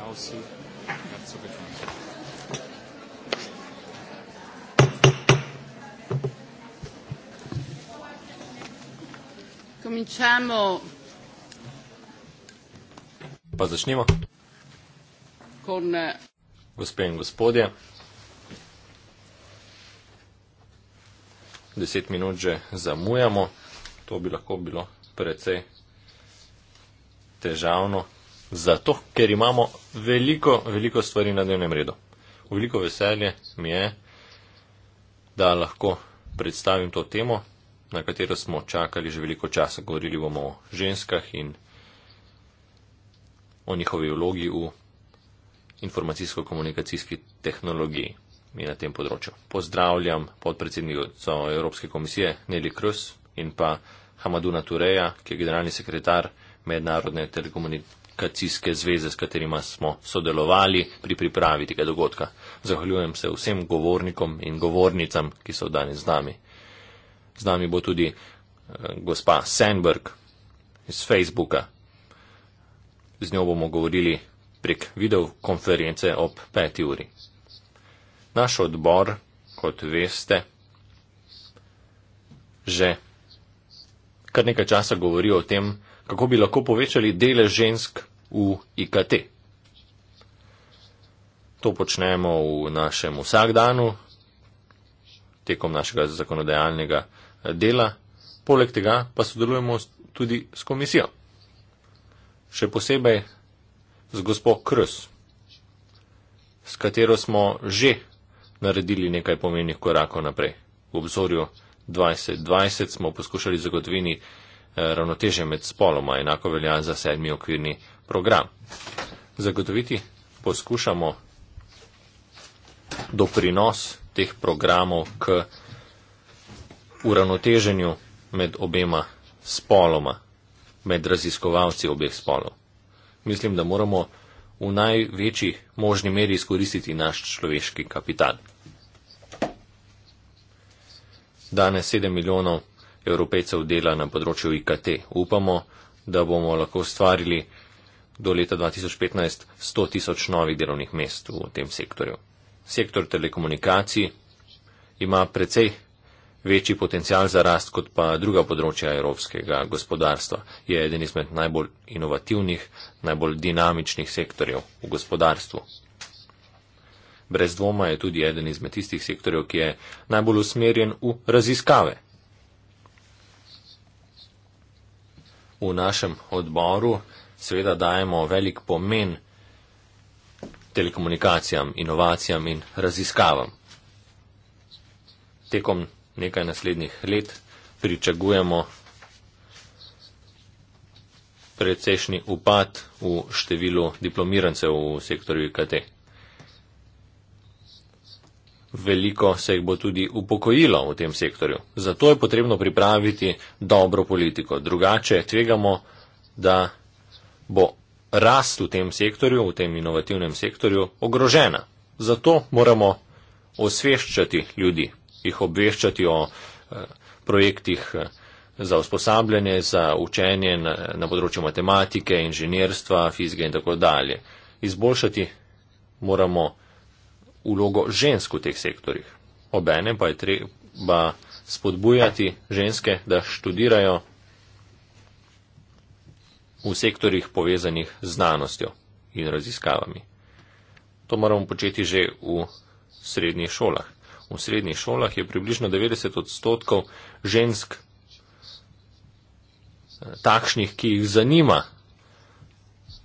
Jausi. Herzlich willkommen. Cominciamo. Pa začnimo. Con... Eh, Gospe in gospodje, deset minut že zamujamo, to bi lahko bilo precej težavno, Zato, ker imamo veliko, veliko stvari na dnevnem redu. V veliko veselje mi je, da lahko predstavim to temo, na katero smo čakali že veliko časa. Govorili bomo o ženskah in o njihovi vlogi v informacijsko-komunikacijski tehnologiji in na tem področju. Pozdravljam podpredsednico Evropske komisije Neli Krus in pa Hamaduna Tureja, ki je generalni sekretar mednarodne telekomunikacije kacijske zveze, s katerima smo sodelovali pri pripravi tega dogodka. Zahvaljujem se vsem govornikom in govornicam, ki so danes z nami. Z nami bo tudi eh, gospa Sandberg iz Facebooka. Z njo bomo govorili prek videokonference ob 5. uri. Naš odbor, kot veste, že kar nekaj časa govori o tem, kako bi lahko povečali delež žensk v IKT. To počnemo v našem vsakdanu, tekom našega zakonodajalnega eh, dela, poleg tega pa sodelujemo tudi s komisijo. Še posebej z gospod Krs, s katero smo že naredili nekaj pomenih korakov naprej. V obzorju 2020 smo poskušali zagotoviti ravnoteže med spoloma, enako velja za sedmi okvirni program. Zagotoviti poskušamo doprinos teh programov k uravnoteženju med obema spoloma, med raziskovalci obeh spolov. Mislim, da moramo v največji možni meri izkoristiti naš človeški kapital. Danes 7 milijonov evropejcev dela na področju IKT. Upamo, da bomo lahko ustvarili do leta 2015 100 tisoč novih delovnih mest v tem sektorju. Sektor telekomunikacij ima precej večji potencial za rast kot pa druga področja evropskega gospodarstva. Je eden izmed najbolj inovativnih, najbolj dinamičnih sektorjev v gospodarstvu. Brez dvoma je tudi eden izmed tistih sektorjev, ki je najbolj usmerjen v raziskave. v našem odboru seveda dajemo velik pomen telekomunikacijam, inovacijam in raziskavam. Tekom nekaj naslednjih let pričakujemo precejšnji upad v številu diplomirancev v sektorju IKT veliko se jih bo tudi upokojilo v tem sektorju. Zato je potrebno pripraviti dobro politiko. Drugače tvegamo, da bo rast v tem sektorju, v tem inovativnem sektorju, ogrožena. Zato moramo osveščati ljudi, jih obveščati o eh, projektih eh, za usposabljanje, za učenje na, na področju matematike, inženjerstva, fizike in tako dalje. Izboljšati moramo vlogo žensk v teh sektorjih. Obenem pa je treba spodbujati ženske, da študirajo v sektorjih povezanih z znanostjo in raziskavami. To moramo početi že v srednjih šolah. V srednjih šolah je približno 90 odstotkov žensk eh, takšnih, ki jih zanima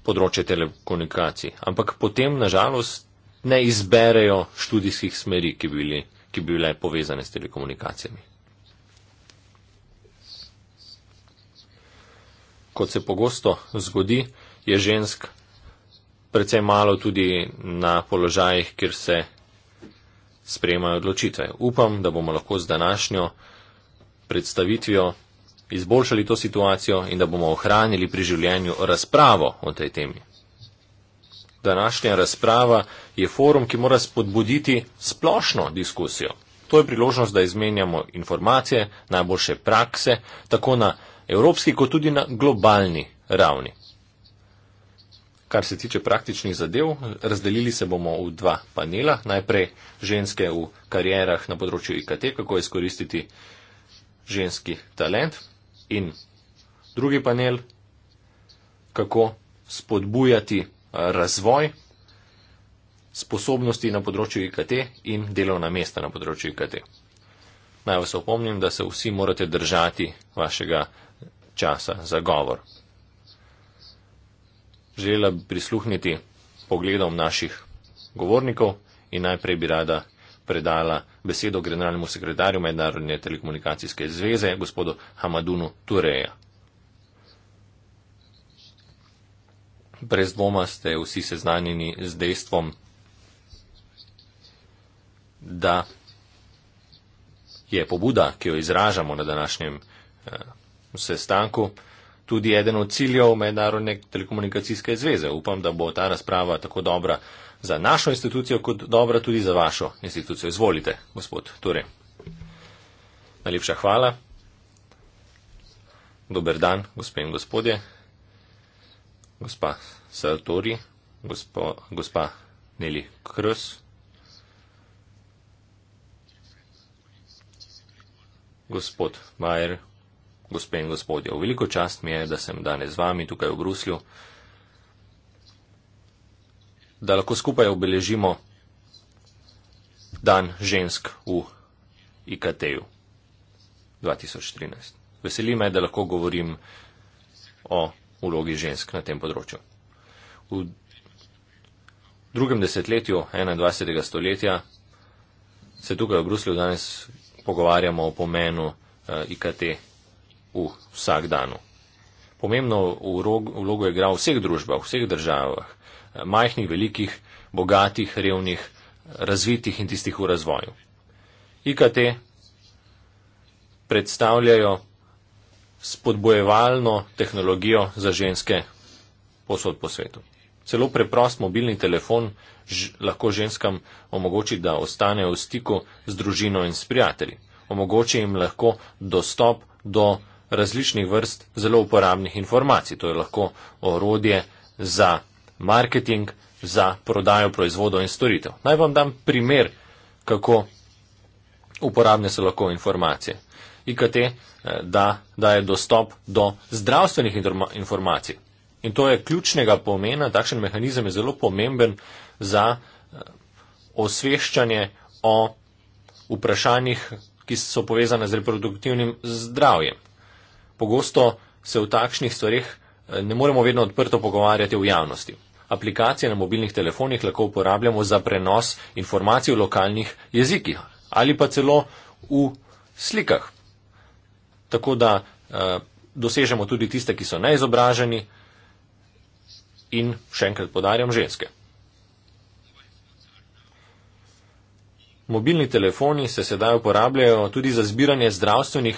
področje telekomunikacij. Ampak potem, nažalost, ne izberejo študijskih smeri, ki bi, bili, ki bi bile povezane s telekomunikacijami. Kot se pogosto zgodi, je žensk predvsej malo tudi na položajih, kjer se sprejemajo odločitve. Upam, da bomo lahko z današnjo predstavitvijo izboljšali to situacijo in da bomo ohranili pri življenju razpravo o tej temi današnja razprava je forum, ki mora spodbuditi splošno diskusijo. To je priložnost, da izmenjamo informacije, najboljše prakse, tako na evropski, kot tudi na globalni ravni. Kar se tiče praktičnih zadev, razdelili se bomo v dva panela. Najprej ženske v karjerah na področju IKT, kako izkoristiti ženski talent in drugi panel, kako spodbujati razvoj sposobnosti na področju IKT in delovna mesta na področju IKT. Naj vas opomnim, da se vsi morate držati vašega časa za govor. Želela bi prisluhniti pogledom naših govornikov in najprej bi rada predala besedo generalnemu sekretarju Mednarodne telekomunikacijske zveze, gospodu Hamadunu Tureja. brez dvoma ste vsi seznanjeni z dejstvom, da je pobuda, ki jo izražamo na današnjem eh, sestanku, tudi eden od ciljev Mednarodne telekomunikacijske zveze. Upam, da bo ta razprava tako dobra za našo institucijo, kot dobra tudi za vašo institucijo. Izvolite, gospod Ture. Najlepša hvala. Dober dan, gospe in gospodje gospa Saltori, gospo, gospa Neli Krs, gospod Majer, gospe in gospodje. Veliko čast mi je, da sem danes z vami tukaj v Bruslju, da lahko skupaj obeležimo dan žensk v IKT-ju 2013. Veseli me, da lahko govorim o vlogi žensk na tem področju. V drugem desetletju 21. stoletja se tukaj v Bruslju danes pogovarjamo o pomenu eh, IKT v vsak danu. Pomembno vlogo je igral v vseh družbah, v vseh državah, eh, majhnih, velikih, bogatih, revnih, razvitih in tistih v razvoju. IKT predstavljajo spodbojevalno tehnologijo za ženske posod po svetu. Celo preprost mobilni telefon lahko ženskam omogoči, da ostanejo v stiku z družino in s prijatelji. Omogoči jim lahko dostop do različnih vrst zelo uporabnih informacij. To je lahko orodje za marketing, za prodajo proizvodov in storitev. Naj vam dam primer, kako uporabne so lahko informacije. IKT eh, da, daje dostop do zdravstvenih informacij. In to je ključnega pomena, takšen mehanizem je zelo pomemben za eh, osveščanje o vprašanjih, ki so povezane z reproduktivnim zdravjem. Pogosto se v takšnih stvarih eh, ne moremo vedno odprto pogovarjati v javnosti. Aplikacije na mobilnih telefonih lahko uporabljamo za prenos informacij v lokalnih jezikih ali pa celo v slikah tako da eh, dosežemo tudi tiste, ki so neizobraženi in še enkrat podarjam ženske. Mobilni telefoni se sedaj uporabljajo tudi za zbiranje zdravstvenih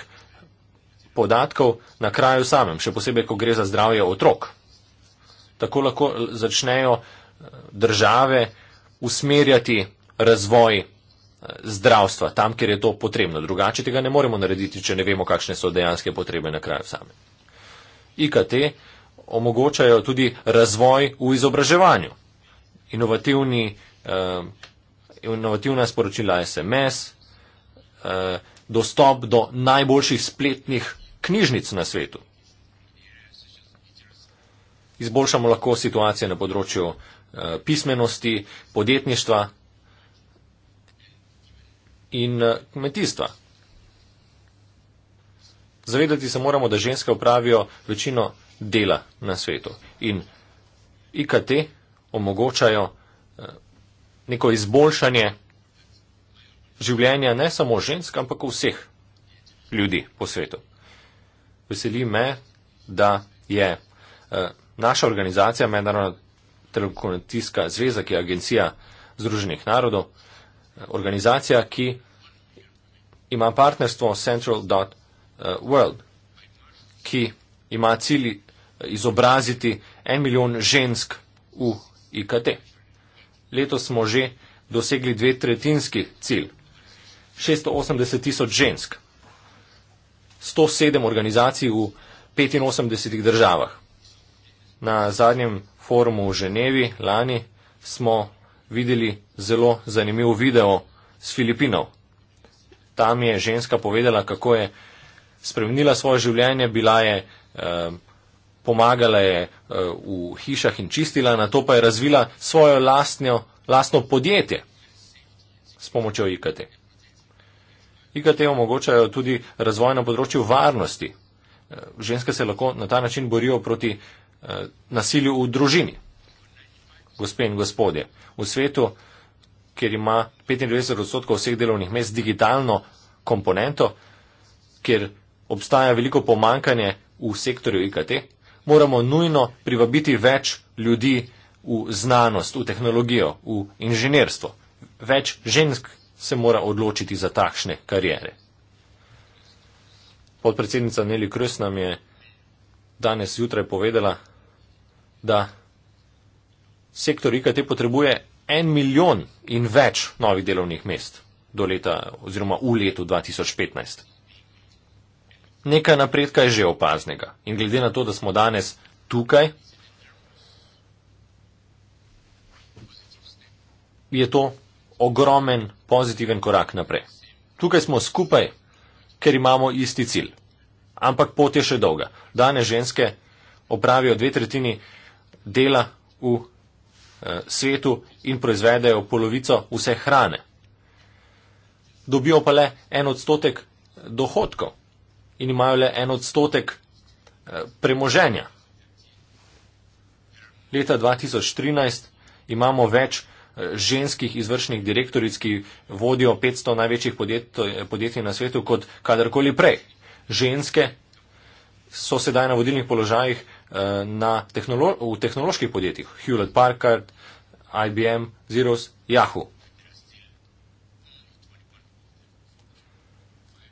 podatkov na kraju samem, še posebej, ko gre za zdravje otrok. Tako lahko eh, začnejo eh, države usmerjati razvoj zdravstva, tam, kjer je to potrebno. Drugače tega ne moremo narediti, če ne vemo, kakšne so dejanske potrebe na kraju same. IKT omogočajo tudi razvoj v izobraževanju. Inovativni, eh, inovativna sporočila SMS, eh, dostop do najboljših spletnih knjižnic na svetu. Izboljšamo lahko situacijo na področju eh, pismenosti, podjetništva, in eh, kmetijstva. Zavedati se moramo, da ženske upravijo večino dela na svetu in IKT omogočajo eh, neko izboljšanje življenja ne samo žensk, ampak vseh ljudi po svetu. Veseli me, da je eh, naša organizacija, Mednarodna telekomunikacijska zveza, ki je agencija Združenih narodov, organizacija, ki ima partnerstvo Central.World, eh, ki ima cilj eh, izobraziti en milijon žensk v IKT. Letos smo že dosegli dve tretjinski cilj. 680 tisoč žensk, 107 organizacij v 85 državah. Na zadnjem forumu v Ženevi lani smo videli zelo zanimiv video s Filipinov tam je ženska povedala, kako je spremenila svoje življenje, bila je, eh, pomagala je eh, v hišah in čistila, na to pa je razvila svojo lastnjo, lastno podjetje s pomočjo IKT. IKT omogočajo tudi razvoj na področju varnosti. Eh, ženske se lahko na ta način borijo proti nasilju v družini. Gospe in gospodje, v svetu kjer ima 95 odstotkov vseh delovnih mest digitalno komponento, kjer obstaja veliko pomankanje v sektorju IKT, moramo nujno privabiti več ljudi v znanost, v tehnologijo, v inženirstvo. Več žensk se mora odločiti za takšne karijere. Podpredsednica Neli Krs nam je danes jutraj povedala, da sektor IKT potrebuje en milijon in več novih delovnih mest do leta oziroma v letu 2015. Nekaj napredka je že opaznega in glede na to, da smo danes tukaj, je to ogromen pozitiven korak naprej. Tukaj smo skupaj, ker imamo isti cilj. Ampak pot je še dolga. Danes ženske opravijo dve tretjini dela v Eh, svetu in proizvedejo polovico vse hrane. Dobijo pa le en odstotek dohodkov in imajo le en odstotek eh, premoženja. Leta 2013 imamo več eh, ženskih izvršnih direktoric, ki vodijo 500 največjih podjetij na svetu kot kadarkoli prej. Ženske so sedaj na vodilnih položajih Eh, na tehnolo v tehnoloških podjetjih, Hewlett Packard, IBM, Xerox, Yahoo.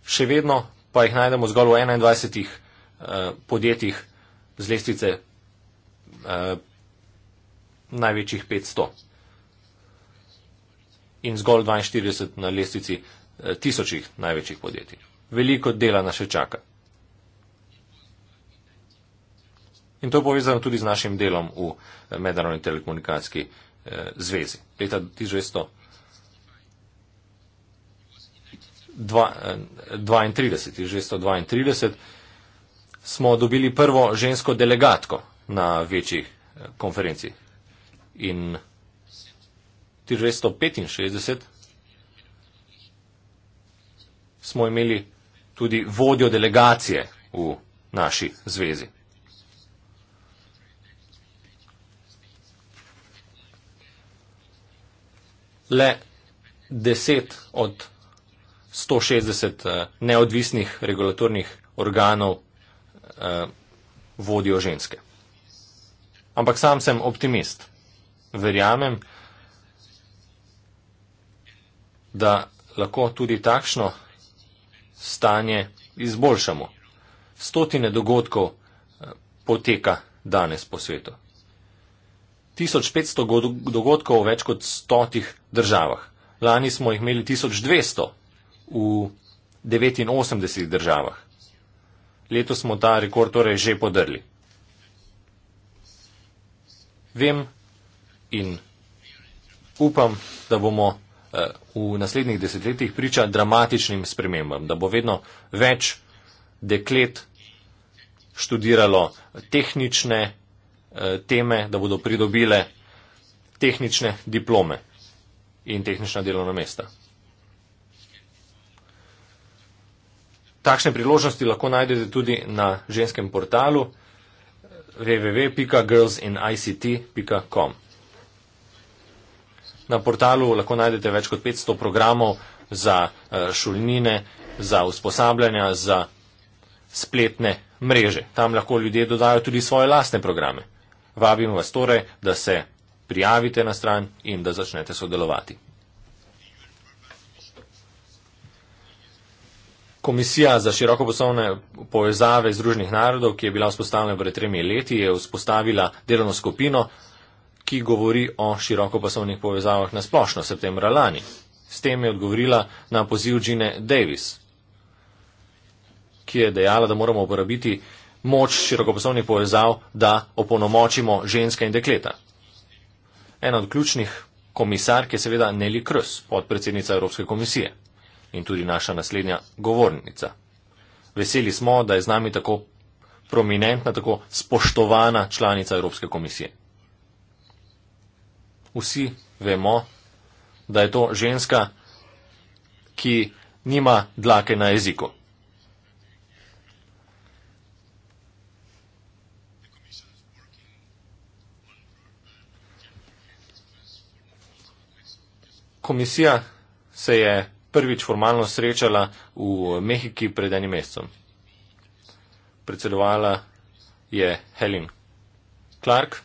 Še vedno pa jih najdemo zgolj v 21 eh, podjetjih z lestvice eh, največjih 500 in zgolj 42 na lestvici eh, tisočih največjih podjetij. Veliko dela nas še čaka. In to je povezano tudi z našim delom v eh, Mednarodni telekomunikacijski eh, zvezi. Leta 1932 eh, smo dobili prvo žensko delegatko na večjih konferenci. In 1965 smo imeli tudi vodjo delegacije v naši zvezi. le 10 od 160 eh, neodvisnih regulatornih organov eh, vodijo ženske. Ampak sam sem optimist. Verjamem, da lahko tudi takšno stanje izboljšamo. Stotine dogodkov eh, poteka danes po svetu. 1500 dogodkov v več kot stotih državah. Lani smo jih imeli 1200 v 89 državah. Leto smo ta rekord torej že podrli. Vem in upam, da bomo eh, v naslednjih desetletjih priča dramatičnim spremembam, da bo vedno več deklet študiralo tehnične Eh, teme, da bodo pridobile tehnične diplome in tehnična delovna mesta. Takšne priložnosti lahko najdete tudi na ženskem portalu www.girlsinict.com. Na portalu lahko najdete več kot 500 programov za eh, šolnine, za usposabljanja, za spletne mreže. Tam lahko ljudje dodajo tudi svoje lastne programe. Vabim vas torej, da se prijavite na stran in da začnete sodelovati. Komisija za široko poslovne povezave Združenih narodov, ki je bila vzpostavljena pred tremi leti, je vzpostavila delovno skupino, ki govori o široko poslovnih povezavah na splošno v septembra lani. S tem je odgovorila na poziv Džine Davis, ki je dejala, da moramo uporabiti moč širokopasovnih povezav, da opolnomočimo ženske in dekleta. Ena od ključnih komisark je seveda Neli Krs, podpredsednica Evropske komisije in tudi naša naslednja govornica. Veseli smo, da je z nami tako prominentna, tako spoštovana članica Evropske komisije. Vsi vemo, da je to ženska, ki nima dlake na jeziku. komisija se je prvič formalno srečala v Mehiki pred enim mesecem. Predsedovala je Helen Clark,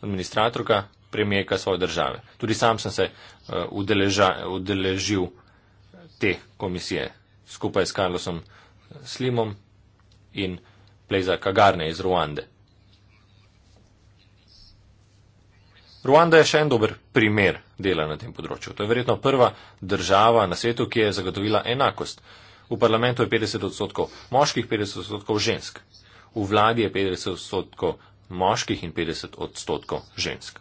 administratorka, premijeka svoje države. Tudi sam sem se uh, udeleža, udeležil te komisije skupaj s Carlosom Slimom in Pleza Kagarne iz Ruande. Ruanda je še en dober primer dela na tem področju. To je verjetno prva država na svetu, ki je zagotovila enakost. V parlamentu je 50 odstotkov moških, 50 odstotkov žensk. V vladi je 50 odstotkov moških in 50 odstotkov žensk.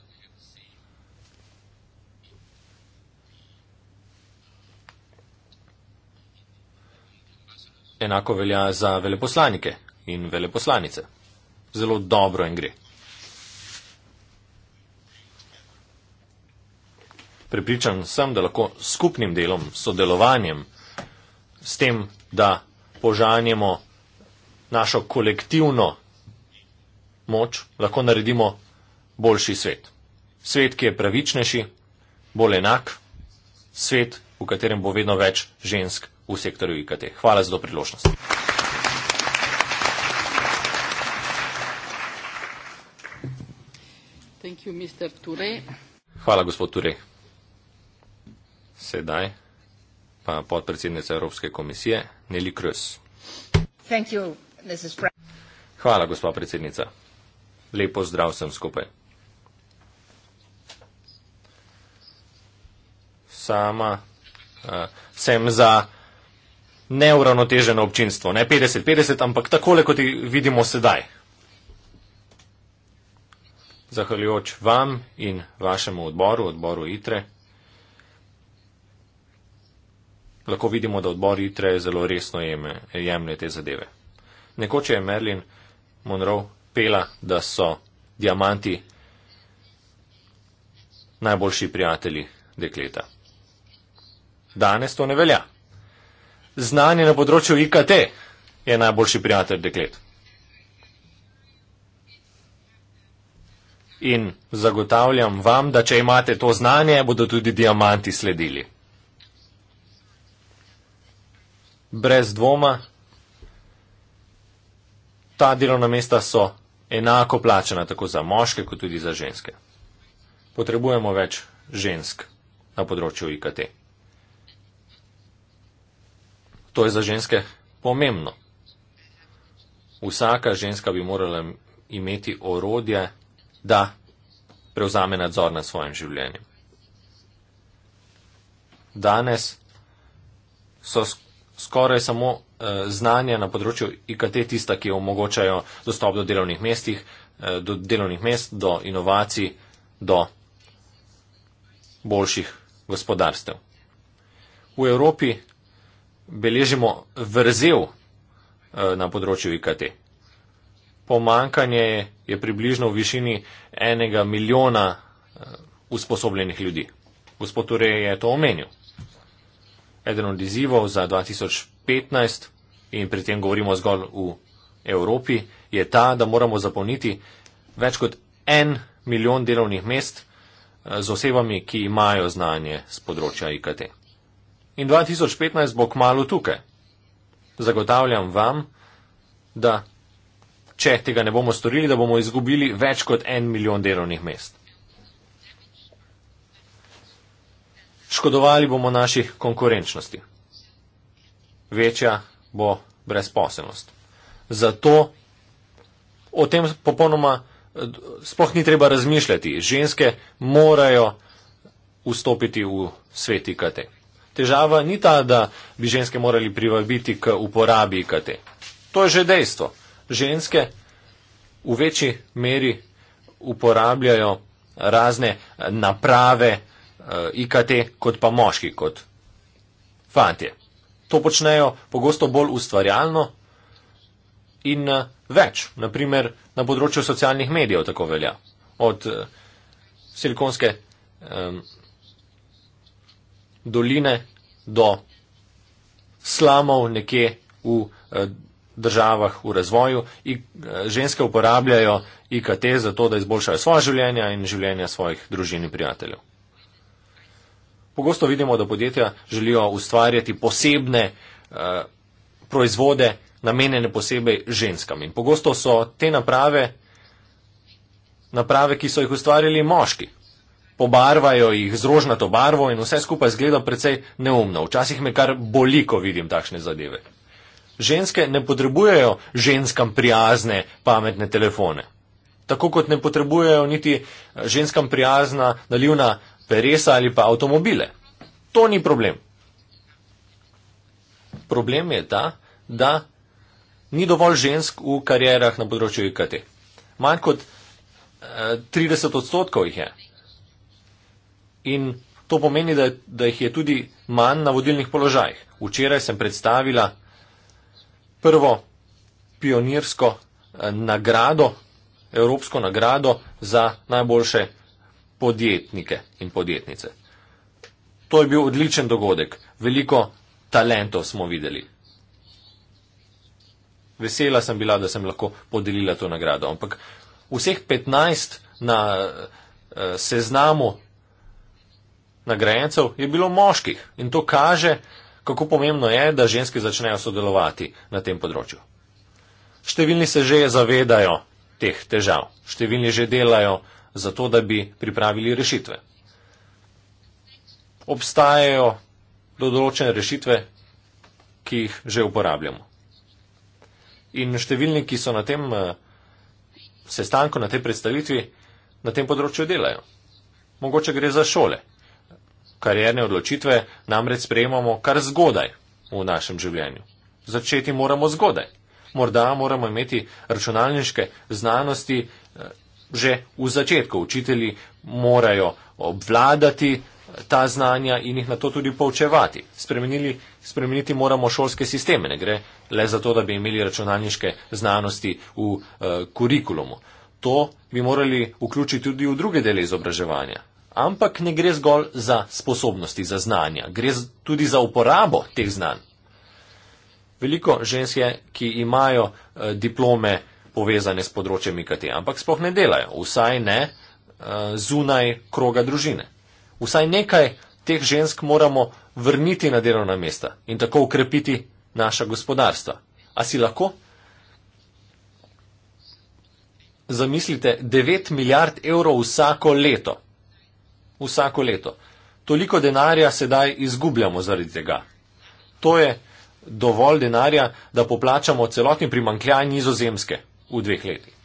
Enako velja za veleposlanike in veleposlanice. Zelo dobro en gre. Pripričan sem, da lahko skupnim delom, sodelovanjem, s tem, da požanjemo našo kolektivno moč, lahko naredimo boljši svet. Svet, ki je pravičnejši, bolj enak, svet, v katerem bo vedno več žensk v sektorju IKT. Hvala za to priložnost. Hvala, gospod Turej. Sedaj pa podpredsednica Evropske komisije Neli Krus. Hvala, gospa predsednica. Lepo zdrav sem skupaj. Sama uh, sem za neuravnoteženo občinstvo. Ne 50-50, ampak takole, kot jih vidimo sedaj. Zahvaljujoč vam in vašemu odboru, odboru ITRE. lahko vidimo, da odbor ITRE zelo resno jeme, jemlje te zadeve. Nekoč je Merlin Monroe pela, da so diamanti najboljši prijatelji dekleta. Danes to ne velja. Znanje na področju IKT je najboljši prijatelj deklet. In zagotavljam vam, da če imate to znanje, bodo tudi diamanti sledili. brez dvoma, ta delovna mesta so enako plačena, tako za moške, kot tudi za ženske. Potrebujemo več žensk na področju IKT. To je za ženske pomembno. Vsaka ženska bi morala imeti orodje, da prevzame nadzor nad svojim življenjem. Danes so skupaj skoraj samo eh, znanja na področju IKT tista, ki omogočajo dostop do delovnih, mestih, eh, do delovnih mest, do inovacij, do boljših gospodarstev. V Evropi beležimo vrzel eh, na področju IKT. Pomankanje je približno v višini enega milijona eh, usposobljenih ljudi. Gospod Ture je to omenil eden od izzivov za 2015 in pri tem govorimo zgolj v Evropi, je ta, da moramo zapolniti več kot en milijon delovnih mest eh, z osebami, ki imajo znanje z področja IKT. In 2015 bo kmalo tukaj. Zagotavljam vam, da če tega ne bomo storili, da bomo izgubili več kot en milijon delovnih mest. škodovali bomo naši konkurenčnosti. Večja bo brezposelnost. Zato o tem popolnoma sploh ni treba razmišljati. Ženske morajo vstopiti v svet IKT. Težava ni ta, da bi ženske morali privabiti k uporabi IKT. To je že dejstvo. Ženske v večji meri uporabljajo razne naprave, uh, eh, IKT, kot pa moški, kot fantje. To počnejo pogosto bolj ustvarjalno in uh, več, naprimer na področju socialnih medijev tako velja. Od uh, silikonske um, doline do slamov nekje v uh, državah v razvoju in uh, ženske uporabljajo IKT za to, da izboljšajo svoje življenje in življenje svojih družin in prijateljev. Pogosto vidimo, da podjetja želijo ustvarjati posebne eh, proizvode, namenjene posebej ženskam. In pogosto so te naprave, naprave, ki so jih ustvarili moški. Pobarvajo jih z rožnato barvo in vse skupaj zgleda precej neumno. Včasih me kar boliko vidim takšne zadeve. Ženske ne potrebujejo ženskam prijazne pametne telefone. Tako kot ne potrebujejo niti eh, ženskam prijazna nalivna peresa ali pa avtomobile. To ni problem. Problem je ta, da ni dovolj žensk v karjerah na področju IKT. Manj kot 30 eh, odstotkov jih je. In to pomeni, da, da jih je tudi manj na vodilnih položajih. Včeraj sem predstavila prvo pionirsko eh, nagrado, evropsko nagrado za najboljše podjetnike in podjetnice. To je bil odličen dogodek, veliko talentov smo videli. Vesela sem bila, da sem lahko podelila to nagrado, ampak vseh 15 na uh, seznamu nagrajencev je bilo moških in to kaže, kako pomembno je, da ženske začnejo sodelovati na tem področju. Številni se že zavedajo teh težav, številni že delajo zato da bi pripravili rešitve. Obstajajo določene rešitve, ki jih že uporabljamo. In številni, ki so na tem eh, sestanku, na tej predstavitvi, na tem področju delajo. Mogoče gre za šole. Karjerne odločitve namreč sprejemamo kar zgodaj v našem življenju. Začeti moramo zgodaj. Morda moramo imeti računalniške znanosti eh, že v začetku. Učitelji morajo obvladati ta znanja in jih na to tudi poučevati. Spremeniti moramo šolske sisteme, ne gre le za to, da bi imeli računalniške znanosti v e, kurikulumu. To bi morali vključiti tudi v druge dele izobraževanja. Ampak ne gre zgolj za sposobnosti, za znanja, gre tudi za uporabo teh znanj. Veliko žensk je, ki imajo eh, diplome povezane s področjem IKT, ampak sploh ne delajo, vsaj ne eh, zunaj kroga družine. Vsaj nekaj teh žensk moramo vrniti na delovna mesta in tako ukrepiti naša gospodarstva. A si lahko? Zamislite, 9 milijard evrov vsako leto. Vsako leto. Toliko denarja sedaj izgubljamo zaradi tega. To je dovolj denarja, da poplačamo celotni primankljaj nizozemske, v dveh letih.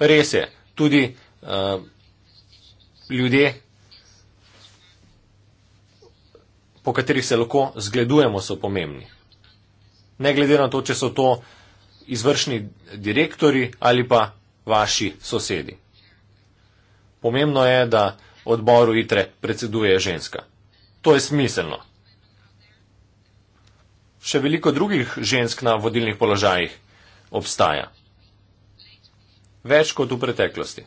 Res je, tudi uh, ljudje, po katerih se lahko zgledujemo, so pomembni. Ne glede na to, če so to izvršni direktori ali pa vaši sosedi. Pomembno je, da odboru ITRE predseduje ženska. To je smiselno. Še veliko drugih žensk na vodilnih položajih obstaja. Več kot v preteklosti.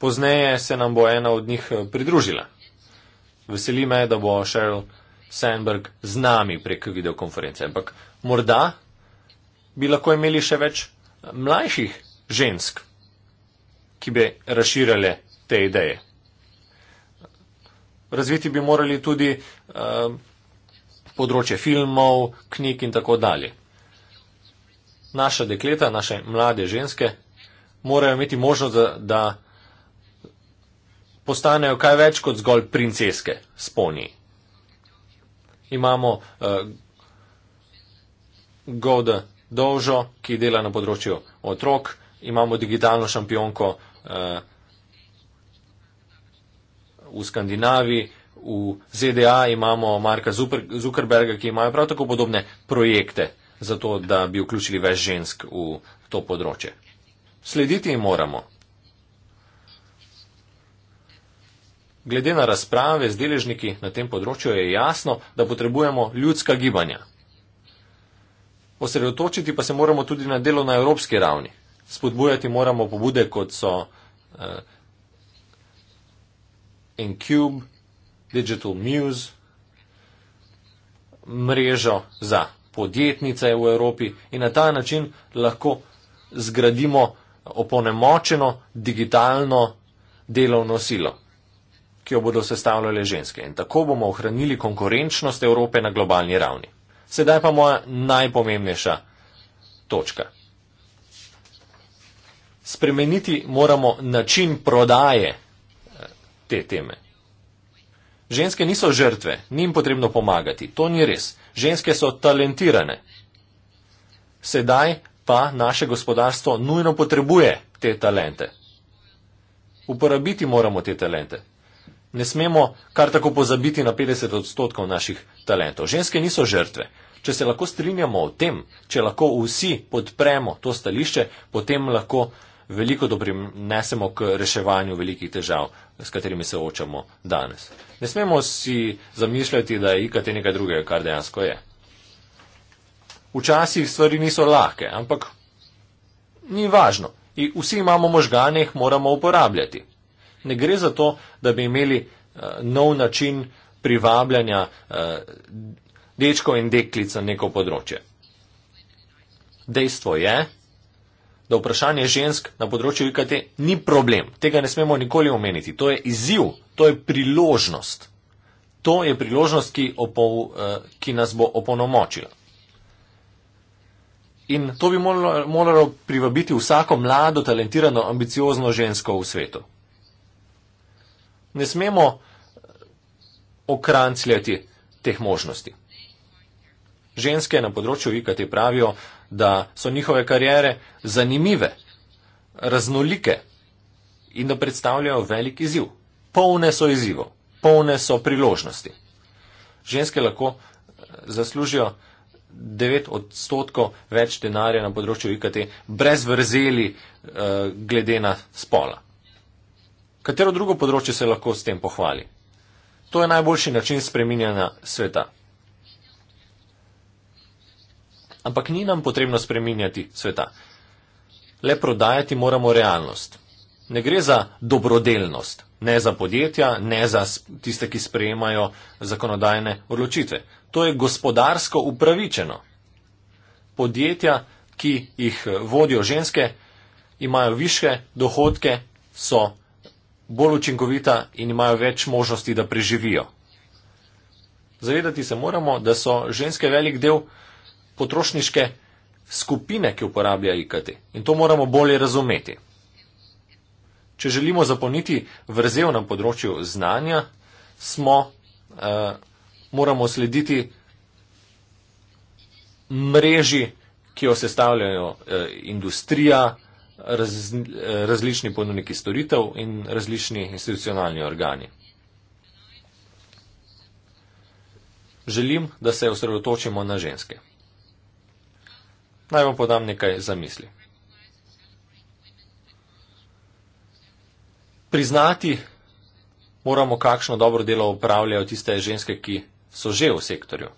Pozneje se nam bo ena od njih eh, pridružila. Veseli me, da bo Sheryl Sandberg z nami prek videokonference, ampak morda bi lahko imeli še več eh, mlajših žensk, ki bi razširjale te ideje. Razviti bi morali tudi uh, področje filmov, knjig in tako dalje naše dekleta, naše mlade ženske, morajo imeti možnost, da, da postanejo kaj več kot zgolj princeske sponji. Imamo uh, eh, Goda Dolžo, ki dela na področju otrok, imamo digitalno šampionko uh, v Skandinaviji, v ZDA imamo Marka Zuckerberga, ki imajo prav tako podobne projekte zato da bi vključili več žensk v to področje. Slediti jim moramo. Glede na razprave z deležniki na tem področju je jasno, da potrebujemo ljudska gibanja. Osredotočiti pa se moramo tudi na delo na evropski ravni. Spodbujati moramo pobude, kot so uh, eh, Encube, Digital Muse, mrežo za podjetnice v Evropi in na ta način lahko zgradimo oponemočeno digitalno delovno silo, ki jo bodo sestavljale ženske. In tako bomo ohranili konkurenčnost Evrope na globalni ravni. Sedaj pa moja najpomembnejša točka. Spremeniti moramo način prodaje eh, te teme. Ženske niso žrtve, njim potrebno pomagati, to ni res. Ženske so talentirane. Sedaj pa naše gospodarstvo nujno potrebuje te talente. Uporabiti moramo te talente. Ne smemo kar tako pozabiti na 50 odstotkov naših talentov. Ženske niso žrtve. Če se lahko strinjamo o tem, če lahko vsi podpremo to stališče, potem lahko veliko doprinesemo k reševanju velikih težav, s katerimi se očamo danes. Ne smemo si zamišljati, da je IKT nekaj drugega, kar dejansko je. Včasih stvari niso lahke, ampak ni važno. I vsi imamo možgane, jih moramo uporabljati. Ne gre za to, da bi imeli uh, nov način privabljanja uh, eh, dečko in deklica neko področje. Dejstvo je, da vprašanje žensk na področju IKT ni problem. Tega ne smemo nikoli omeniti. To je izziv, to je priložnost. To je priložnost, ki, opol, eh, ki nas bo opolnomočila. In to bi moralo, moralo privabiti vsako mlado, talentirano, ambiciozno žensko v svetu. Ne smemo eh, okrancljati teh možnosti. Ženske na področju IKT pravijo, da so njihove karijere zanimive, raznolike in da predstavljajo velik izziv. Polne so izzivov, polne so priložnosti. Ženske lahko eh, zaslužijo 9 odstotkov več denarja na področju IKT, brez vrzeli eh, glede na spola. Katero drugo področje se lahko s tem pohvali? To je najboljši način spreminjanja sveta ampak ni nam potrebno spreminjati sveta. Le prodajati moramo realnost. Ne gre za dobrodelnost, ne za podjetja, ne za tiste, ki sprejemajo zakonodajne odločitve. To je gospodarsko upravičeno. Podjetja, ki jih eh, vodijo ženske, imajo više dohodke, so bolj učinkovita in imajo več možnosti, da preživijo. Zavedati se moramo, da so ženske velik del potrošniške skupine, ki uporablja IKT. In to moramo bolje razumeti. Če želimo zapolniti vrzel na področju znanja, smo, eh, moramo slediti mreži, ki jo sestavljajo eh, industrija, raz, eh, različni ponudniki storitev in različni institucionalni organi. Želim, da se osredotočimo na ženske. Naj vam podam nekaj zamisli. Priznati moramo, kakšno dobro delo upravljajo tiste ženske, ki so že v sektorju.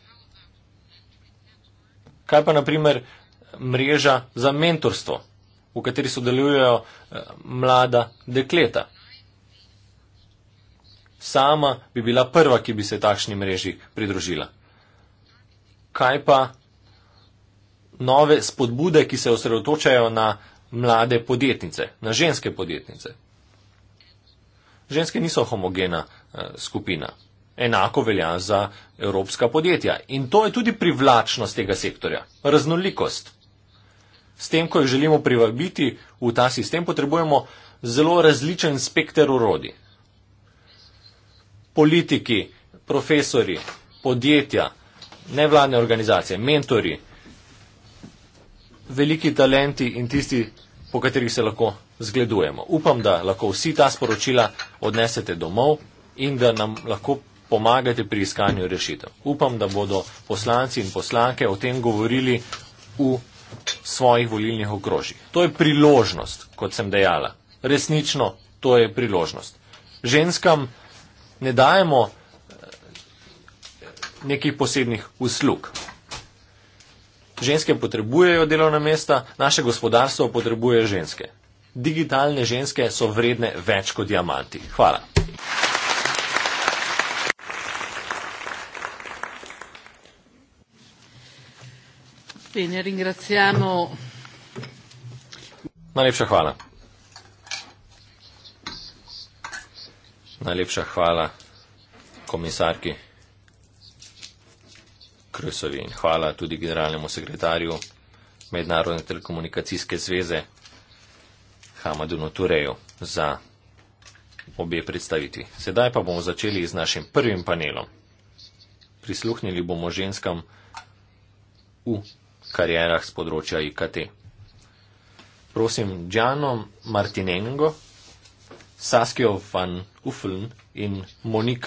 Kaj pa naprimer mreža za mentorstvo, v kateri sodelujejo eh, mlada dekleta? Sama bi bila prva, ki bi se takšni mreži pridružila. Kaj pa nove spodbude, ki se osredotočajo na mlade podjetnice, na ženske podjetnice. Ženske niso homogena eh, skupina. Enako velja za evropska podjetja. In to je tudi privlačnost tega sektorja, raznolikost. S tem, ko jih želimo privabiti v ta sistem, potrebujemo zelo različen spekter urodi. Politiki, profesori, podjetja, nevladne organizacije, mentori, veliki talenti in tisti, po katerih se lahko zgledujemo. Upam, da lahko vsi ta sporočila odnesete domov in da nam lahko pomagate pri iskanju rešitev. Upam, da bodo poslanci in poslanke o tem govorili v svojih volilnih okrožjih. To je priložnost, kot sem dejala. Resnično, to je priložnost. Ženskam ne dajemo eh, nekih posebnih uslug. Ženske potrebujejo delovna mesta, naše gospodarstvo potrebuje ženske. Digitalne ženske so vredne več kot diamanti. Hvala. Bene, ringraziamo. Najlepša hvala. Najlepša hvala komisarki. Krsovi in hvala tudi generalnemu sekretarju Mednarodne telekomunikacijske zveze Hamadu Notureju za obe predstaviti. Sedaj pa bomo začeli z našim prvim panelom. Prisluhnili bomo ženskam v karjerah z področja IKT. Prosim, Džano Martinengo, Saskio van Uflen in Monik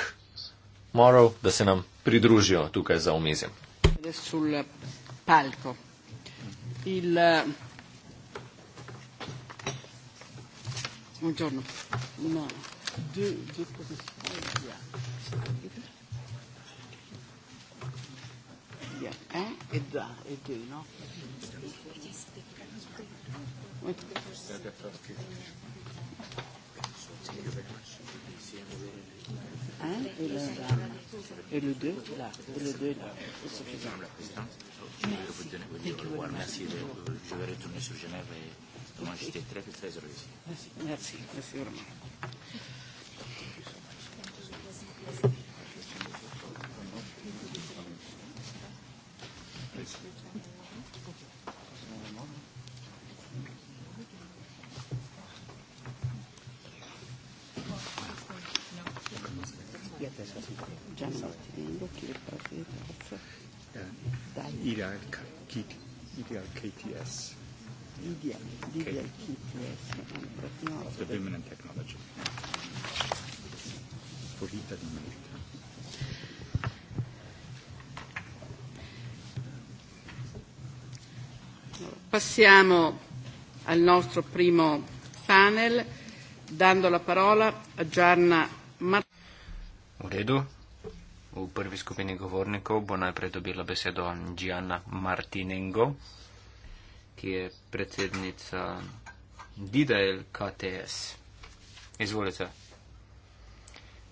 Morov, da se nam pridružijo tukaj za omizjem. Thank you. 1 et le 2. Et le 2, là. Et le 2, là. C'est suffisant. Madame la Présidente, je vais vous donner vous dire au revoir. Merci. Je vais retourner sur Genève. Et moi, j'étais très, très heureux ici. Merci. Merci vraiment. Thank you. ideal, ideal KTS. Ideal, ideal KTS. Of the women and technology. For Rita di Merita. Passiamo al nostro primo panel, dando la parola a Gianna Martini. U redu, prvi skupini govornikov bo najprej dobila besedo Gianna Martinengo, ki je predsednica DDL KTS. Izvolite.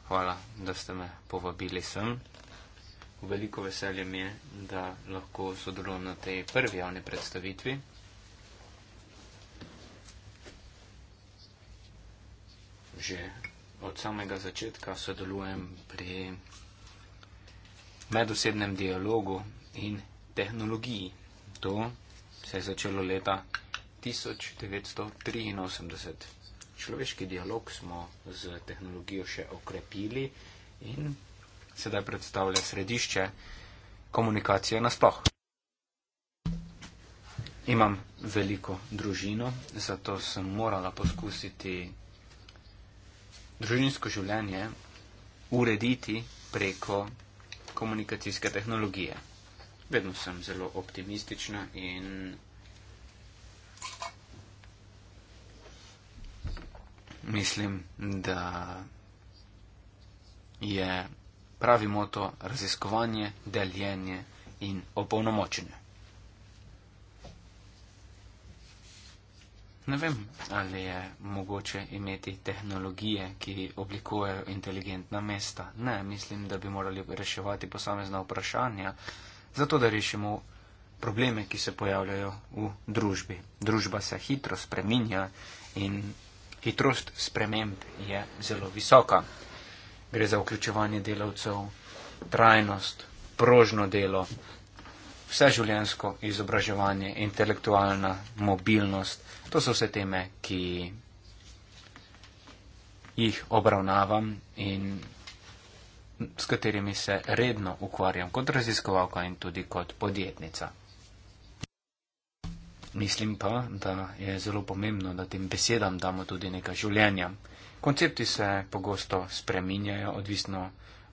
Hvala, da ste me povabili sem. Veliko veselje mi je, da lahko sodelujem na tej prvi javni predstavitvi. Že od samega začetka sodelujem pri medosebnem dialogu in tehnologiji. To se je začelo leta 1983. Človeški dialog smo z tehnologijo še okrepili in sedaj predstavlja središče komunikacije nasploh. Imam veliko družino, zato sem morala poskusiti družinsko življenje urediti preko komunikacijske tehnologije. Vedno sem zelo optimistična in mislim, da je pravi moto raziskovanje, deljenje in opolnomočenje. Ne vem, ali je mogoče imeti tehnologije, ki oblikujejo inteligentna mesta. Ne, mislim, da bi morali reševati posamezna vprašanja, zato da rešimo probleme, ki se pojavljajo v družbi. Družba se hitro spreminja in hitrost sprememb je zelo visoka. Gre za vključevanje delavcev, trajnost, prožno delo vseživljensko izobraževanje, intelektualna mobilnost. To so vse teme, ki jih obravnavam in s katerimi se redno ukvarjam kot raziskovalka in tudi kot podjetnica. Mislim pa, da je zelo pomembno, da tem besedam damo tudi nekaj življenja. Koncepti se pogosto spreminjajo, odvisno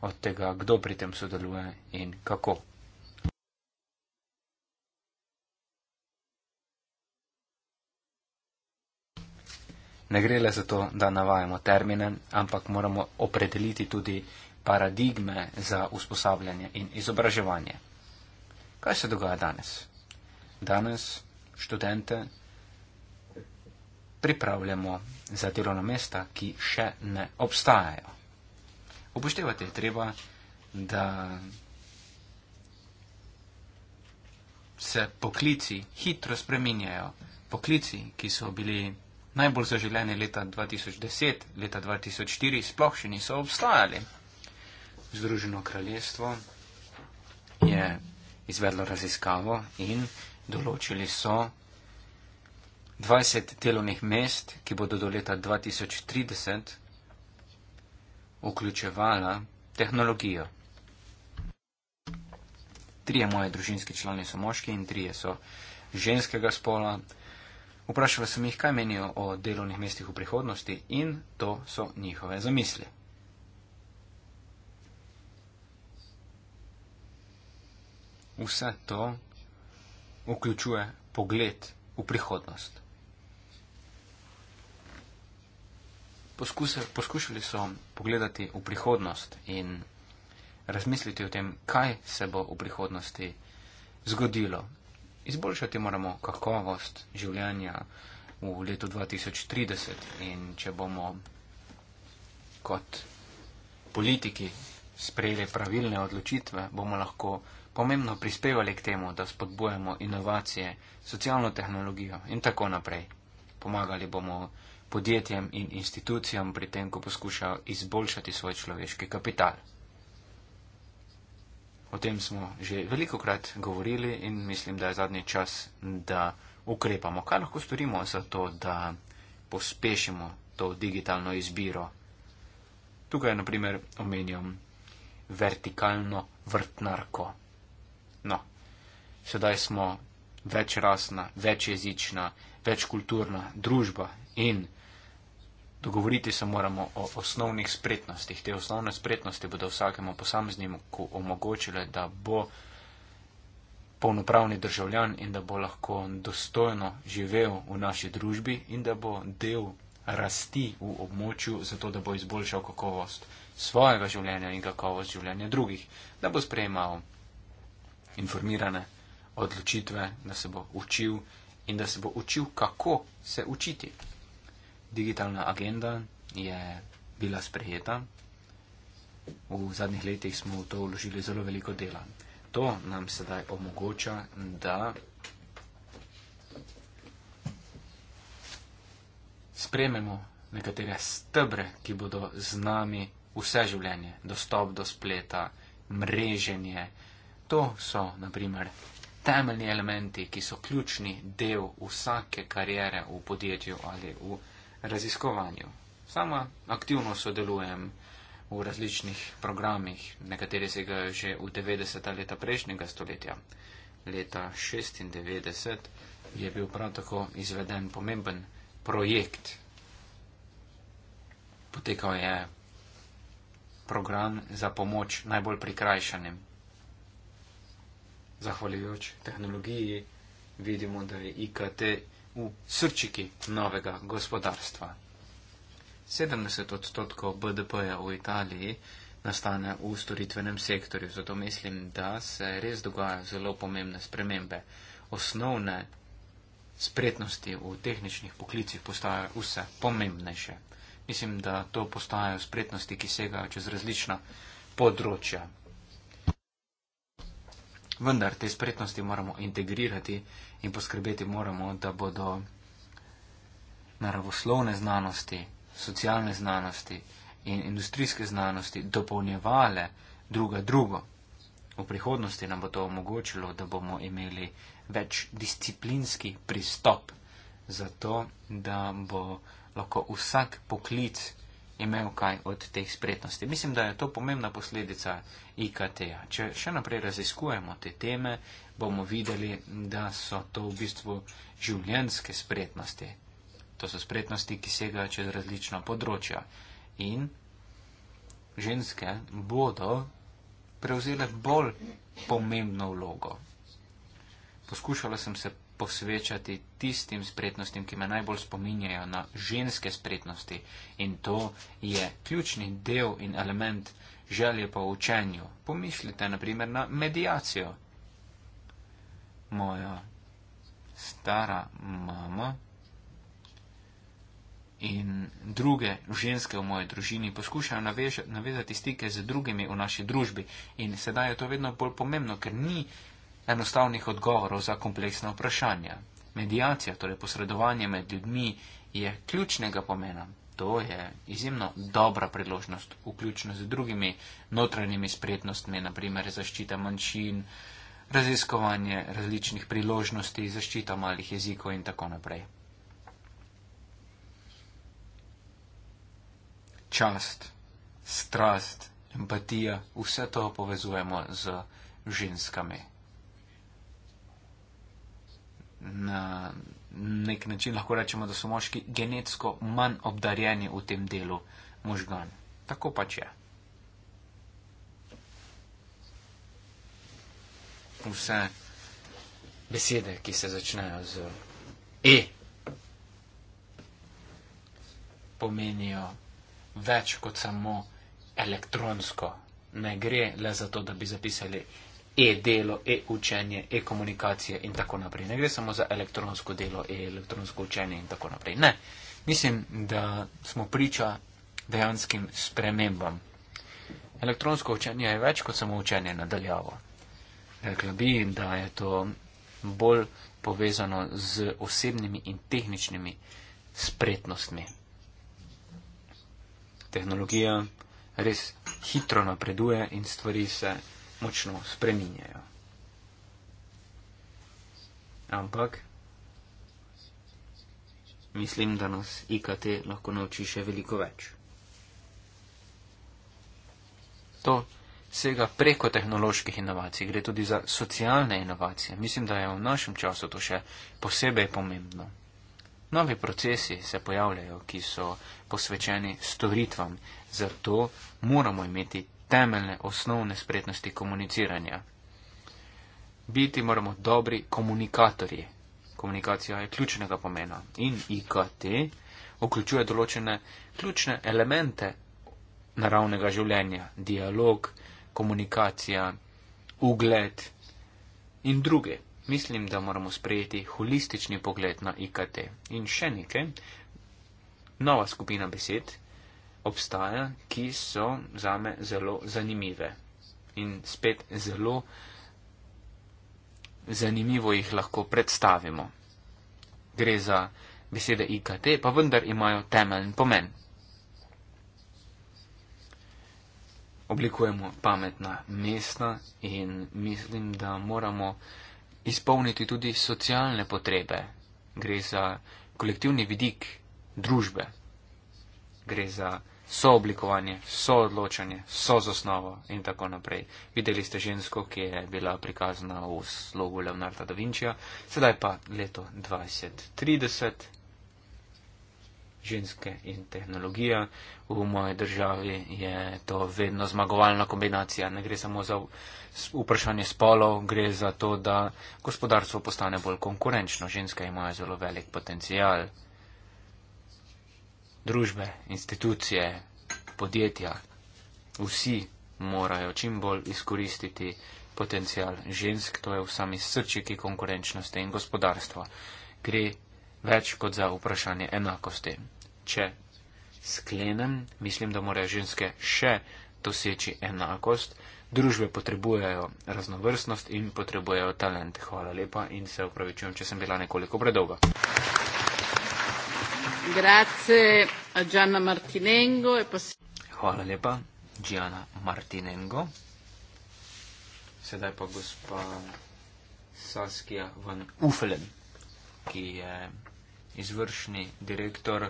od tega, kdo pri tem sodeluje in kako. ne gre le za to, da navajamo termine, ampak moramo opredeliti tudi paradigme za usposabljanje in izobraževanje. Kaj se dogaja danes? Danes študente pripravljamo za delovna mesta, ki še ne obstajajo. Upoštevati je treba, da se poklici hitro spreminjajo. Poklici, ki so bili najbolj zaželeni leta 2010, leta 2004 sploh še niso obstajali. Združeno kraljestvo je izvedlo raziskavo in določili so 20 delovnih mest, ki bodo do leta 2030 vključevala tehnologijo. Trije moje družinski člani so moški in trije so ženskega spola. Vprašala sem jih, kaj menijo o delovnih mestih v prihodnosti in to so njihove zamisli. Vse to vključuje pogled v prihodnost. Poskuse, poskušali so pogledati v prihodnost in razmisliti o tem, kaj se bo v prihodnosti zgodilo, izboljšati moramo kakovost življenja v letu 2030 in če bomo kot politiki sprejeli pravilne odločitve, bomo lahko pomembno prispevali k temu, da spodbujamo inovacije, socialno tehnologijo in tako naprej. Pomagali bomo podjetjem in institucijam pri tem, ko poskušajo izboljšati svoj človeški kapital. O tem smo že veliko krat govorili in mislim, da je zadnji čas, da ukrepamo. Kaj lahko storimo za to, da pospešimo to digitalno izbiro? Tukaj, naprimer, omenjam vertikalno vrtnarko. No, sedaj smo večrasna, večjezična, večkulturna družba in Dogovoriti se moramo o osnovnih spretnostih. Te osnovne spretnosti bodo vsakemu posamezniku omogočile, da bo polnopravni državljan in da bo lahko dostojno živel v naši družbi in da bo del rasti v območju, zato da bo izboljšal kakovost svojega življenja in kakovost življenja drugih, da bo sprejemal informirane odločitve, da se bo učil in da se bo učil, kako se učiti digitalna agenda je bila sprejeta. V zadnjih letih smo v to vložili zelo veliko dela. To nam sedaj omogoča, da sprememo nekatere stebre, ki bodo z nami vse življenje, dostop do spleta, mreženje. To so, na primer, temeljni elementi, ki so ključni del vsake karijere v podjetju ali v podjetju raziskovanju. Sama aktivno sodelujem v različnih programih, nekateri se ga že v 90. leta prejšnjega stoletja. Leta 96 je bil prav tako izveden pomemben projekt. Potekal je program za pomoč najbolj prikrajšanim. Zahvaljujoč tehnologiji vidimo, da je IKT v srčiki novega gospodarstva. 70 odstotkov BDP-ja v Italiji nastane v storitvenem sektorju, zato mislim, da se res dogaja zelo pomembne spremembe. Osnovne spretnosti v tehničnih poklicih postajajo vse pomembnejše. Mislim, da to postajajo spretnosti, ki segajo čez različna področja. Vendar te spretnosti moramo integrirati in poskrbeti moramo, da bodo naravoslovne znanosti, socialne znanosti in industrijske znanosti dopolnjevale druga drugo. V prihodnosti nam bo to omogočilo, da bomo imeli več disciplinski pristop za to, da bo lahko vsak poklic imel kaj od teh spretnosti. Mislim, da je to pomembna posledica IKT-ja. Če še naprej raziskujemo te teme bomo videli, da so to v bistvu življenske spretnosti. To so spretnosti, ki segajo čez različna področja. In ženske bodo prevzele bolj pomembno vlogo. Poskušala sem se posvečati tistim spretnostim, ki me najbolj spominjajo na ženske spretnosti in to je ključni del in element želje po učenju. Pomislite naprimer na medijacijo moja stara mama in druge ženske v moji družini poskušajo navezati stike z drugimi v naši družbi. In sedaj je to vedno bolj pomembno, ker ni enostavnih odgovorov za kompleksna vprašanja. Medijacija, torej posredovanje med ljudmi, je ključnega pomena. To je izjemno dobra priložnost, vključno z drugimi notranjimi spretnostmi, naprimer zaščita manjšin, uh, raziskovanje različnih priložnosti, zaščita malih jezikov in tako naprej. Čast, strast, empatija, vse to povezujemo z ženskami. Na nek način lahko rečemo, da so moški genetsko manj obdarjeni v tem delu možgan. Tako pač je. Ja. vse besede, ki se začnejo z E, pomenijo več kot samo elektronsko. Ne gre le za to, da bi zapisali e-delo, e-učenje, e-komunikacije in tako naprej. Ne gre samo za elektronsko delo, e-elektronsko učenje in tako naprej. Ne. Mislim, da smo priča dejanskim spremembam. Elektronsko učenje je več kot samo učenje nadaljavo rekla bi, da je to bolj povezano z osebnimi in tehničnimi spretnostmi. Tehnologija res hitro napreduje in stvari se močno spreminjajo. Ampak mislim, da nas IKT lahko nauči še veliko več. To sega preko tehnoloških inovacij, gre tudi za socialne inovacije. Mislim, da je v našem času to še posebej pomembno. Novi procesi se pojavljajo, ki so posvečeni storitvam, zato moramo imeti temeljne osnovne spretnosti komuniciranja. Biti moramo dobri komunikatorji. Komunikacija je ključnega pomena in IKT vključuje določene ključne elemente naravnega življenja, dialog, komunikacija, ugled in druge. Mislim, da moramo sprejeti holistični pogled na IKT. In še nekaj, nova skupina besed obstaja, ki so zame zelo zanimive. In spet zelo zanimivo jih lahko predstavimo. Gre za besede IKT, pa vendar imajo temeljni pomen. oblikujemo pametna mesta in mislim, da moramo izpolniti tudi socialne potrebe. Gre za kolektivni vidik družbe, gre za sooblikovanje, soodločanje, sozosnovo in tako naprej. Videli ste žensko, ki je bila prikazana v slogu Leonarda da Vinčija, sedaj pa leto 2030. 20, ženske in tehnologija. V moji državi je to vedno zmagovalna kombinacija. Ne gre samo za vprašanje spolov, gre za to, da gospodarstvo postane bolj konkurenčno. Ženske imajo zelo velik potencial. Družbe, institucije, podjetja, vsi morajo čim bolj izkoristiti potencial žensk, to je v sami srčiki konkurenčnosti in gospodarstva. Gre več kot za vprašanje enakosti če sklenem, mislim, da morajo ženske še doseči enakost, družbe potrebujejo raznovrstnost in potrebujejo talent. Hvala lepa in se upravičujem, če sem bila nekoliko predolga. Grazie, Gianna Martinengo. E Hvala lepa, Gianna Martinengo. Sedaj pa gospa Saskia van Ufelen, ki je izvršni direktor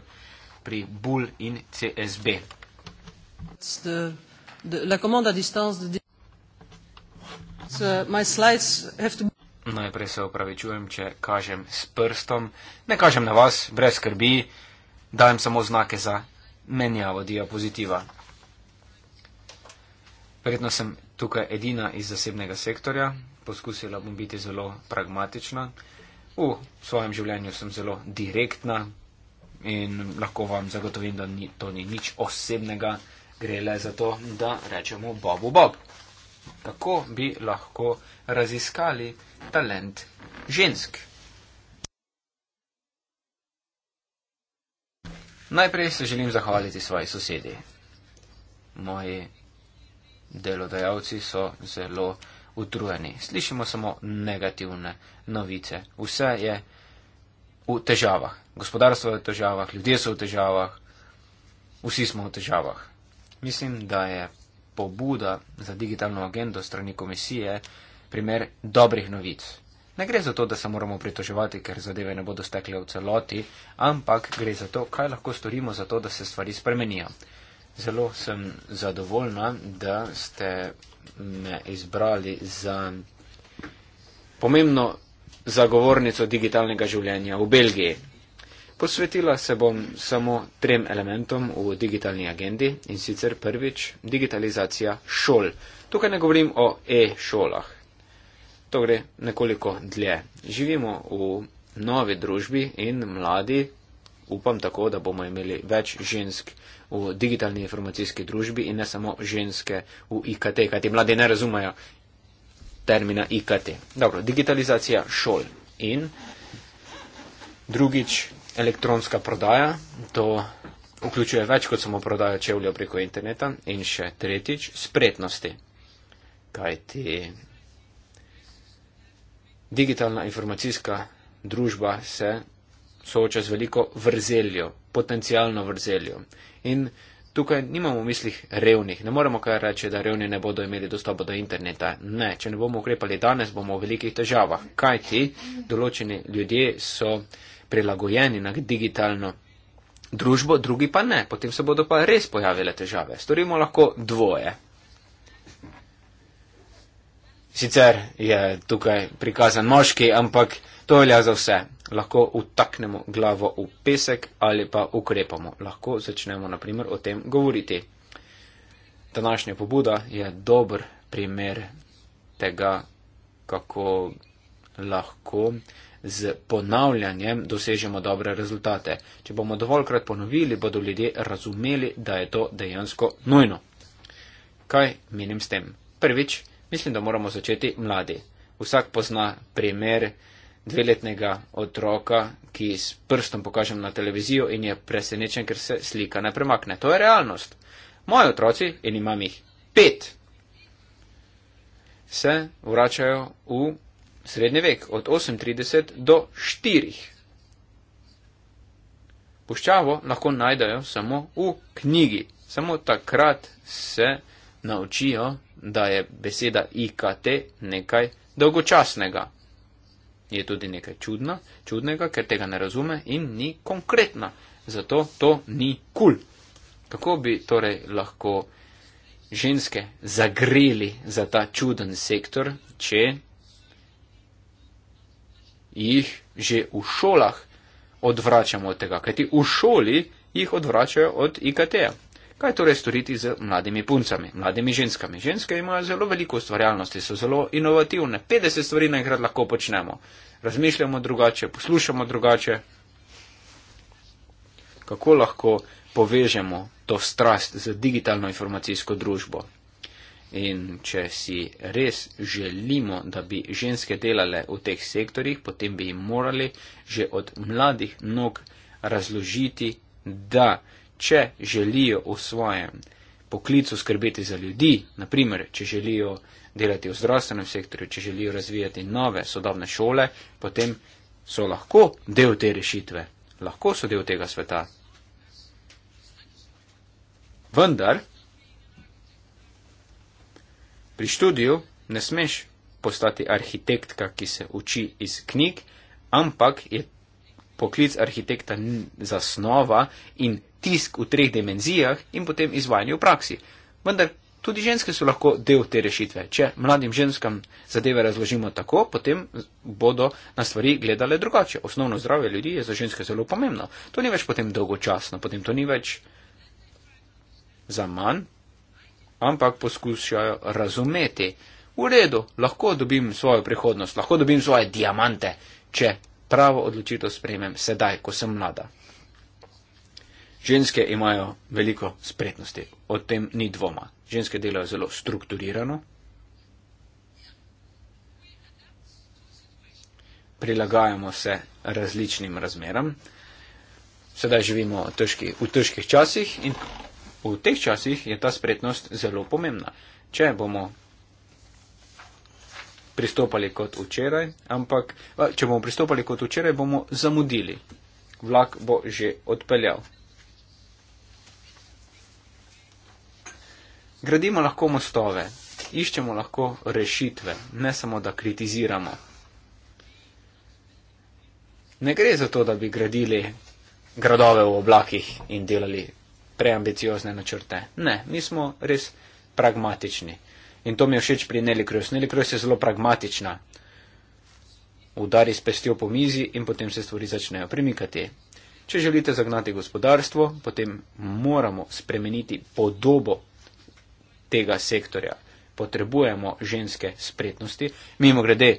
pri Bull in CSB. Uh, Najprej se opravičujem, če kažem s prstom. Ne kažem na vas, brez skrbi, dajem samo znake za menjavo diapozitiva. Verjetno sem tukaj edina iz zasebnega sektorja, poskusila bom biti zelo pragmatična. V svojem življenju sem zelo direktna, in lahko vam zagotovim, da ni, to ni nič osebnega, gre le za to, da rečemo Bobu Bob. Kako bi lahko raziskali talent žensk? Najprej se želim zahvaliti svoji sosedi. Moji delodajalci so zelo utrujeni. Slišimo samo negativne novice. Vse je v težavah gospodarstvo je v težavah, ljudje so v težavah, vsi smo v težavah. Mislim, da je pobuda za digitalno agendo strani komisije primer dobrih novic. Ne gre za to, da se moramo pritoževati, ker zadeve ne bodo stekle v celoti, ampak gre za to, kaj lahko storimo za to, da se stvari spremenijo. Zelo sem zadovoljna, da ste me izbrali za pomembno zagovornico digitalnega življenja v Belgiji. Posvetila se bom samo trem elementom v digitalni agendi in sicer prvič digitalizacija šol. Tukaj ne govorim o e-šolah. To gre nekoliko dlje. Živimo v novi družbi in mladi, upam tako, da bomo imeli več žensk v digitalni informacijski družbi in ne samo ženske v IKT, kajti mladi ne razumejo termina IKT. Dobro, digitalizacija šol. In drugič, elektronska prodaja. To vključuje več kot samo prodajo čevljev preko interneta. In še tretjič, spretnosti. Kaj ti digitalna informacijska družba se sooča z veliko vrzeljo, potencijalno vrzeljo. In tukaj nimamo v mislih revnih. Ne moremo kaj reči, da revni ne bodo imeli dostopa do interneta. Ne, če ne bomo ukrepali danes, bomo v velikih težavah. Kaj ti določeni ljudje so prilagojeni na digitalno družbo, drugi pa ne. Potem se bodo pa res pojavile težave. Storimo lahko dvoje. Sicer je tukaj prikazan moški, ampak to velja za vse. Lahko utaknemo glavo v pesek ali pa ukrepamo. Lahko začnemo naprimer o tem govoriti. Današnja pobuda je dober primer tega, kako lahko z ponavljanjem dosežemo dobre rezultate. Če bomo dovoljkrat ponovili, bodo ljudje razumeli, da je to dejansko nujno. Kaj menim s tem? Prvič, mislim, da moramo začeti mladi. Vsak pozna primer dveletnega otroka, ki s prstom pokažem na televizijo in je presenečen, ker se slika ne premakne. To je realnost. Moji otroci, in imam jih pet, se vračajo v srednji vek, od 38 do 4. Puščavo lahko najdejo samo v knjigi. Samo takrat se naučijo, da je beseda IKT nekaj dolgočasnega. Je tudi nekaj čudna, čudnega, ker tega ne razume in ni konkretna. Zato to ni kul. Cool. Kako bi torej lahko ženske zagreli za ta čuden sektor, če jih že v šolah odvračamo od tega, kajti v šoli jih odvračajo od IKT-ja. Kaj torej storiti z mladimi puncami, mladimi ženskami? Ženske imajo zelo veliko ustvarjalnosti, so zelo inovativne, 50 stvari naenkrat lahko počnemo. Razmišljamo drugače, poslušamo drugače. Kako lahko povežemo to strast z digitalno informacijsko družbo? In če si res želimo, da bi ženske delale v teh sektorjih, potem bi jim morali že od mladih nog razložiti, da če želijo v svojem poklicu skrbeti za ljudi, naprimer, če želijo delati v zdravstvenem sektorju, če želijo razvijati nove sodobne šole, potem so lahko del te rešitve, lahko so del tega sveta. Vendar, Pri študiju ne smeš postati arhitektka, ki se uči iz knjig, ampak je poklic arhitekta zasnova in tisk v treh dimenzijah in potem izvajanje v praksi. Vendar tudi ženske so lahko del te rešitve. Če mladim ženskam zadeve razložimo tako, potem bodo na stvari gledale drugače. Osnovno zdravje ljudi je za ženske zelo pomembno. To ni več potem dolgočasno, potem to ni več za manj ampak poskušajo razumeti. V redu, lahko dobim svojo prihodnost, lahko dobim svoje diamante, če pravo odločitev sprejmem sedaj, ko sem mlada. Ženske imajo veliko spretnosti, o tem ni dvoma. Ženske delajo zelo strukturirano, prilagajamo se različnim razmeram. Sedaj živimo težki, v težkih časih in V teh časih je ta spretnost zelo pomembna. Če bomo pristopali kot včeraj, ampak če bomo pristopali kot včeraj, bomo zamudili. Vlak bo že odpeljal. Gradimo lahko mostove, iščemo lahko rešitve, ne samo da kritiziramo. Ne gre za to, da bi gradili gradove v oblakih in delali preambiciozne načrte. Ne, mi smo res pragmatični. In to mi je všeč pri Neli Kruz. Neli Kruz je zelo pragmatična. Udari s pestjo po mizi in potem se stvari začnejo premikati. Če želite zagnati gospodarstvo, potem moramo spremeniti podobo tega sektorja. Potrebujemo ženske spretnosti. Mimo grede,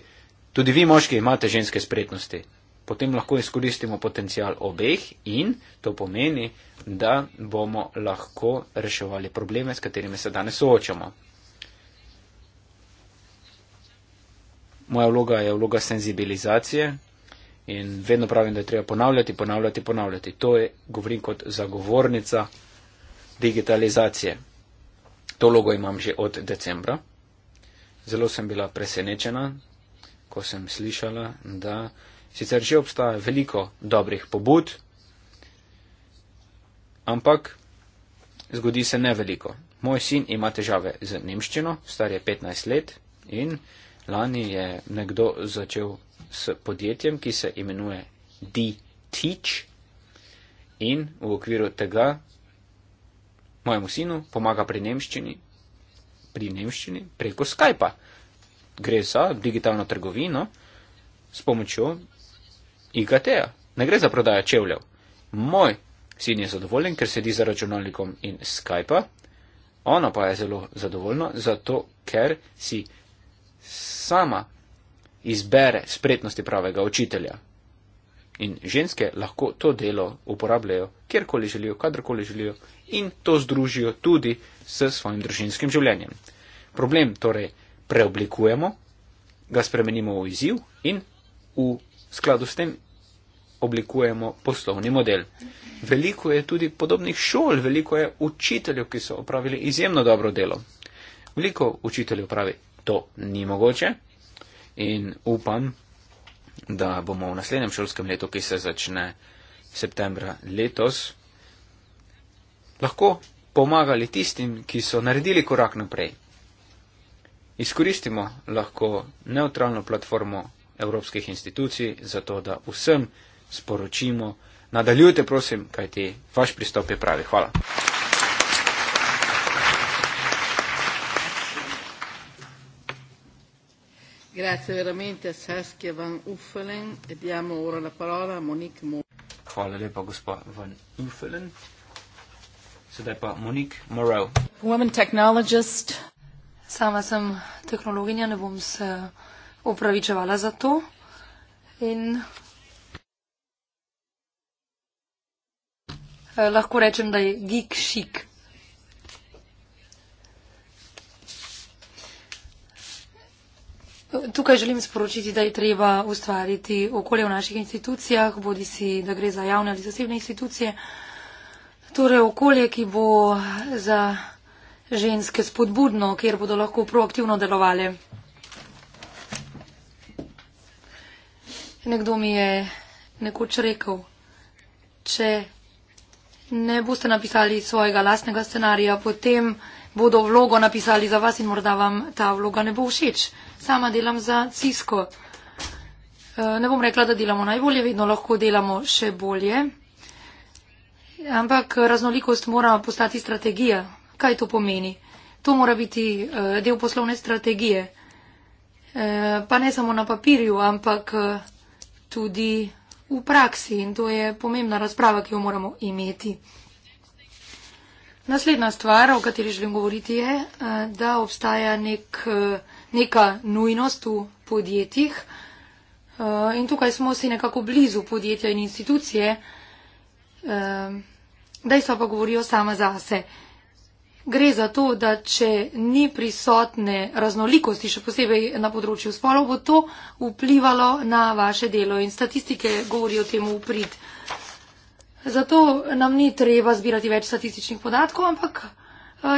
tudi vi moški imate ženske spretnosti potem lahko izkoristimo potencial obeh in to pomeni, da bomo lahko reševali probleme, s katerimi se danes soočamo. Moja vloga je vloga senzibilizacije in vedno pravim, da je treba ponavljati, ponavljati, ponavljati. To je, govorim kot zagovornica digitalizacije. To vlogo imam že od decembra. Zelo sem bila presenečena, ko sem slišala, da sicer že obstaja veliko dobrih pobud, ampak zgodi se ne veliko. Moj sin ima težave z nemščino, star je 15 let in lani je nekdo začel s podjetjem, ki se imenuje D-Teach in v okviru tega mojemu sinu pomaga pri nemščini, pri nemščini preko Skypa. Gre za digitalno trgovino s pomočjo IKT, -ja. ne gre za prodajo čevljev. Moj sin je zadovoljen, ker sedi za računalnikom in Skypa, ona pa je zelo zadovoljna, zato ker si sama izbere spretnosti pravega učitelja. In ženske lahko to delo uporabljajo, kjerkoli želijo, kadarkoli želijo in to združijo tudi s svojim družinskim življenjem. Problem torej preoblikujemo, ga spremenimo v izziv in v skladu s tem oblikujemo poslovni model. Veliko je tudi podobnih šol, veliko je učiteljev, ki so opravili izjemno dobro delo. Veliko učiteljev pravi, to ni mogoče in upam, da bomo v naslednjem šolskem letu, ki se začne septembra letos, lahko pomagali tistim, ki so naredili korak naprej. Izkoristimo lahko neutralno platformo evropskih institucij za to, da vsem sporočimo. Nadaljujte, prosim, kajti vaš pristop je pravi. Hvala. E Hvala lepa, gospa Van Uffelen. Sedaj pa Monik Morel. Sama sem tehnologinja, ne bom se upravičevala za to. In Eh, lahko rečem, da je geek šik. Tukaj želim sporočiti, da je treba ustvariti okolje v naših institucijah, bodi si, da gre za javne ali zasebne institucije. Torej okolje, ki bo za ženske spodbudno, kjer bodo lahko proaktivno delovali. Nekdo mi je nekoč rekel, če ne boste napisali svojega lastnega scenarija, potem bodo vlogo napisali za vas in morda vam ta vloga ne bo všeč. Sama delam za Cisco. E, ne bom rekla, da delamo najbolje, vedno lahko delamo še bolje. Ampak raznolikost mora postati strategija. Kaj to pomeni? To mora biti e, del poslovne strategije. E, pa ne samo na papirju, ampak tudi v praksi in to je pomembna razprava, ki jo moramo imeti. Naslednja stvar, o kateri želim govoriti, je, eh, da obstaja nek, eh, neka nujnost v podjetjih eh, in tukaj smo si nekako blizu podjetja in institucije, dejstva pa govorijo sama za sebe. Gre za to, da če ni prisotne raznolikosti, še posebej na področju spolov, bo to vplivalo na vaše delo in statistike govorijo temu v prid. Zato nam ni treba zbirati več statističnih podatkov, ampak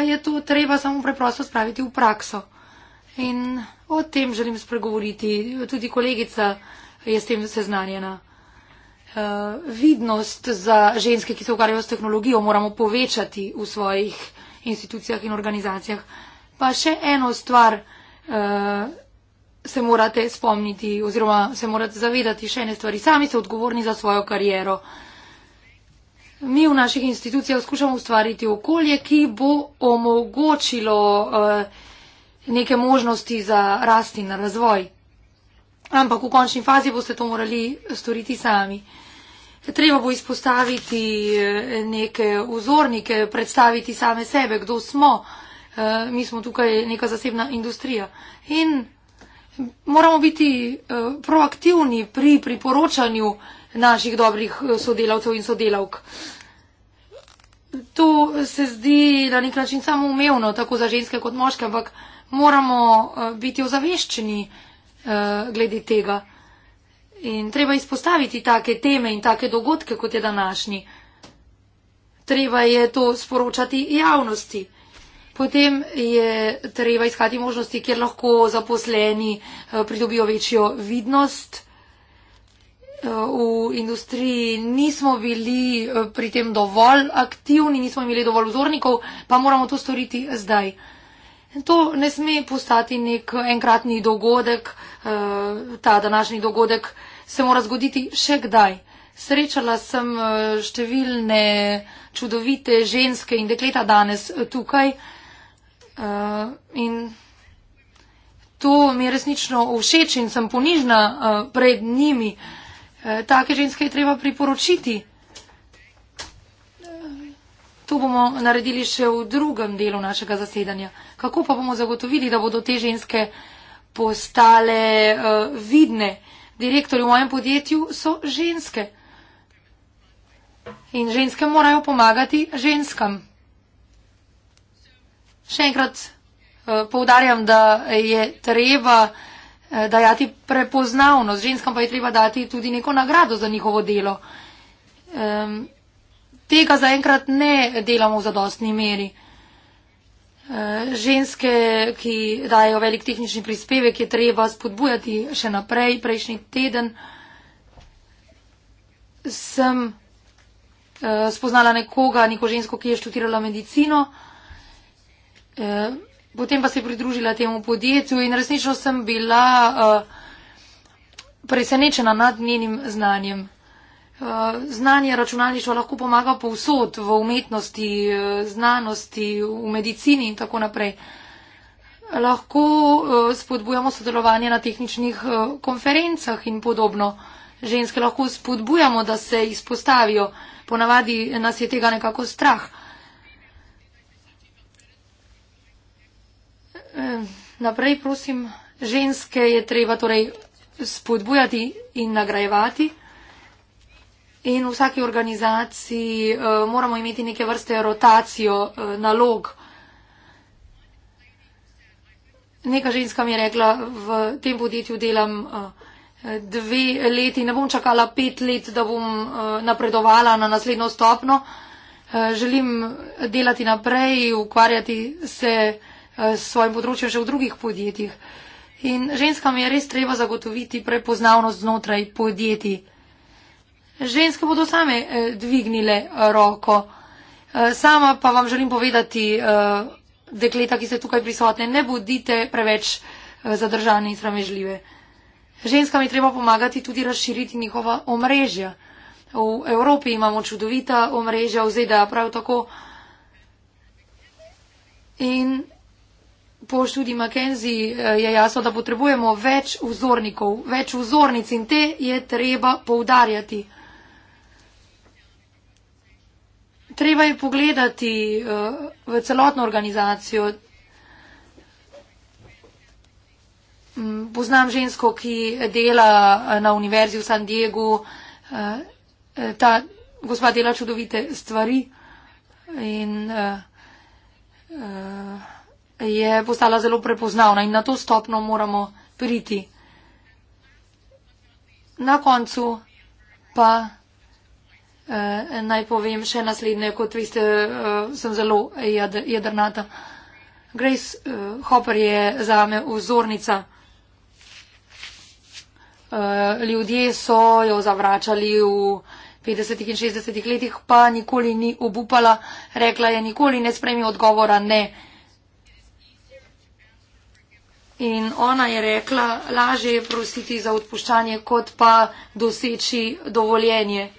je to treba samo preprosto spraviti v prakso. In o tem želim spregovoriti. Tudi kolegica je s tem seznanjena. Vidnost za ženske, ki se ukvarjajo s tehnologijo, moramo povečati v svojih institucijah in organizacijah. Pa še eno stvar eh, se morate spomniti oziroma se morate zavedati še ene stvari. Sami ste odgovorni za svojo kariero. Mi v naših institucijah skušamo ustvariti okolje, ki bo omogočilo eh, neke možnosti za rast in razvoj. Ampak v končni fazi boste to morali storiti sami. Eh, Treba bo izpostaviti eh, neke vzornike, predstaviti same sebe, kdo smo. Eh, mi smo tukaj neka zasebna industrija. In moramo biti eh, proaktivni pri priporočanju naših dobrih sodelavcev in sodelavk. To se zdi na nek način samoumevno, tako za ženske kot moške, ampak moramo biti ozaveščeni glede tega. In treba izpostaviti take teme in take dogodke, kot je današnji. Treba je to sporočati javnosti. Potem je treba iskati možnosti, kjer lahko zaposleni eh, pridobijo večjo vidnost. Eh, v industriji nismo bili eh, pri tem dovolj aktivni, nismo imeli dovolj vzornikov, pa moramo to storiti zdaj. To ne sme postati nek enkratni dogodek, ta današnji dogodek, se mora zgoditi še kdaj. Srečala sem eh, številne čudovite ženske in dekleta danes eh, tukaj eh, in to mi je resnično všeč in sem ponižna pred njimi. Take ženske je treba priporočiti. To bomo naredili še v drugem delu našega zasedanja. Kako pa bomo zagotovili, da bodo te ženske postale vidne? direktorji v mojem podjetju so ženske. In ženske morajo pomagati ženskam. Še enkrat uh, eh, povdarjam, da je treba uh, dajati prepoznavnost. Ženskam pa je treba dati tudi neko nagrado za njihovo delo. Um, tega zaenkrat ne delamo v zadostni meri. Uh, Eh, ženske, ki dajo velik tehnični prispevek, je treba spodbujati še naprej. Prejšnji teden sem eh, spoznala nekoga, neko žensko, ki je študirala medicino, eh, potem pa se je pridružila temu podjetju in resnično sem bila presenečena nad njenim znanjem. Znanje računalništva lahko pomaga povsod, v umetnosti, eh, znanosti, v medicini in tako naprej. Lahko eh, spodbujamo sodelovanje na tehničnih eh, konferencah in podobno. Ženske lahko spodbujamo, da se izpostavijo. Ponavadi nas je tega nekako strah. Naprej, prosim, ženske je treba torej spodbujati in nagrajevati. In v vsaki organizaciji uh, moramo imeti neke vrste rotacijo uh, nalog. Neka ženska mi je rekla, v tem podjetju delam uh, dve leti, ne bom čakala pet let, da bom uh, napredovala na naslednjo stopno. Uh, želim delati naprej, ukvarjati se uh, s svojim področjem še v drugih podjetjih. In ženskam je res treba zagotoviti prepoznavnost znotraj podjetij. Ženske bodo same eh, dvignile roko. Eh, sama pa vam želim povedati, eh, dekleta, ki ste tukaj prisotne, ne bodite preveč eh, zadržani in sramežljive. Ženskam je treba pomagati tudi razširiti njihova omrežja. V Evropi imamo čudovita omrežja, v ZDA prav tako. In po študiji McKenzie eh, je jasno, da potrebujemo več vzornikov, več vzornic in te je treba poudarjati. treba je pogledati uh, v celotno organizacijo. Mm, poznam žensko, ki dela eh, na univerzi v San Diegu. Eh, ta gospa dela čudovite stvari in je postala zelo prepoznavna in na to stopno moramo priti. Na koncu pa. Eh, naj povem še naslednje, kot veste, uh, sem zelo jadr, jadrnata. Grace uh, Hopper je zame vzornica. Uh, ljudje so jo zavračali v 50 in 60 letih, pa nikoli ni obupala, rekla je, nikoli ne spremi odgovora ne. In ona je rekla, lažje je prositi za odpuščanje, kot pa doseči dovoljenje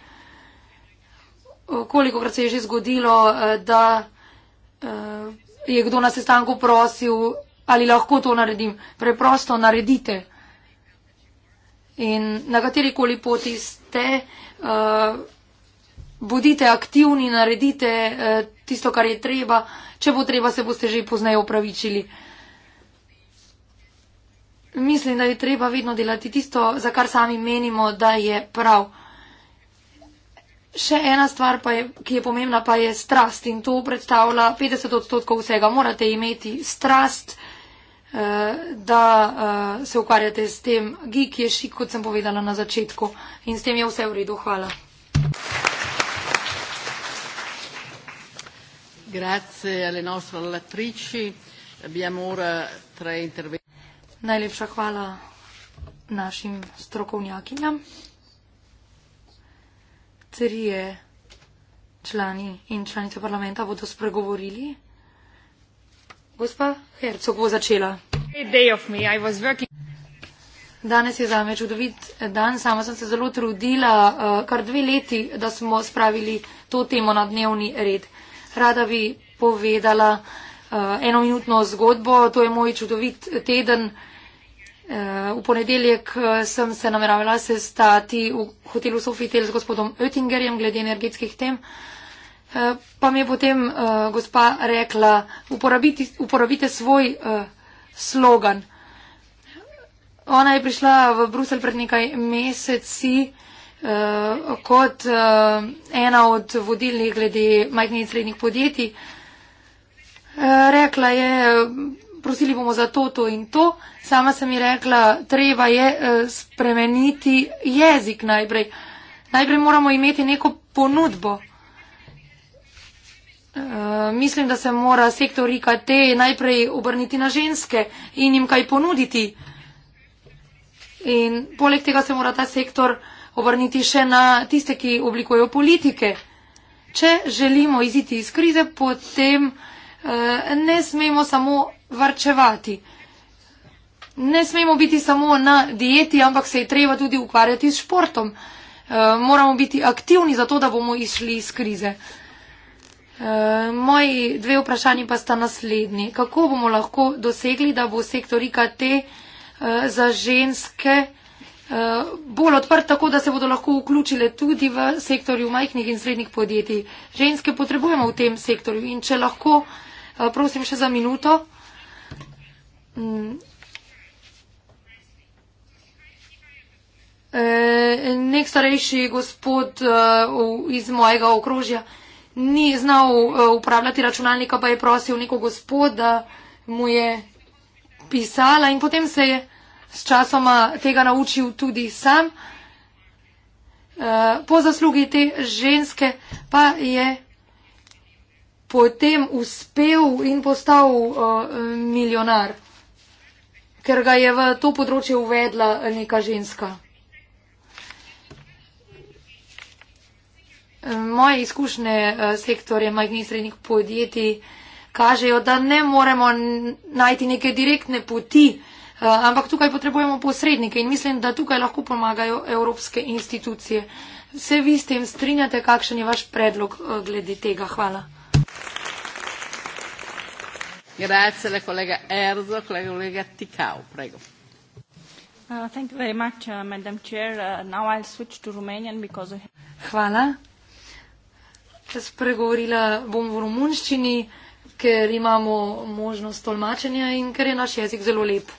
koliko krat se je že zgodilo, eh, da eh, je kdo na sestanku prosil, ali lahko to naredim. Preprosto naredite. In na kateri koli poti ste, eh, bodite aktivni, naredite tisto, kar je treba. Če bo treba, se boste že poznaje opravičili. Mislim, da je treba vedno delati tisto, za kar sami menimo, da je prav. Še ena stvar, je, ki je pomembna, pa je strast in to predstavlja 50 odstotkov vsega. Morate imeti strast, eh, da eh, se ukvarjate s tem. Geek je šik, kot sem povedala na začetku. In s tem je vse v redu. Hvala. Grazie alle nostre lettrici. Abbiamo ora tre interventi. Najlepša hvala našim strokovnjakinjam trije člani in članice parlamenta bodo spregovorili. Gospa Herzog bo začela. Danes je zame čudovit dan. Sama sem se zelo trudila, eh, kar dve leti, da smo spravili to temo na dnevni red. Rada bi povedala eh, enominutno zgodbo. To je moj čudovit teden. Eh, v ponedeljek eh, sem se nameravala sestati v hotelu Sofitel z gospodom Oettingerjem glede energetskih tem, eh, pa mi je potem gospa rekla, uporabite, uporabite svoj slogan. Ona je prišla v Bruselj pred nekaj meseci kot ena od vodilnih glede majhnih in srednjih podjetij. Rekla je, prosili bomo za to, to in to. Sama sem ji rekla, treba je eh, spremeniti jezik najprej. Najprej moramo imeti neko ponudbo. Eh, mislim, da se mora sektor IKT najprej obrniti na ženske in jim kaj ponuditi. In poleg tega se mora ta sektor obrniti še na tiste, ki oblikujejo politike. Če želimo iziti iz krize, potem eh, ne smemo samo varčevati. Ne smemo biti samo na dieti, ampak se je treba tudi ukvarjati s športom. E, moramo biti aktivni zato, da bomo išli iz krize. E, moji dve vprašanji pa sta naslednji. Kako bomo lahko dosegli, da bo sektor IKT e, eh, za ženske e, bolj odprt, tako da se bodo lahko vključile tudi v sektorju majhnih in srednjih podjetij? Ženske potrebujemo v tem sektorju in če lahko, e, prosim še za minuto. E, nek starejši gospod uh, iz mojega okrožja ni znal uh, eh, uporabljati računalnika, pa je prosil neko gospod, da mu je pisala in potem se je s časoma tega naučil tudi sam. Uh, po zaslugi te ženske pa je potem uspel in postal uh, milijonar ker ga je v to področje uvedla neka ženska. Moje izkušnje eh, sektorje majhnih in srednjih podjetij kažejo, da ne moremo najti neke direktne poti, eh, ampak tukaj potrebujemo posrednike in mislim, da tukaj lahko pomagajo evropske institucije. Se vi s tem strinjate, kakšen je vaš predlog eh, glede tega? Hvala. Grazie alla collega Erzo, collega Ticao, prego. Uh, thank you very much, uh, Madam Chair. Uh, now I'll switch to Romanian because I... Hvala. Spregovorila bom v romunščini, ker imamo možnost tolmačenja in ker je naš jezik zelo lep.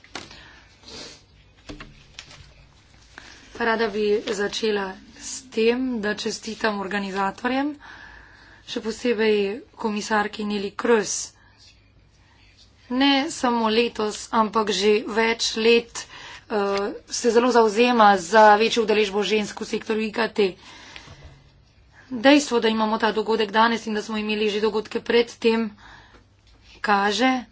Rada bi začela s tem, da čestitam organizatorjem, še posebej komisarki Nili Kröss ne samo letos, ampak že več let uh, se zelo zauzema za večjo udeležbo žensk v sektorju IKT. Dejstvo, da imamo ta dogodek danes in da smo imeli že dogodke predtem, kaže,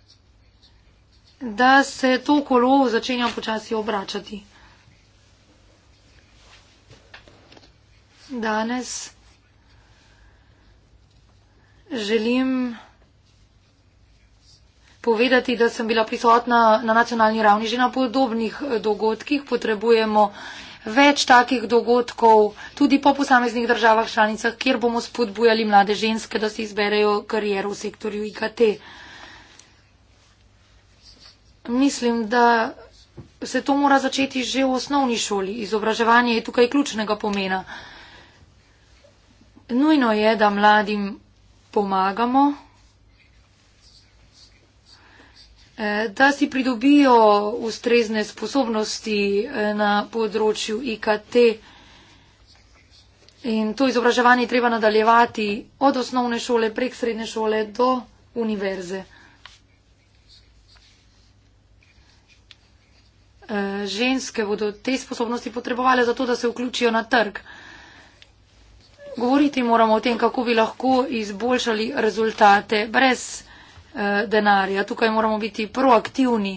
da se to kolo začenja počasi obračati. Danes želim povedati, da sem bila prisotna na nacionalni ravni že na podobnih eh, dogodkih. Potrebujemo več takih dogodkov tudi po posameznih državah članicah, kjer bomo spodbujali mlade ženske, da si izberejo kariero v sektorju IKT. Mislim, da se to mora začeti že v osnovni šoli. Izobraževanje je tukaj ključnega pomena. Nujno je, da mladim pomagamo. Eh, da si pridobijo ustrezne sposobnosti eh, na področju IKT. In to izobraževanje treba nadaljevati od osnovne šole prek srednje šole do univerze. Eh, ženske bodo te sposobnosti potrebovali zato, da se vključijo na trg. Govoriti moramo o tem, kako bi lahko izboljšali rezultate brez Eh, denarja. Tukaj moramo biti proaktivni,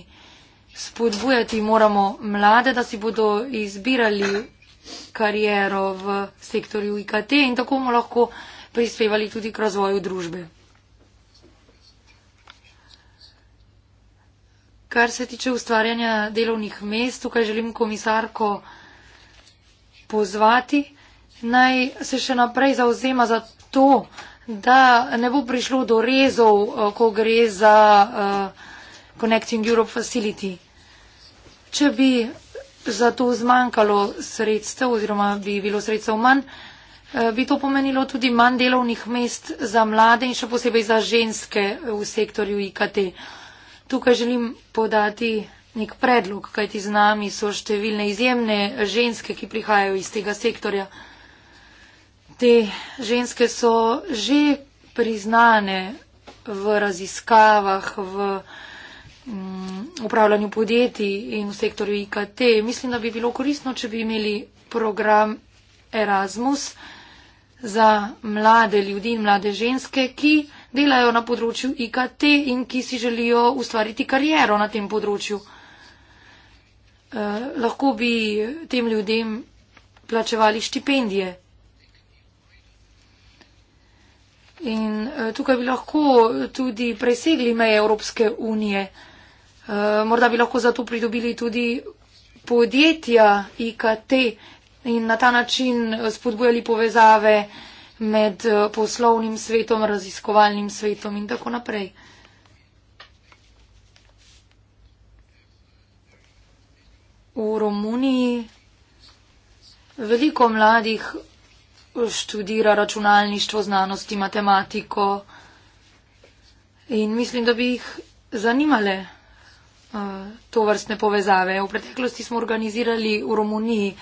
spodbujati moramo mlade, da si bodo izbirali kariero v sektorju IKT in tako bomo lahko prispevali tudi k razvoju družbe. Kar se tiče ustvarjanja delovnih mest, tukaj želim komisarko pozvati, naj se še naprej zauzema za to, da ne bo prišlo do rezov, eh, ko gre za eh, Connecting Europe Facility. Če bi za to zmanjkalo sredstev oziroma bi bilo sredstev manj, eh, bi to pomenilo tudi manj delovnih mest za mlade in še posebej za ženske v sektorju IKT. Tukaj želim podati nek predlog, kajti z nami so številne izjemne ženske, ki prihajajo iz tega sektorja te ženske so že priznane v raziskavah, v mm, upravljanju podjetij in v sektorju IKT. Mislim, da bi bilo koristno, če bi imeli program Erasmus za mlade ljudi in mlade ženske, ki delajo na področju IKT in ki si želijo ustvariti kariero na tem področju. Eh, lahko bi tem ljudem plačevali štipendije. In eh, tukaj bi lahko tudi presegli meje Evropske unije. Eh, morda bi lahko zato pridobili tudi podjetja IKT in na ta način eh, spodbujali povezave med poslovnim svetom, raziskovalnim svetom in tako naprej. V Romuniji veliko mladih študira računalništvo, znanosti, matematiko in mislim, da bi jih zanimale uh, eh, to vrstne povezave. V preteklosti smo organizirali v Romuniji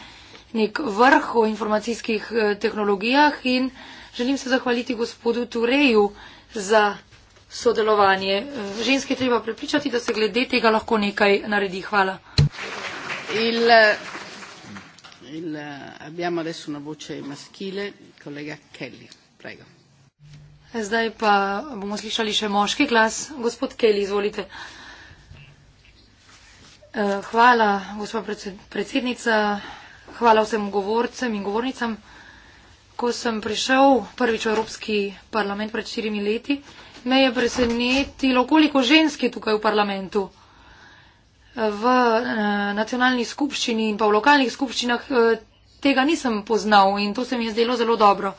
nek vrh o informacijskih uh, tehnologijah in želim se zahvaliti gospodu Tureju za sodelovanje. Uh, ženske treba prepričati, da se glede tega lahko nekaj naredi. Hvala. Il, uh... Il, abbiamo adesso una voce maschile, il collega Kelly, prego. Zdaj pa bomo slišali še moški glas. Gospod Kelly, izvolite. Eh, hvala, gospod predsednica. Hvala vsem govorcem in govornicam. Ko sem prišel prvič v Evropski parlament pred štirimi leti, me je presenetilo, koliko žensk je tukaj v parlamentu v eh, nacionalni skupščini in pa v lokalnih skupščinah eh, tega nisem poznal in to se mi je zdelo zelo dobro.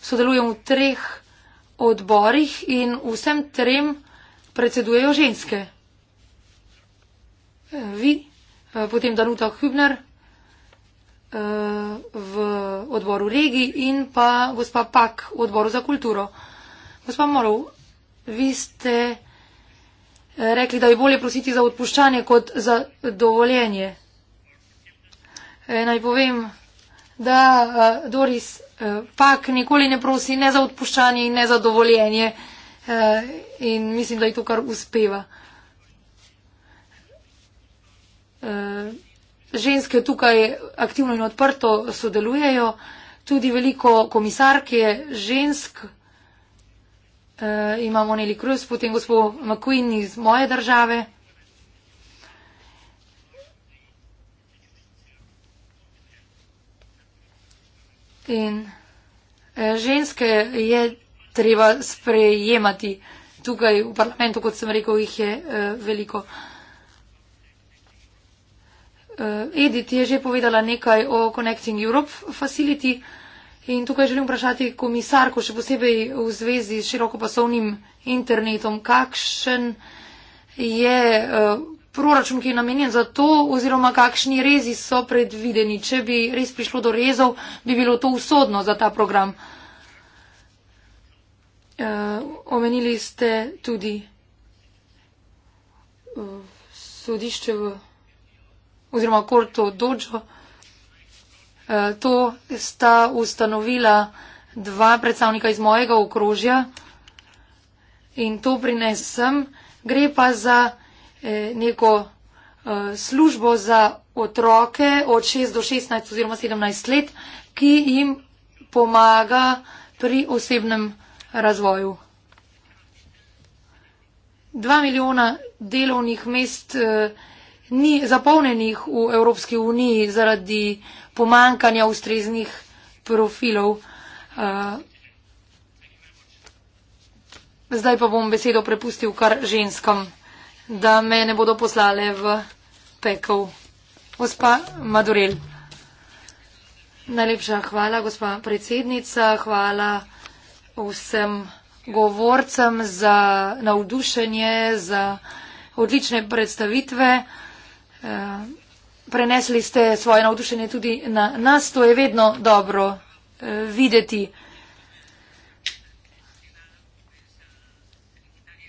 Sodelujem v treh odborih in vsem trem predsedujejo ženske. Eh, vi, potem Danuta Hübner v odboru regij in pa gospa Pak v odboru za kulturo. Gospa Morov, vi ste rekli, da je bolje prositi za odpuščanje kot za dovoljenje. E, naj povem, da e, Doris e, pak nikoli ne prosi ne za odpuščanje in ne za dovoljenje. In mislim, da je to kar uspeva. Ženske tukaj aktivno in odprto sodelujejo, tudi veliko komisarke žensk. Uh, imamo Neli Kruz, potem gospod McQueen iz moje države. In uh, ženske je treba sprejemati tukaj v parlamentu, kot sem rekel, jih je uh, veliko. Uh, Edith je že povedala nekaj o Connecting Europe Facility. Uh, In tukaj želim vprašati komisarko, še posebej v zvezi s širokopasovnim internetom, kakšen je eh, proračun, ki je namenjen za to, oziroma kakšni rezi so predvideni. Če bi res prišlo do rezov, bi bilo to usodno za ta program. Eh, omenili ste tudi eh, sodišče v, oziroma korto dožo. Eh, to sta ustanovila dva predstavnika iz mojega okrožja in to prinesem. Gre pa za eh, neko eh, službo za otroke od 6 do 16 oziroma 17 let, ki jim pomaga pri osebnem razvoju. 2 milijona delovnih mest eh, ni zapolnenih v Evropski uniji zaradi pomankanja ustreznih profilov. Uh, zdaj pa bom besedo prepustil kar ženskam, da me ne bodo poslale v pekel. Gospa Madurel. Najlepša hvala, gospa predsednica. Hvala vsem govorcem za navdušenje, za odlične predstavitve. Uh, prenesli ste svoje navdušenje tudi na nas, to je vedno dobro eh, videti.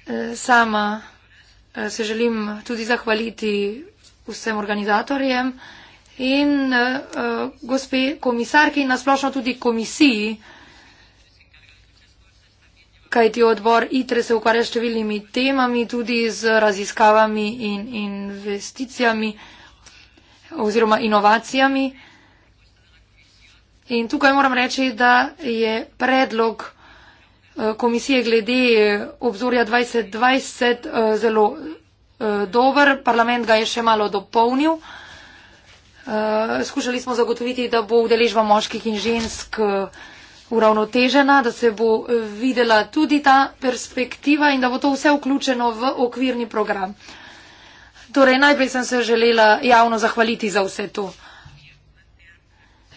Eh, sama eh, se želim tudi zahvaliti vsem organizatorjem in gospe komisarki in nasplošno tudi komisiji, kajti odbor ITRE se ukvarja s številnimi temami, tudi z raziskavami in investicijami oziroma inovacijami. In tukaj moram reči, da je predlog eh, komisije glede eh, obzorja 2020 eh, zelo dober. Parlament ga je še malo dopolnil. Skušali smo zagotoviti, da bo udeležba moških in žensk uravnotežena, da se bo videla tudi ta perspektiva in da bo to vse vključeno v okvirni program. Torej, najprej sem se želela javno zahvaliti za vse to.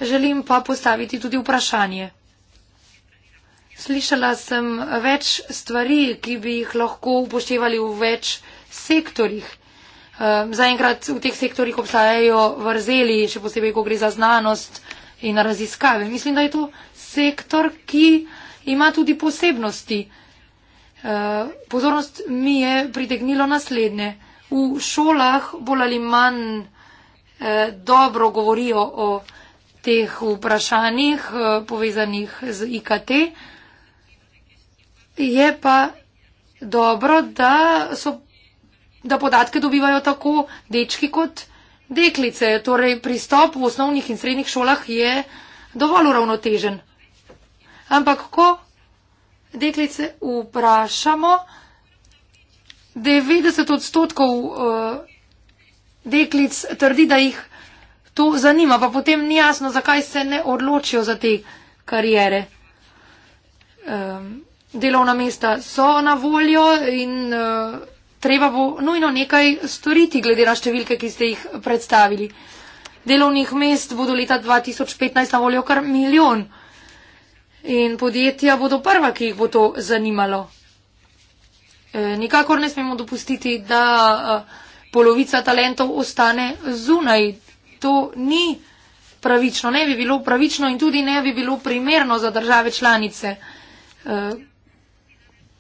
Želim pa postaviti tudi vprašanje. Slišala sem več stvari, ki bi jih lahko upoštevali v več sektorjih. Ehm, zaenkrat v teh sektorjih obstajajo vrzeli, še posebej, ko gre za znanost in raziskave. Mislim, da je to sektor, ki ima tudi posebnosti. Ehm, pozornost mi je pritegnilo naslednje v šolah bolj ali manj eh, dobro govorijo o teh vprašanjih eh, povezanih z IKT. Je pa dobro, da, so, da podatke dobivajo tako dečki kot deklice. Torej, pristop v osnovnih in srednjih šolah je dovolj uravnotežen. Ampak, ko deklice vprašamo, 90 odstotkov uh, deklic trdi, da jih to zanima, pa potem ni jasno, zakaj se ne odločijo za te karijere. Um, delovna mesta so na voljo in uh, treba bo nujno nekaj storiti, glede na številke, ki ste jih predstavili. Delovnih mest bodo leta 2015 na voljo kar milijon in podjetja bodo prva, ki jih bo to zanimalo. Eh, nikakor ne smemo dopustiti, da eh, polovica talentov ostane zunaj. To ni pravično, ne bi bilo pravično in tudi ne bi bilo primerno za države članice. Eh,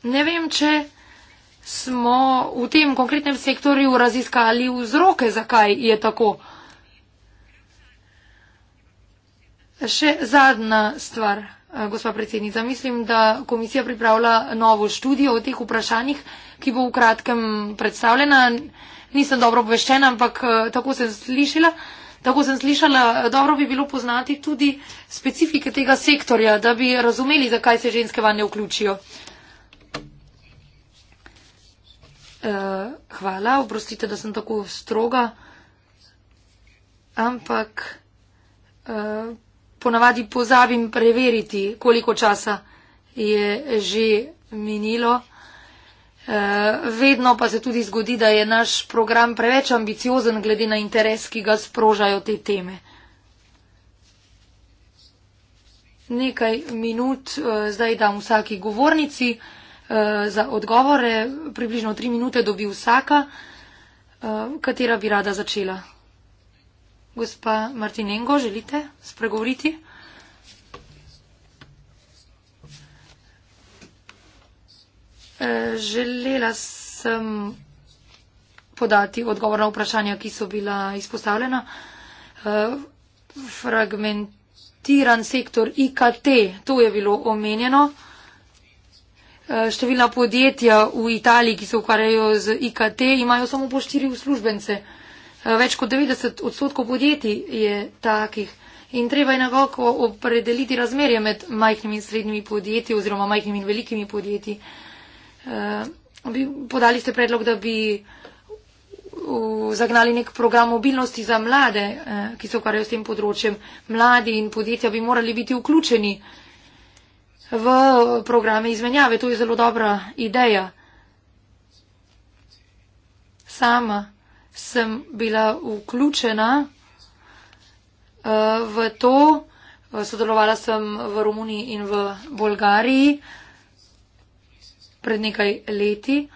ne vem, če smo v tem konkretnem sektorju raziskali vzroke, zakaj je tako. Še zadnja stvar. Eh, gospa predsednica. Mislim, da komisija pripravlja novo študijo o teh vprašanjih, ki bo v kratkem predstavljena. Nisem dobro obveščena, ampak eh, tako sem slišala. Tako sem slišala, eh, dobro bi bilo poznati tudi specifike tega sektorja, da bi razumeli, zakaj se ženske vanje vključijo. Uh, hvala, oprostite, da sem tako stroga, ampak uh, ponavadi pozabim preveriti, koliko časa je že minilo. E, vedno pa se tudi zgodi, da je naš program preveč ambiciozen glede na interes, ki ga sprožajo te teme. Nekaj minut e, zdaj dam vsaki govornici e, za odgovore, približno tri minute dobi vsaka, katera bi rada začela. Gospa Martinengo, želite spregovoriti? E, želela sem podati odgovor na vprašanja, ki so bila izpostavljena. E, fragmentiran sektor IKT, to je bilo omenjeno. E, številna podjetja v Italiji, ki se ukvarjajo z IKT, imajo samo po štiri uslužbence. Eh, več kot 90 odstotkov podjetij je takih in treba je nekako opredeliti razmerje med majhnimi in srednjimi podjetji oziroma majhnimi in velikimi podjetji. Eh, podali ste predlog, da bi zagnali nek program mobilnosti za mlade, eh, ki se ukvarjajo s tem področjem. Mladi in podjetja bi morali biti vključeni v programe izmenjave. To je zelo dobra ideja. Sama sem bila vključena eh, v to. Sodelovala sem v Romuniji in v Bolgariji pred nekaj leti.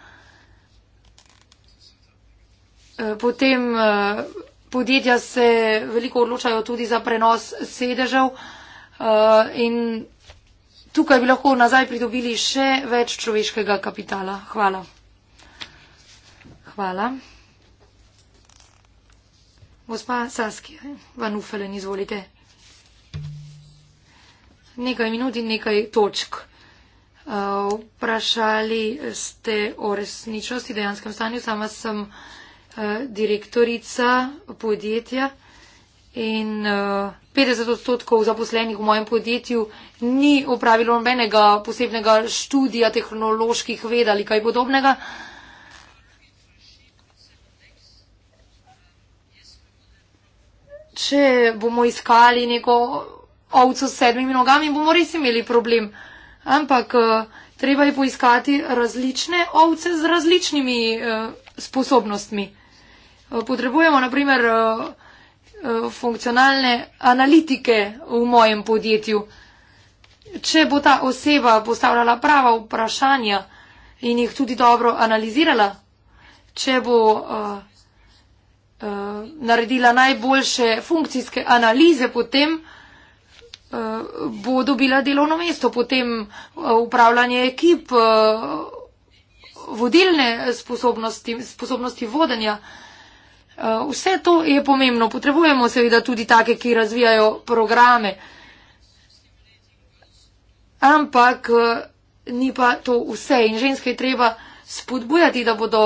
Eh, potem eh, podjetja se veliko odločajo tudi za prenos sedežev in tukaj bi lahko nazaj pridobili še več človeškega kapitala. Hvala. Hvala. Gospa Saskija, van ufelen, izvolite. Nekaj minut in nekaj točk. Eh, vprašali ste o resničnosti, dejanskem stanju. Sama sem eh, direktorica podjetja in 50 eh, odstotkov zaposlenih v mojem podjetju ni opravilo nobenega posebnega študija tehnoloških ved ali kaj podobnega. če bomo iskali neko ovco s sedmimi nogami, bomo res imeli problem. Ampak eh, treba je poiskati različne ovce z različnimi eh, sposobnostmi. Eh, potrebujemo naprimer funkcionalne analitike v mojem podjetju. Če bo ta oseba postavljala prava vprašanja in jih tudi dobro analizirala, če bo uh, Eh, naredila najboljše funkcijske analize, potem eh, bo dobila delovno mesto, potem eh, upravljanje ekip, vodilne sposobnosti, sposobnosti vodenja. Vse to je pomembno. Potrebujemo seveda tudi take, ki razvijajo programe. Ampak ni pa to vse. In ženske treba spodbujati, da bodo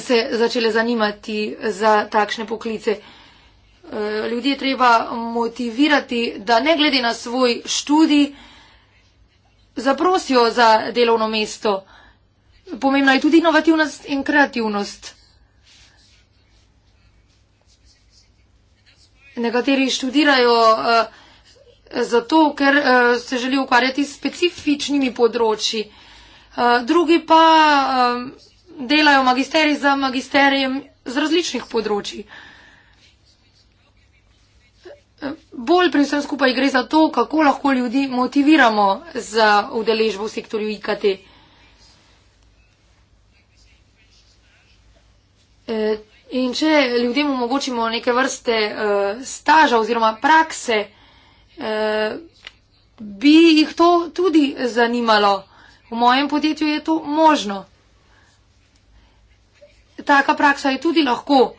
se začele zanimati za takšne poklice. E, ljudje treba motivirati, da ne glede na svoj študij, zaprosijo za delovno mesto. Pomembna je tudi inovativnost in kreativnost. Nekateri študirajo uh, zato, ker uh, se želijo ukvarjati s specifičnimi področji, uh, drugi pa uh, delajo magisteri za magisterijem z različnih področji. Bolj pri vsem skupaj gre za to, kako lahko ljudi motiviramo za udeležbo v sektorju IKT. E, in če ljudem omogočimo neke vrste e, staža oziroma prakse, e, bi jih to tudi zanimalo. V mojem podjetju je to možno taka praksa je tudi lahko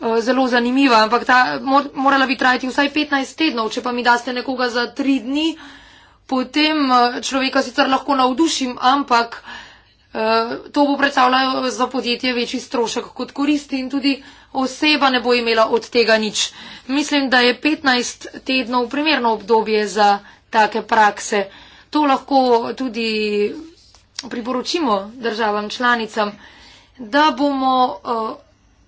eh, zelo zanimiva, ampak ta mor, morala bi trajati vsaj 15 tednov. Če pa mi daste nekoga za tri dni, potem eh, človeka sicer lahko navdušim, ampak eh, to bo predstavljalo za podjetje večji strošek kot koristi in tudi oseba ne bo imela od tega nič. Mislim, da je 15 tednov primerno obdobje za take prakse. To lahko tudi priporočimo državam članicam da bomo eh,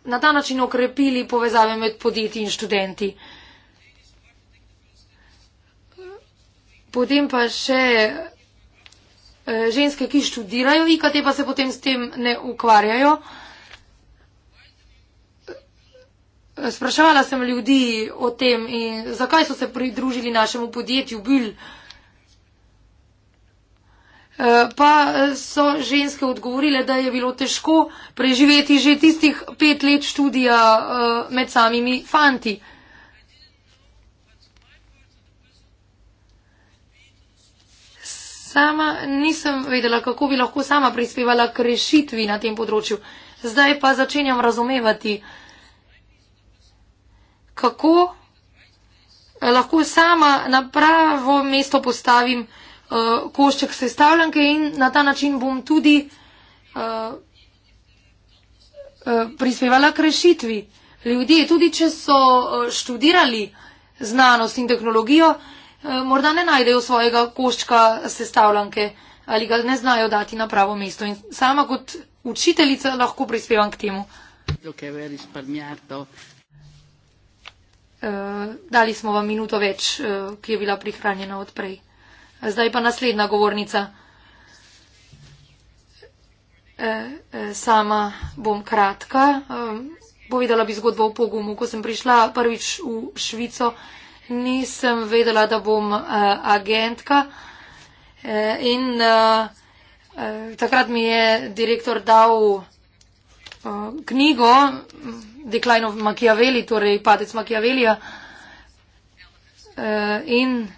na ta način okrepili povezave med podjetji in študenti. Potem pa še eh, ženske, ki študirajo IKT, pa se potem s tem ne ukvarjajo. Sprašvala sem ljudi o tem, zakaj so se pridružili našemu podjetju, bili Eh, pa eh, so ženske odgovorile, da je bilo težko preživeti že tistih pet let študija eh, med samimi fanti. Sama nisem vedela, kako bi lahko sama prispevala k rešitvi na tem področju. Zdaj pa začenjam razumevati, kako lahko sama na pravo mesto postavim uh, košček sestavljanke in na ta način bom tudi uh, uh, prispevala k rešitvi. Ljudje, tudi če so uh, študirali znanost in tehnologijo, uh, morda ne najdejo svojega koščka sestavljanke ali ga ne znajo dati na pravo mesto. In sama kot učiteljica lahko prispevam k temu. Uh, dali smo vam minuto več, uh, ki je bila prihranjena odprej. Zdaj pa naslednja govornica. E, e, sama bom kratka. E, povedala bi zgodbo o pogumu. Ko sem prišla prvič v Švico, nisem vedela, da bom agentka. In takrat mi je direktor dal knjigo Decline of Machiavelli, torej Padec Machiavellija. In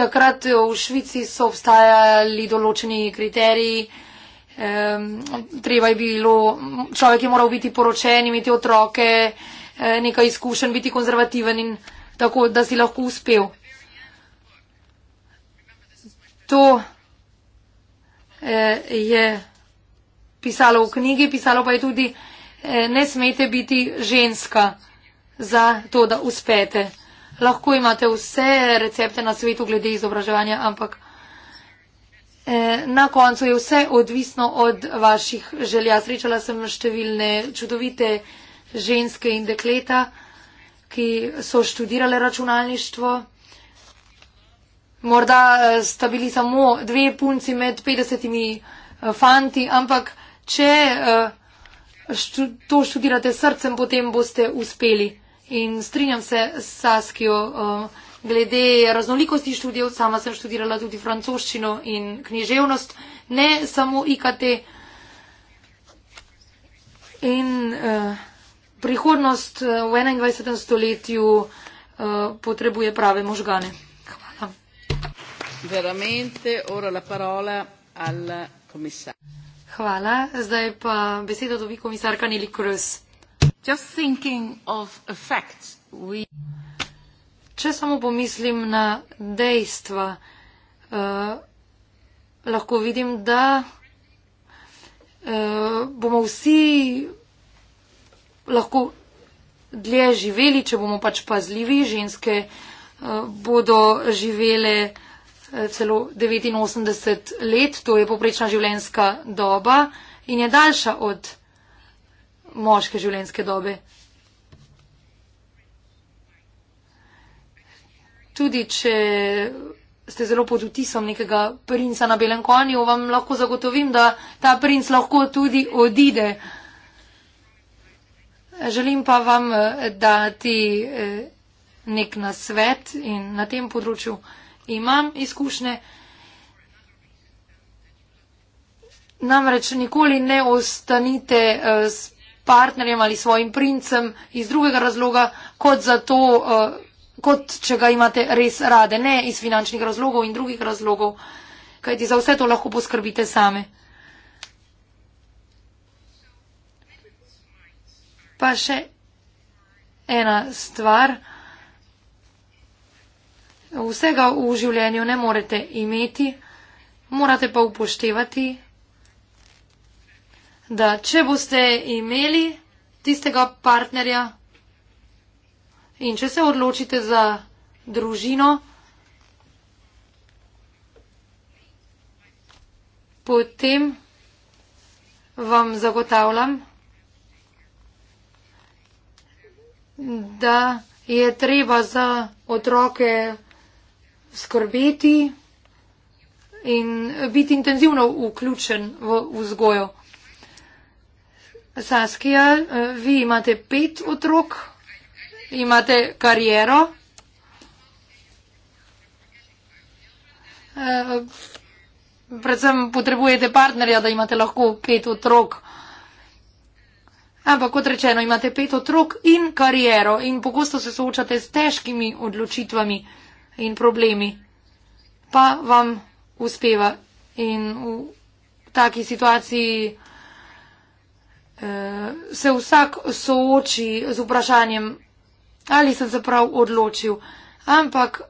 takrat v Švici so obstajali določeni kriteriji. Treba je bilo, človek je moral biti poročen, imeti otroke, e, nekaj izkušen, biti konzervativen in tako, da si lahko uspel. To e, je pisalo v knjigi, pisalo pa je tudi, e, ne smete biti ženska za to, da uspete lahko imate vse recepte na svetu glede izobraževanja, ampak eh, na koncu je vse odvisno od vaših želja. Srečala sem številne čudovite ženske in dekleta, ki so študirale računalništvo. Morda eh, sta bili samo dve punci med 50 eh, fanti, ampak če to študirate srcem, potem boste uspeli. In strinjam se s Saskijo eh, glede raznolikosti študijev. Sama sem študirala tudi francoščino in književnost, ne samo IKT. In uh, prihodnost eh, v 21. stoletju uh, potrebuje prave možgane. Hvala. Veramente, ora la parola al commissar. Hvala. Zdaj pa besedo dobi komisarka Nili Kros. Just thinking of effects, we... Če samo pomislim na dejstva, uh, lahko vidim, da uh, bomo vsi lahko dlje živeli, če bomo pač pazljivi. Ženske uh, bodo živele uh, celo 89 let, to je poprečna življenjska doba in je daljša od moške življenjske dobe. Tudi, če ste zelo pod vtisom nekega princa na belem konju, vam lahko zagotovim, da ta princ lahko tudi odide. Želim pa vam eh, dati eh, nek nasvet in na tem področju imam izkušnje. Namreč nikoli ne ostanite eh, s partnerjem ali svojim princem iz drugega razloga, kot za to, eh, kot če ga imate res rade, ne iz finančnih razlogov in drugih razlogov, kajti za vse to lahko poskrbite same. Pa še ena stvar. Vsega v življenju ne morete imeti, morate pa upoštevati, da če boste imeli tistega partnerja in če se odločite za družino, potem vam zagotavljam, da je treba za otroke skrbeti in biti intenzivno vključen v vzgojo. Saskija, vi imate pet otrok, imate kariero. Eh, predvsem potrebujete partnerja, da imate lahko pet otrok. Ampak kot rečeno, imate pet otrok in kariero in pogosto se soočate s težkimi odločitvami in problemi. Pa vam uspeva in v taki situaciji. Eh, se vsak sooči z vprašanjem, ali sem se prav odločil. Ampak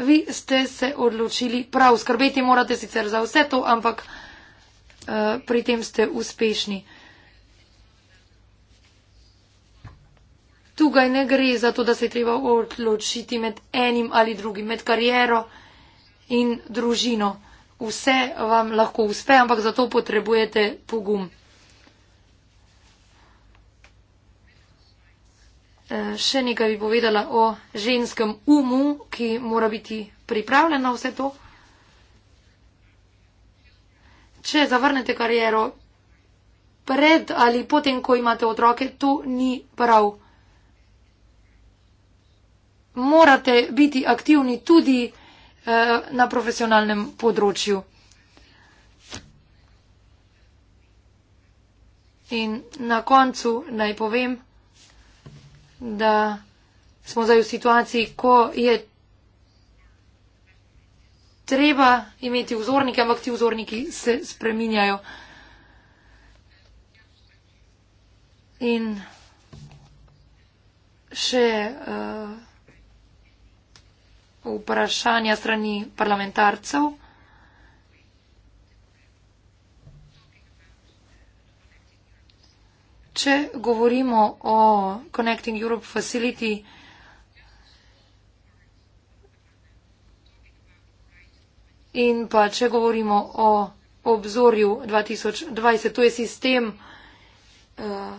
vi ste se odločili prav, skrbeti morate sicer za vse to, ampak eh, pri tem ste uspešni. Tukaj ne gre za to, da se je treba odločiti med enim ali drugim, med kariero in družino. Vse vam lahko uspe, ampak za to potrebujete pogum. Eh, še nekaj bi povedala o ženskem umu, ki mora biti pripravljen na vse to. Če zavrnete kariero pred ali potem, ko imate otroke, to ni prav. Morate biti aktivni tudi eh, na profesionalnem področju. In na koncu naj povem, da smo zdaj v situaciji, ko je treba imeti vzornike, ampak ti vzorniki se spreminjajo. In še uh, vprašanja strani parlamentarcev. Če govorimo o Connecting Europe Facility, In pa, če govorimo o obzorju 2020, to je sistem uh,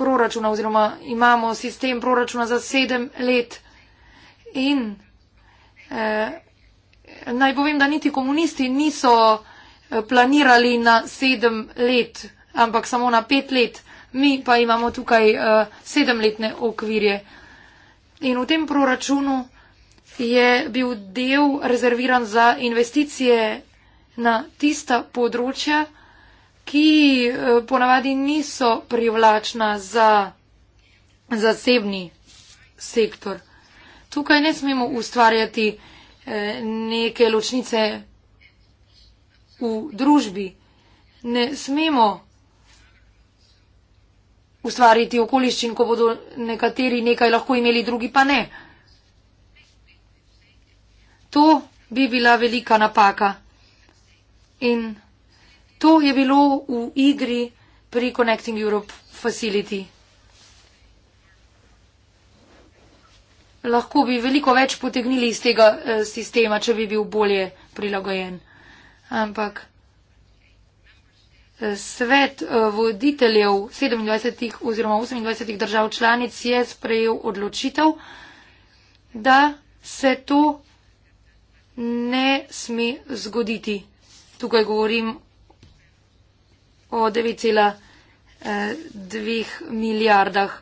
proračuna oziroma imamo sistem proračuna za sedem let. In uh, naj povem, da niti komunisti niso eh, planirali na sedem let. Uh, ampak samo na pet let, mi pa imamo tukaj uh, sedemletne okvirje. In v tem proračunu je bil del rezerviran za investicije na tista področja, ki eh, ponavadi niso privlačna za zasebni sektor. Tukaj ne smemo ustvarjati eh, neke ločnice v družbi. Ne smemo ustvariti okoliščin, ko bodo nekateri nekaj lahko imeli, drugi pa ne. To bi bila velika napaka. In to je bilo v igri pri Connecting Europe Facility. Lahko bi veliko več potegnili iz tega eh, sistema, če bi bil bolje prilagojen. Ampak Svet eh, voditeljev 27 oziroma 28 držav članic je sprejel odločitev, da se to ne sme zgoditi. Tukaj govorim o 9,2 eh, milijardah,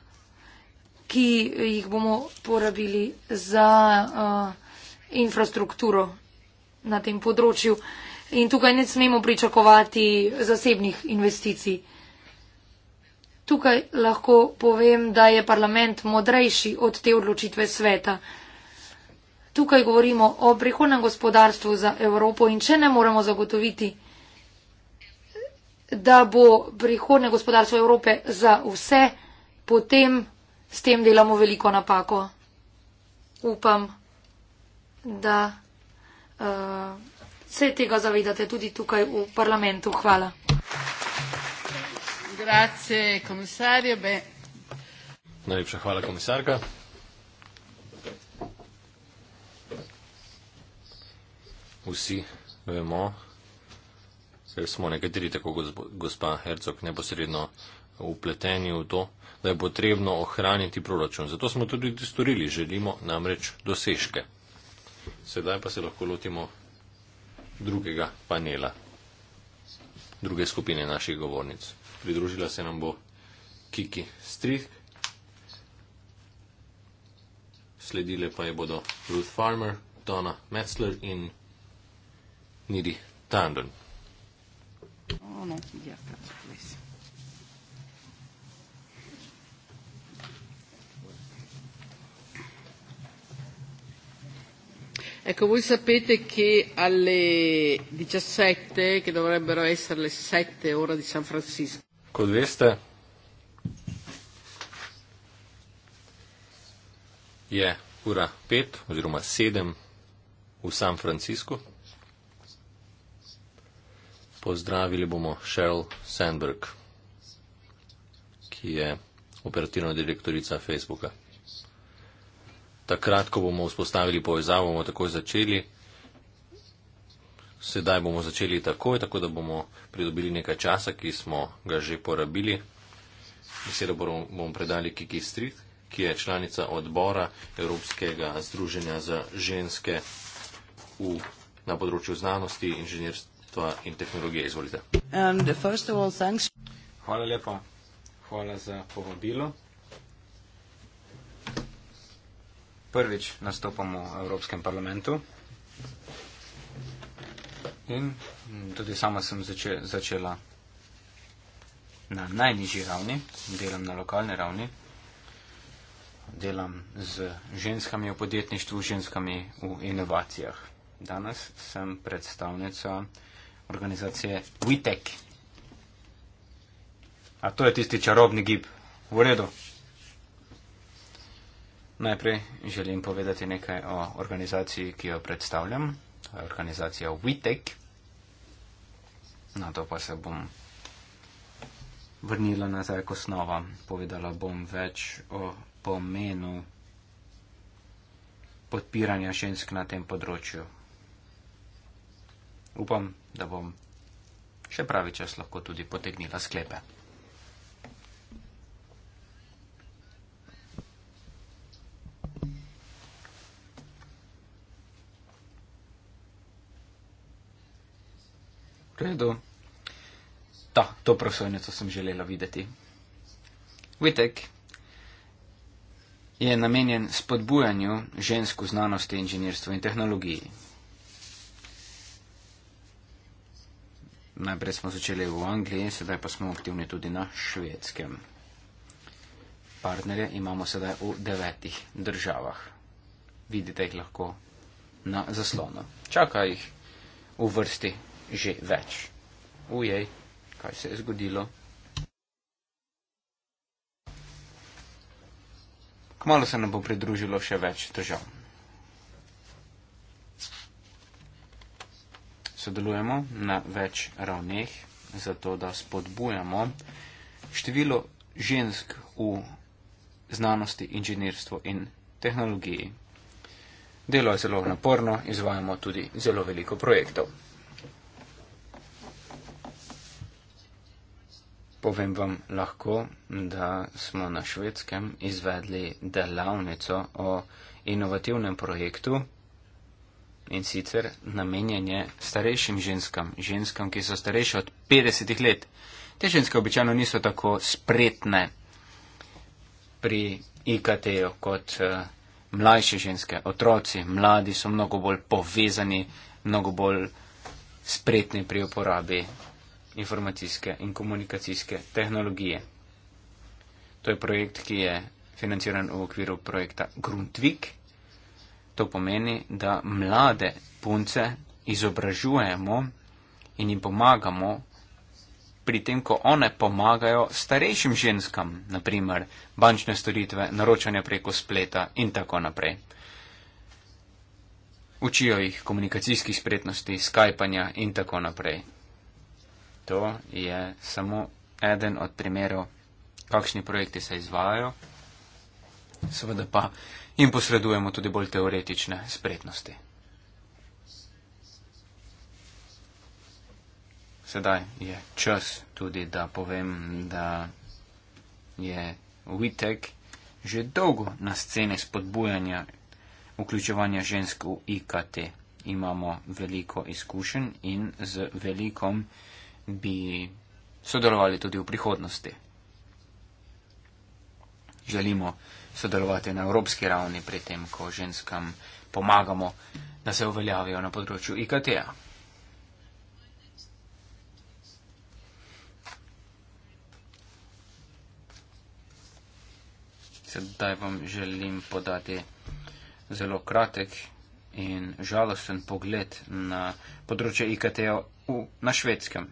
ki jih bomo porabili za uh, infrastrukturo na tem področju. Uh, in tukaj ne smemo pričakovati zasebnih investicij. Tukaj lahko povem, da je parlament modrejši od te odločitve sveta. Tukaj govorimo o prihodnem gospodarstvu za Evropo in če ne moremo zagotoviti, da bo prihodne gospodarstvo Evrope za vse, potem s tem delamo veliko napako. Upam, da. Uh, se tega zavedate tudi tukaj v parlamentu. Hvala. Grazie, komisarjo. Najlepša hvala, komisarka. Vsi vemo, ker smo nekateri, tako kot gospa Hercog, neposredno upleteni v to, da je potrebno ohraniti proračun. Zato smo tudi storili, želimo namreč dosežke. Sedaj pa se lahko lotimo drugega panela, druge skupine naših govornic. Pridružila se nam bo Kiki Strih, sledile pa je bodo Ruth Farmer, Donna Metzler in Nidi Tandon. Oh, no. yeah, Ecco, voi sapete che alle 17, che dovrebbero essere le 7 ore di San Francisco. Cosa veste? Je ura 5 oziroma 7 v San Francisco. Pozdravili bomo Sheryl Sandberg, ki je operativna direktorica Facebooka takrat, ko bomo vzpostavili povezavo, bomo takoj začeli. Sedaj bomo začeli takoj, tako da bomo pridobili nekaj časa, ki smo ga že porabili. Besedo bomo predali Kiki Strit, ki je članica odbora Evropskega združenja za ženske v, na področju znanosti, inženirstva in tehnologije. Izvolite. Um, all, Hvala lepa. Hvala za povabilo. prvič nastopamo v Evropskem parlamentu. In tudi sama sem zače, začela na najnižji ravni, delam na lokalni ravni, delam z ženskami v podjetništvu, ženskami v inovacijah. Danes sem predstavnica organizacije WITEC. A to je tisti čarobni gib. V redu. Najprej želim povedati nekaj o organizaciji, ki jo predstavljam. To je organizacija WeTech. Na to pa se bom vrnila nazaj k osnovam. Povedala bom več o pomenu podpiranja žensk na tem področju. Upam, da bom še pravi čas lahko tudi potegnila sklepe. redu. Ta, to prosojnico sem želela videti. Vitek je namenjen spodbujanju žensko znanosti, inženirstvu in tehnologiji. Najprej smo začeli v Angliji, sedaj pa smo aktivni tudi na švedskem. Partnerje imamo sedaj v devetih državah. Vidite jih lahko na zaslonu. Čaka jih v vrsti že več. Ujej, kaj se je zgodilo? Kmalo se nam bo pridružilo še več držav. Sodelujemo na več ravneh, zato da spodbujamo število žensk v znanosti, inženirstvu in tehnologiji. Delo je zelo naporno, izvajamo tudi zelo veliko projektov. Povem vam lahko, da smo na švedskem izvedli delavnico o inovativnem projektu in sicer namenjenje starejšim ženskam, ženskam, ki so starejše od 50 let. Te ženske običajno niso tako spretne pri IKT-ju kot uh, mlajše ženske. Otroci, mladi so mnogo bolj povezani, mnogo bolj spretni pri uporabi informacijske in komunikacijske tehnologije. To je projekt, ki je financiran v okviru projekta Grundvik. To pomeni, da mlade punce izobražujemo in jim pomagamo pri tem, ko one pomagajo starejšim ženskam, naprimer bančne storitve, naročanja preko spleta in tako naprej. Učijo jih komunikacijskih spretnosti, skajpanja in tako naprej to je samo eden od primerov, kakšni projekti se izvajajo. Seveda pa jim posredujemo tudi bolj teoretične spretnosti. Sedaj je čas tudi, da povem, da je Witek že dolgo na sceni spodbujanja vključevanja žensk v IKT. Imamo veliko izkušenj in z velikom bi sodelovali tudi v prihodnosti. Želimo sodelovati na evropski ravni pri tem, ko ženskam pomagamo, da se uveljavijo na področju IKT-ja. Sedaj vam želim podati zelo kratek in žalosten pogled na področje IKT-ja na švedskem.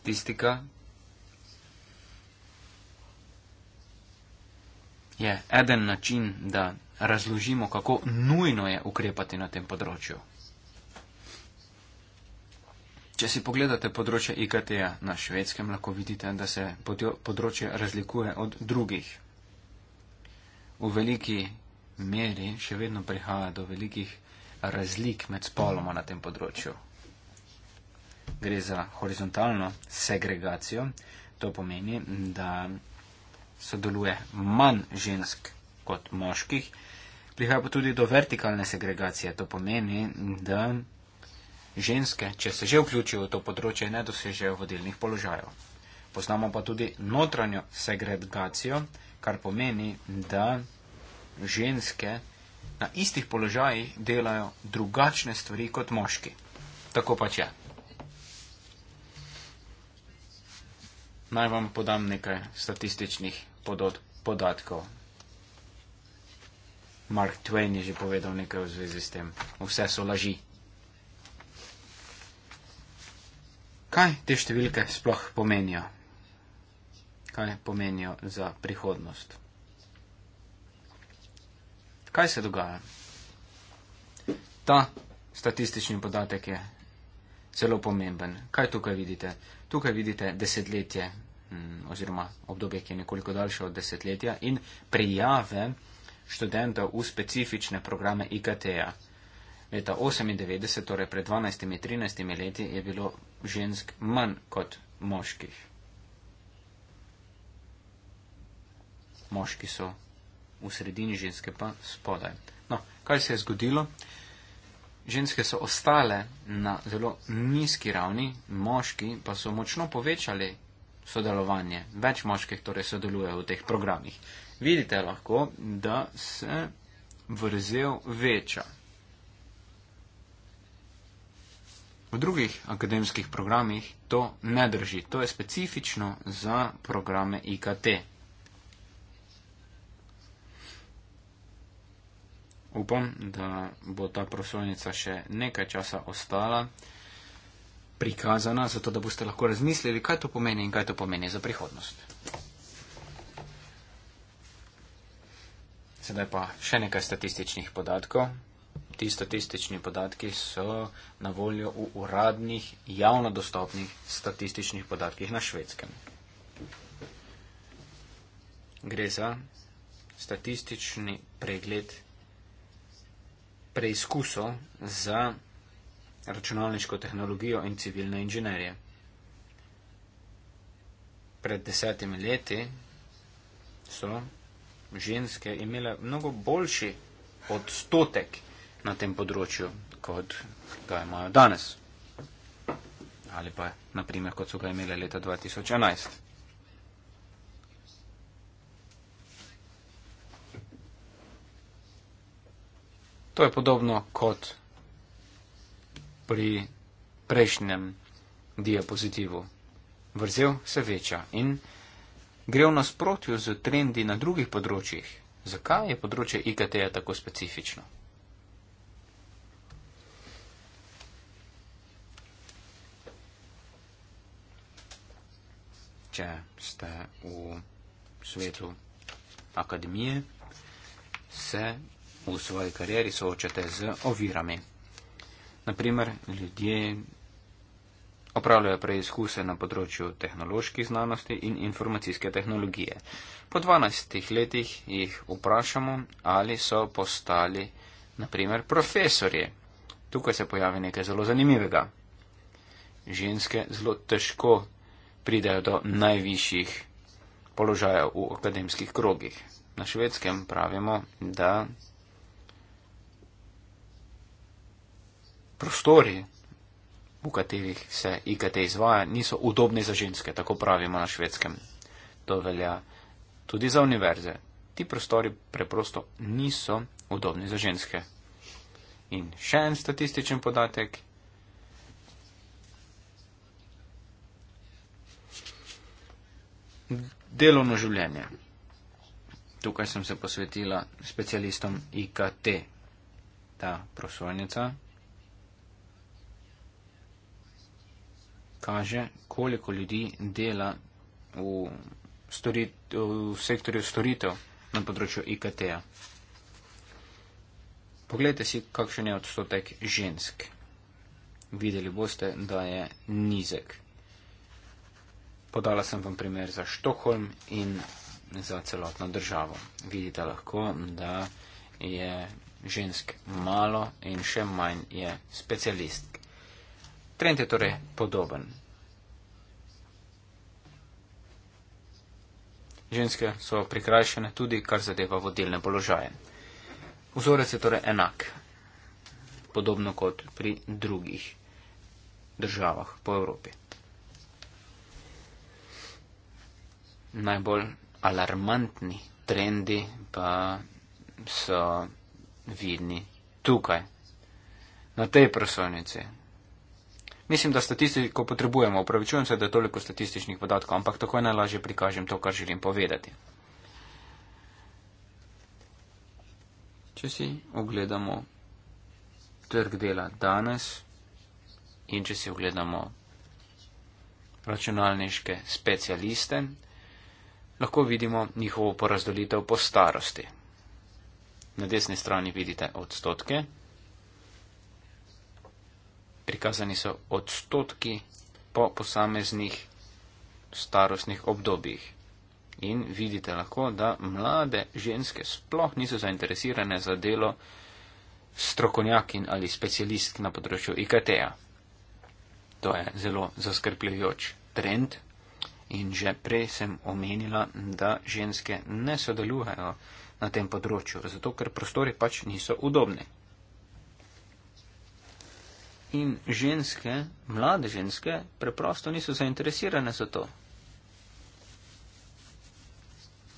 statistika. Je eden način, da razložimo, kako nujno je ukrepati na tem področju. Če si pogledate področje IKT-ja na švedskem, lahko vidite, da se področje razlikuje od drugih. V veliki meri še vedno prihaja do velikih razlik med spoloma na tem področju gre za horizontalno segregacijo. To pomeni, da sodeluje manj žensk kot moških. Prihaja pa tudi do vertikalne segregacije. To pomeni, da ženske, če se že vključijo v to področje, ne dosežejo vodilnih položajev. Poznamo pa tudi notranjo segregacijo, kar pomeni, da ženske na istih položajih delajo drugačne stvari kot moški. Tako pač je. Ja. Naj vam podam nekaj statističnih podot podatkov. Mark Twain je že povedal nekaj v zvezi s tem. Vse so laži. Kaj te številke sploh pomenijo? Kaj pomenijo za prihodnost? Kaj se dogaja? Ta statistični podatek je zelo pomemben. Kaj tukaj vidite? Tukaj vidite desetletje mm, oziroma obdobje, ki je nekoliko daljše od desetletja in prijave študentov v specifične programe IKT-ja. Leta 98, torej pred 12-13 leti, je bilo žensk manj kot moških. Moški so v sredini, ženske pa spodaj. No, kaj se je zgodilo? Ženske so ostale na zelo nizki ravni, moški pa so močno povečali sodelovanje. Več moških torej sodeluje v teh programih. Vidite lahko, da se vrzel veča. V drugih akademskih programih to ne drži. To je specifično za programe IKT. upam, da bo ta prosojnica še nekaj časa ostala prikazana, zato da boste lahko razmislili, kaj to pomeni in kaj to pomeni za prihodnost. Sedaj pa še nekaj statističnih podatkov. Ti statistični podatki so na voljo v uradnih, javno dostopnih statističnih podatkih na švedskem. Gre za statistični pregled preizkusov za računalniško tehnologijo in civilne inženirje. Pred desetimi leti so ženske imele mnogo boljši odstotek na tem področju, kot ga imajo danes. Ali pa, naprimer, kot so ga imele leta 2011. To je podobno kot pri prejšnjem diapozitivu. Vrzel se veča in gre v nasprotju z trendi na drugih področjih. Zakaj je področje IKT-ja tako specifično? Če ste v svetu akademije, se v svoji karieri soočate z ovirami. Naprimer, ljudje opravljajo preizkuse na področju tehnoloških znanosti in informacijske tehnologije. Po 12 letih jih vprašamo, ali so postali, naprimer, profesorje. Tukaj se pojavi nekaj zelo zanimivega. Ženske zelo težko pridajo do najvišjih položajev v akademskih krogih. Na švedskem pravimo, da prostori, v katerih se IKT izvaja, niso udobni za ženske, tako pravimo na švedskem. To velja tudi za univerze. Ti prostori preprosto niso udobni za ženske. In še en statističen podatek. Delovno življenje. Tukaj sem se posvetila specialistom IKT. Ta prosojnica, kaže, koliko ljudi dela v, storit, v sektorju storitev na področju IKT-ja. Poglejte si, kakšen je odstotek žensk. Videli boste, da je nizek. Podala sem vam primer za Štokholm in za celotno državo. Vidite lahko, da je žensk malo in še manj je specialistk. Trend je torej podoben. Ženske so prikrajšene tudi, kar zadeva vodilne položaje. Vzorec je torej enak, podobno kot pri drugih državah po Evropi. Najbolj alarmantni trendi pa so vidni tukaj, na tej prosovnici, Mislim, da statistiko potrebujemo, upravičujem se, da je toliko statističnih podatkov, ampak tako je najlažje prikažem to, kar želim povedati. Če si ogledamo trg dela danes in če si ogledamo računalniške specialiste, lahko vidimo njihovo porazdelitev po starosti. Na desni strani vidite odstotke, prikazani so odstotki po posameznih starostnih obdobjih. In vidite lahko, da mlade ženske sploh niso zainteresirane za delo strokovnjakin ali specialistk na področju IKT-ja. To je zelo zaskrbljujoč trend in že prej sem omenila, da ženske ne sodelujejo na tem področju, zato ker prostori pač niso udobni in ženske, mlade ženske, preprosto niso zainteresirane za to.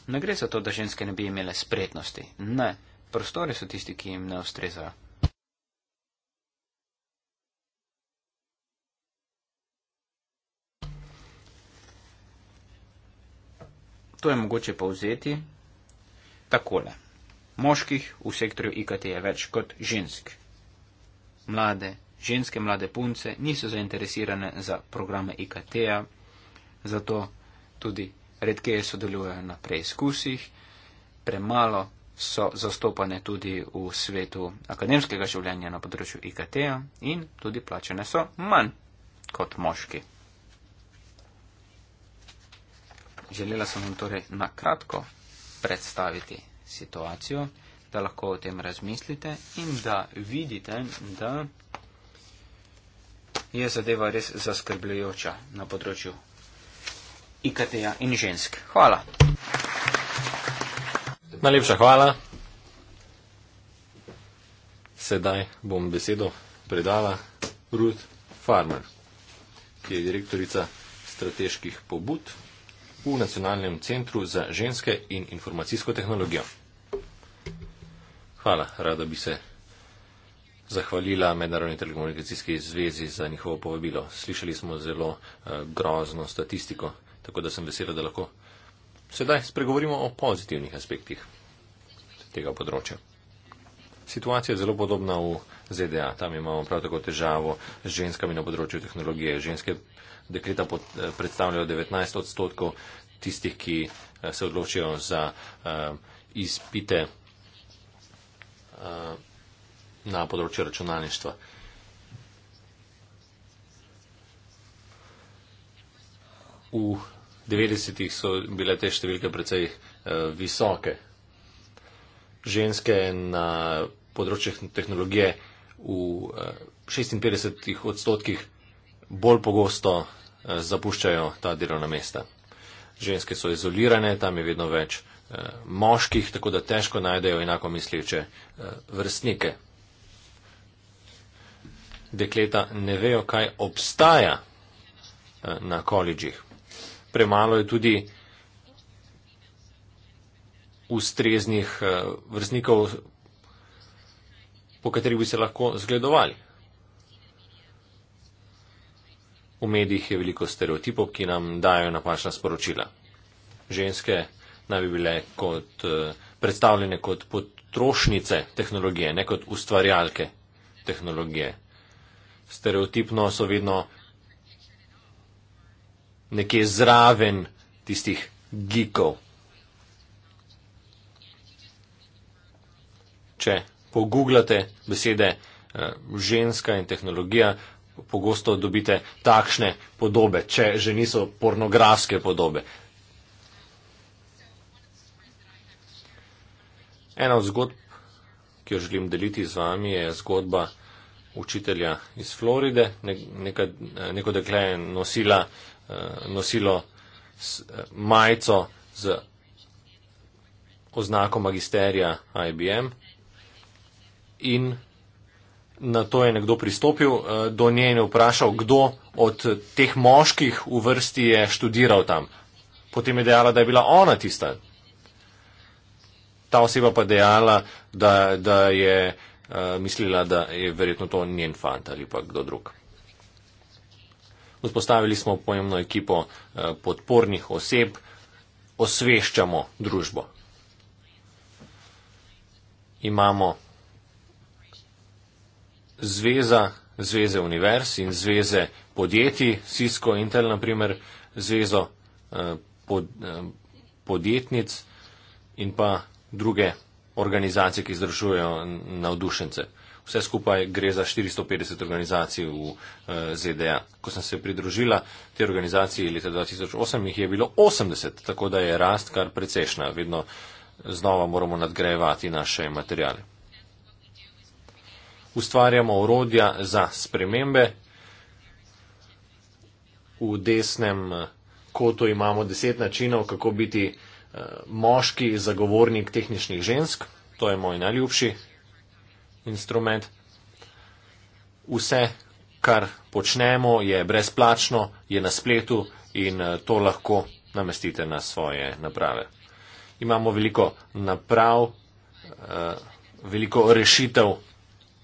Ne gre za to, da ženske ne bi imele spretnosti. Ne, prostori so tisti, ki jim ne ustrezajo. To je mogoče povzeti takole. Moških v sektorju IKT je več kot žensk. Mlade, ženske mlade punce niso zainteresirane za programe IKT-ja, zato tudi redkeje sodelujejo na preizkusih, premalo so zastopane tudi v svetu akademskega življenja na področju IKT-ja in tudi plačene so manj kot moški. Želela sem vam torej na kratko predstaviti situacijo, da lahko o tem razmislite in da vidite, da je zadeva res zaskrbljujoča na področju IKT-ja in žensk. Hvala. Najlepša hvala. Sedaj bom besedo predala Ruth Farmer, ki je direktorica strateških pobud v Nacionalnem centru za ženske in informacijsko tehnologijo. Hvala, rada bi se zahvalila Mednarodni telekomunikacijski zvezi za njihovo povabilo. Slišali smo zelo uh, grozno statistiko, tako da sem vesela, da lahko sedaj spregovorimo o pozitivnih aspektih tega področja. Situacija je zelo podobna v ZDA. Tam imamo prav tako težavo z ženskami na področju tehnologije. Ženske dekreta pod, uh, predstavljajo 19 odstotkov tistih, ki uh, se odločijo za uh, izpite. Uh, na področju računalništva. V 90-ih so bile te številke precej eh, visoke. Ženske na področju tehnologije v 56 eh, odstotkih bolj pogosto eh, zapuščajo ta delovna mesta. Ženske so izolirane, tam je vedno več moških, tako da težko najdejo enako misleče vrstnike dekleta ne vejo, kaj obstaja eh, na koliđih. Premalo je tudi ustreznih eh, vrznikov, po katerih bi se lahko zgledovali. V medijih je veliko stereotipov, ki nam dajo napačna sporočila. Ženske naj bi bile kot, eh, predstavljene kot potrošnice tehnologije, ne kot ustvarjalke tehnologije stereotipno so vedno nekje zraven tistih gikov. Če pogooglate besede eh, ženska in tehnologija, pogosto dobite takšne podobe, če že niso pornografske podobe. Ena od zgodb, ki jo želim deliti z vami, je zgodba učitelja iz Floride. Neka, neko dekle je nosila, eh, nosilo eh, majico z oznako magisterija IBM in na to je nekdo pristopil eh, do nje in vprašal, kdo od teh moških v vrsti je študiral tam. Potem je dejala, da je bila ona tista. Ta oseba pa dejala, da, da je dejala, Eh, mislila, da je verjetno to njen fant ali pa kdo drug. Vzpostavili smo pojemno ekipo eh, podpornih oseb, osveščamo družbo. Imamo zveza, zveze univerz in zveze podjetij, Cisco, Intel naprimer, zvezo eh, pod, podjetnic in pa druge organizacije, ki zdržujejo navdušence. Vse skupaj gre za 450 organizacij v eh, ZDA. Ko sem se pridružila te organizaciji leta 2008, jih je bilo 80, tako da je rast kar precejšna. Vedno znova moramo nadgrajevati naše materijale. Ustvarjamo orodja za spremembe. V desnem eh, kotu imamo deset načinov, kako biti moški zagovornik tehničnih žensk, to je moj najljubši instrument. Vse, kar počnemo, je brezplačno, je na spletu in eh, to lahko namestite na svoje naprave. Imamo veliko naprav, eh, veliko rešitev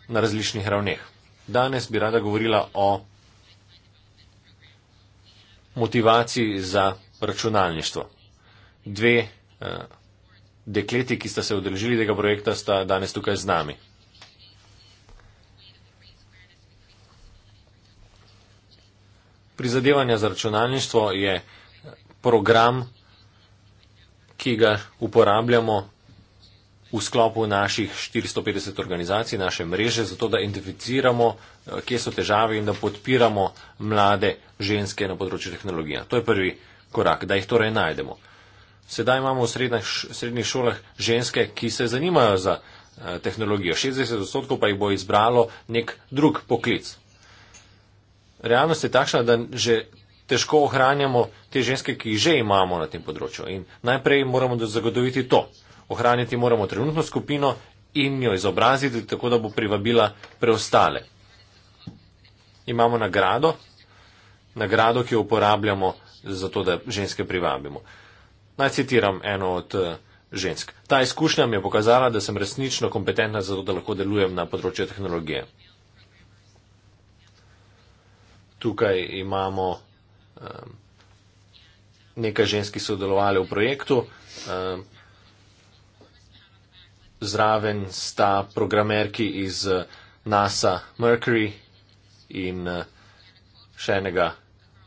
na različnih ravneh. Danes bi rada govorila o motivaciji za računalništvo dve uh, dekleti, ki sta se odrežili tega projekta, sta danes tukaj z nami. Prizadevanja za računalništvo je eh, program, ki ga uporabljamo v sklopu naših 450 organizacij, naše mreže, zato da identificiramo, eh, kje so težave in da podpiramo mlade ženske na področju tehnologije. To je prvi korak, da jih torej najdemo. Sedaj imamo v srednjih, srednjih šolah ženske, ki se zanimajo za eh, tehnologijo. 60 odstotkov pa jih bo izbralo nek drug poklic. Realnost je takšna, da že težko ohranjamo te ženske, ki jih že imamo na tem področju. In najprej moramo zagotoviti to. Ohraniti moramo trenutno skupino in jo izobraziti, tako da bo privabila preostale. Imamo nagrado, nagrado, ki jo uporabljamo za to, da ženske privabimo. Naj citiram eno od eh, žensk. Ta izkušnja mi je pokazala, da sem resnično kompetentna za to, da lahko delujem na področju tehnologije. Tukaj imamo um, nekaj žensk, ki so delovali v projektu. Um, zraven sta programerki iz eh, NASA Mercury in eh, še enega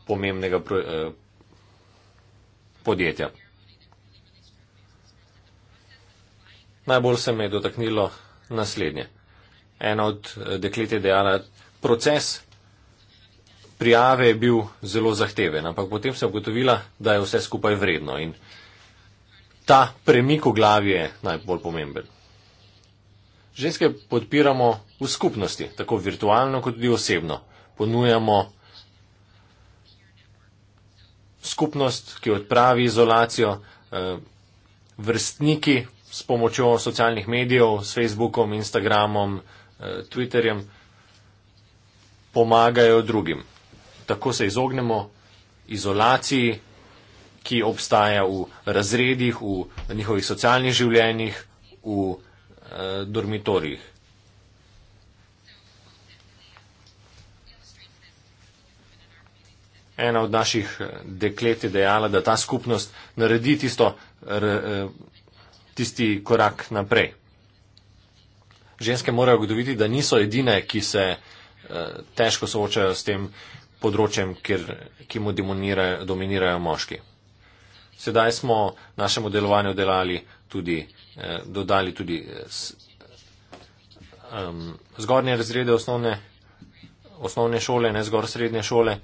pomembnega pro, uh, podjetja. Najbolj se me je dotaknilo naslednje. Ena od eh, deklet je dejala, proces prijave je bil zelo zahteven, ampak potem sem ugotovila, da je vse skupaj vredno in ta premik v glavi je najbolj pomemben. Ženske podpiramo v skupnosti, tako virtualno kot tudi osebno. Ponujamo skupnost, ki odpravi izolacijo, eh, vrstniki s pomočjo socialnih medijev, s Facebookom, Instagramom, eh, Twitterjem, pomagajo drugim. Tako se izognemo izolaciji, ki obstaja v razredih, v njihovih socialnih življenjih, v eh, dormitorjih. Ena od naših eh, deklet je dejala, da ta skupnost naredi tisto. Re, eh, tisti korak naprej. Ženske morajo ugotoviti, da niso edine, ki se eh, težko soočajo s tem področjem, kjer, ki mu dominirajo moški. Sedaj smo našemu delovanju delali tudi, eh, dodali tudi eh, zgornje razrede osnovne, osnovne šole, ne zgor srednje šole.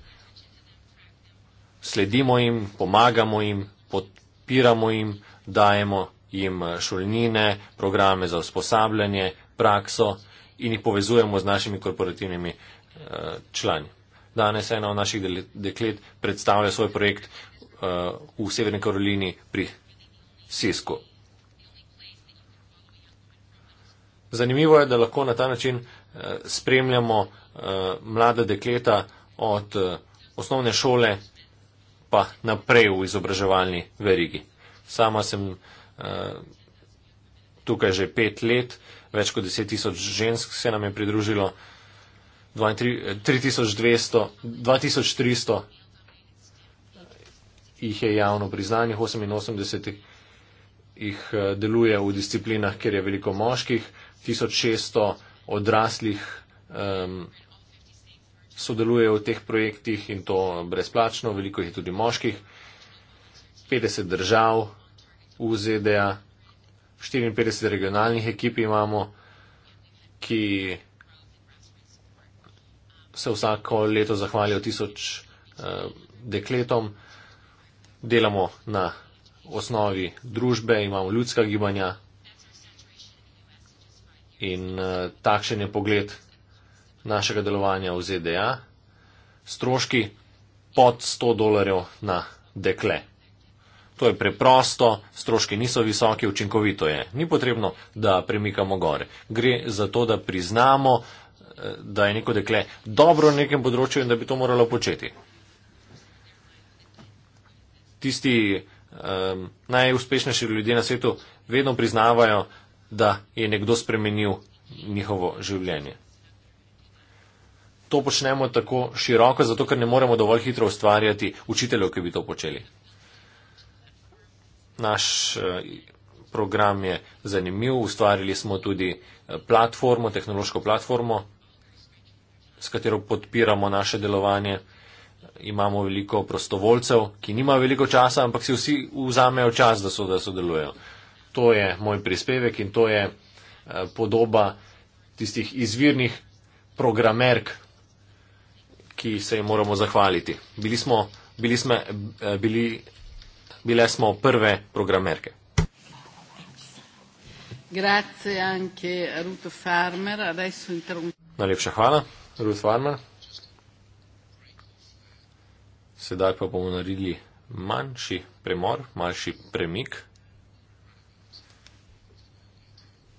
Sledimo jim, pomagamo jim, podpiramo jim, dajemo jim eh, šolnine, programe za usposabljanje, prakso in jih povezujemo z našimi korporativnimi uh, člani. Danes ena od naših deklet predstavlja svoj projekt uh, v Severni Karolini pri Sisku. Zanimivo je, da lahko na ta način uh, spremljamo uh, mlada dekleta od uh, osnovne šole pa naprej v izobraževalni verigi. Sama sem uh, Eh, tukaj že pet let, več kot deset tisoč žensk se nam je pridružilo, 2200, 2300 eh, jih je javno priznanih, 88 jih eh, deluje v disciplinah, kjer je veliko moških, 1600 odraslih um, sodeluje v teh projektih in to brezplačno, veliko jih je tudi moških, 50 držav, v ZDA. 54 regionalnih ekip imamo, ki se vsako leto zahvalijo tisoč eh, dekletom. Delamo na osnovi družbe, imamo ljudska gibanja in eh, takšen je pogled našega delovanja v ZDA. Stroški pod 100 dolarjev na dekle. To je preprosto, stroški niso visoki, učinkovito je. Ni potrebno, da premikamo gore. Gre za to, da priznamo, eh, da je neko dekle dobro na nekem področju in da bi to moralo početi. Tisti um, najuspešnejši ljudje na svetu vedno priznavajo, da je nekdo spremenil njihovo življenje. To počnemo tako široko, zato ker ne moremo dovolj hitro ustvarjati učiteljev, ki bi to počeli naš eh, program je zanimiv, ustvarili smo tudi eh, platformo, tehnološko platformo, s katero podpiramo naše delovanje. Imamo veliko prostovoljcev, ki nima veliko časa, ampak si vsi vzamejo čas, da, so, da sodelujejo. To je moj prispevek in to je eh, podoba tistih izvirnih programerk, ki se jim moramo zahvaliti. Bili smo, bili sme, bili, Bile smo prve programerke. Najlepša hvala, Ruth Farmer. Sedaj pa bomo naredili manjši premor, manjši premik.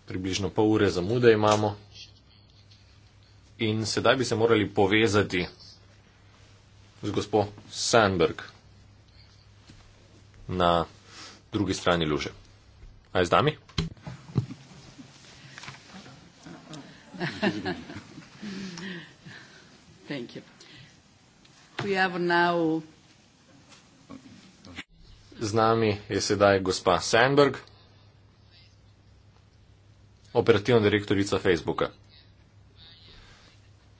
Približno pol ure zamude imamo. In sedaj bi se morali povezati z gospod Sandberg na drugi strani luže. Aj z nami? Z nami je sedaj gospa Sandberg, operativna direktorica Facebooka.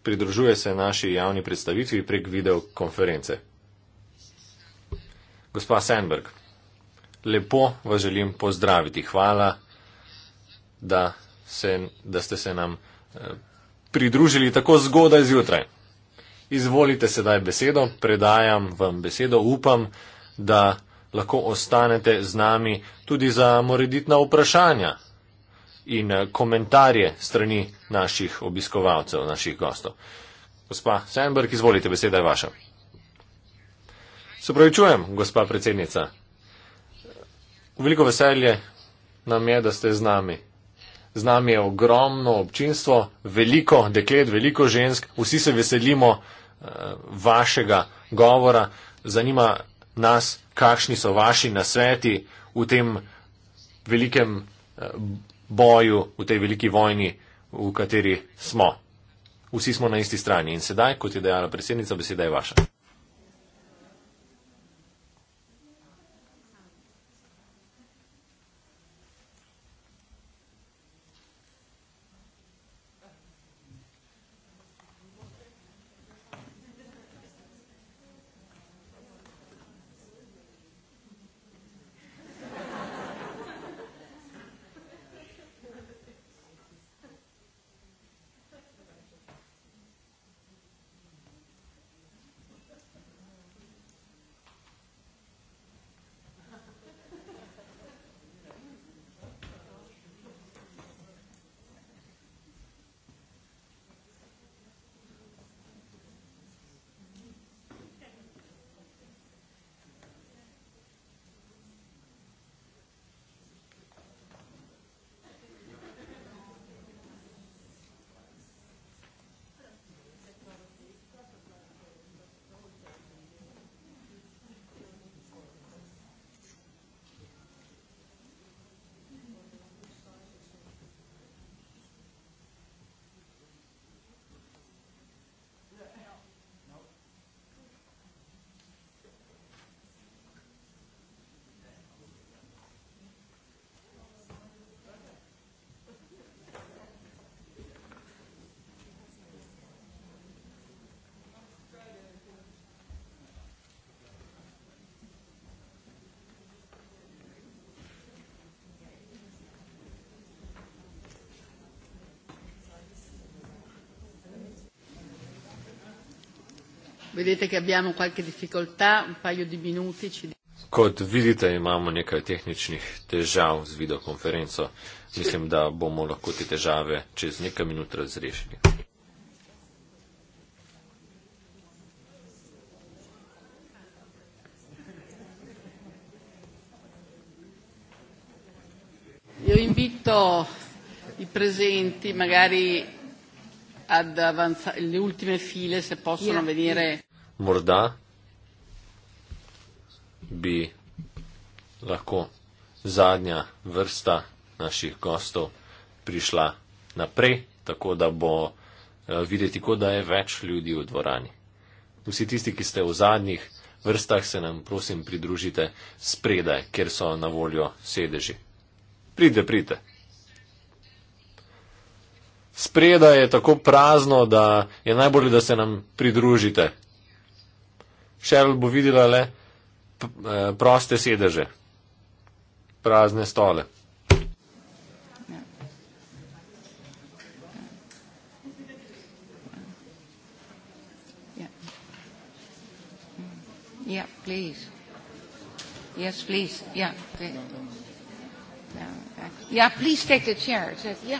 Pridružuje se naši javni predstavitvi prek videokonference. Gospa Sandberg lepo vas želim pozdraviti. Hvala, da, se, da ste se nam eh, pridružili tako zgodaj zjutraj. Izvolite sedaj besedo, predajam vam besedo, upam, da lahko ostanete z nami tudi za moreditna vprašanja in eh, komentarje strani naših obiskovalcev, naših gostov. Gospa Senberg, izvolite, beseda je vaša. Se pravi, čujem, gospa predsednica. Veliko veselje nam je, da ste z nami. Z nami je ogromno občinstvo, veliko deklet, veliko žensk, vsi se veselimo uh, vašega govora. Zanima nas, kakšni so vaši nasveti v tem velikem uh, boju, v tej veliki vojni, v kateri smo. Vsi smo na isti strani in sedaj, kot je dejala predsednica, beseda je vaša. Vidite, da imamo nekaj difficulta, un paio di minuti. Ci... Kot vidite, imamo nekaj tehničnih težav z videokonferenco. Mislim, da bomo lahko te težave čez nekaj minut razrešili. Io invito i presenti, magari ad avanzare le ultime file se possono yeah. venire morda bi lahko zadnja vrsta naših gostov prišla naprej, tako da bo eh, videti, kot da je več ljudi v dvorani. Vsi tisti, ki ste v zadnjih vrstah, se nam prosim pridružite spredaj, kjer so na voljo sedeži. Pridite, pridite spredaj je tako prazno, da je najbolje, da se nam pridružite. Šel bo videla le e, proste sedeže, prazne stole. Yeah, please. Yes, please. Yeah. Yeah, please take the chair. Yeah.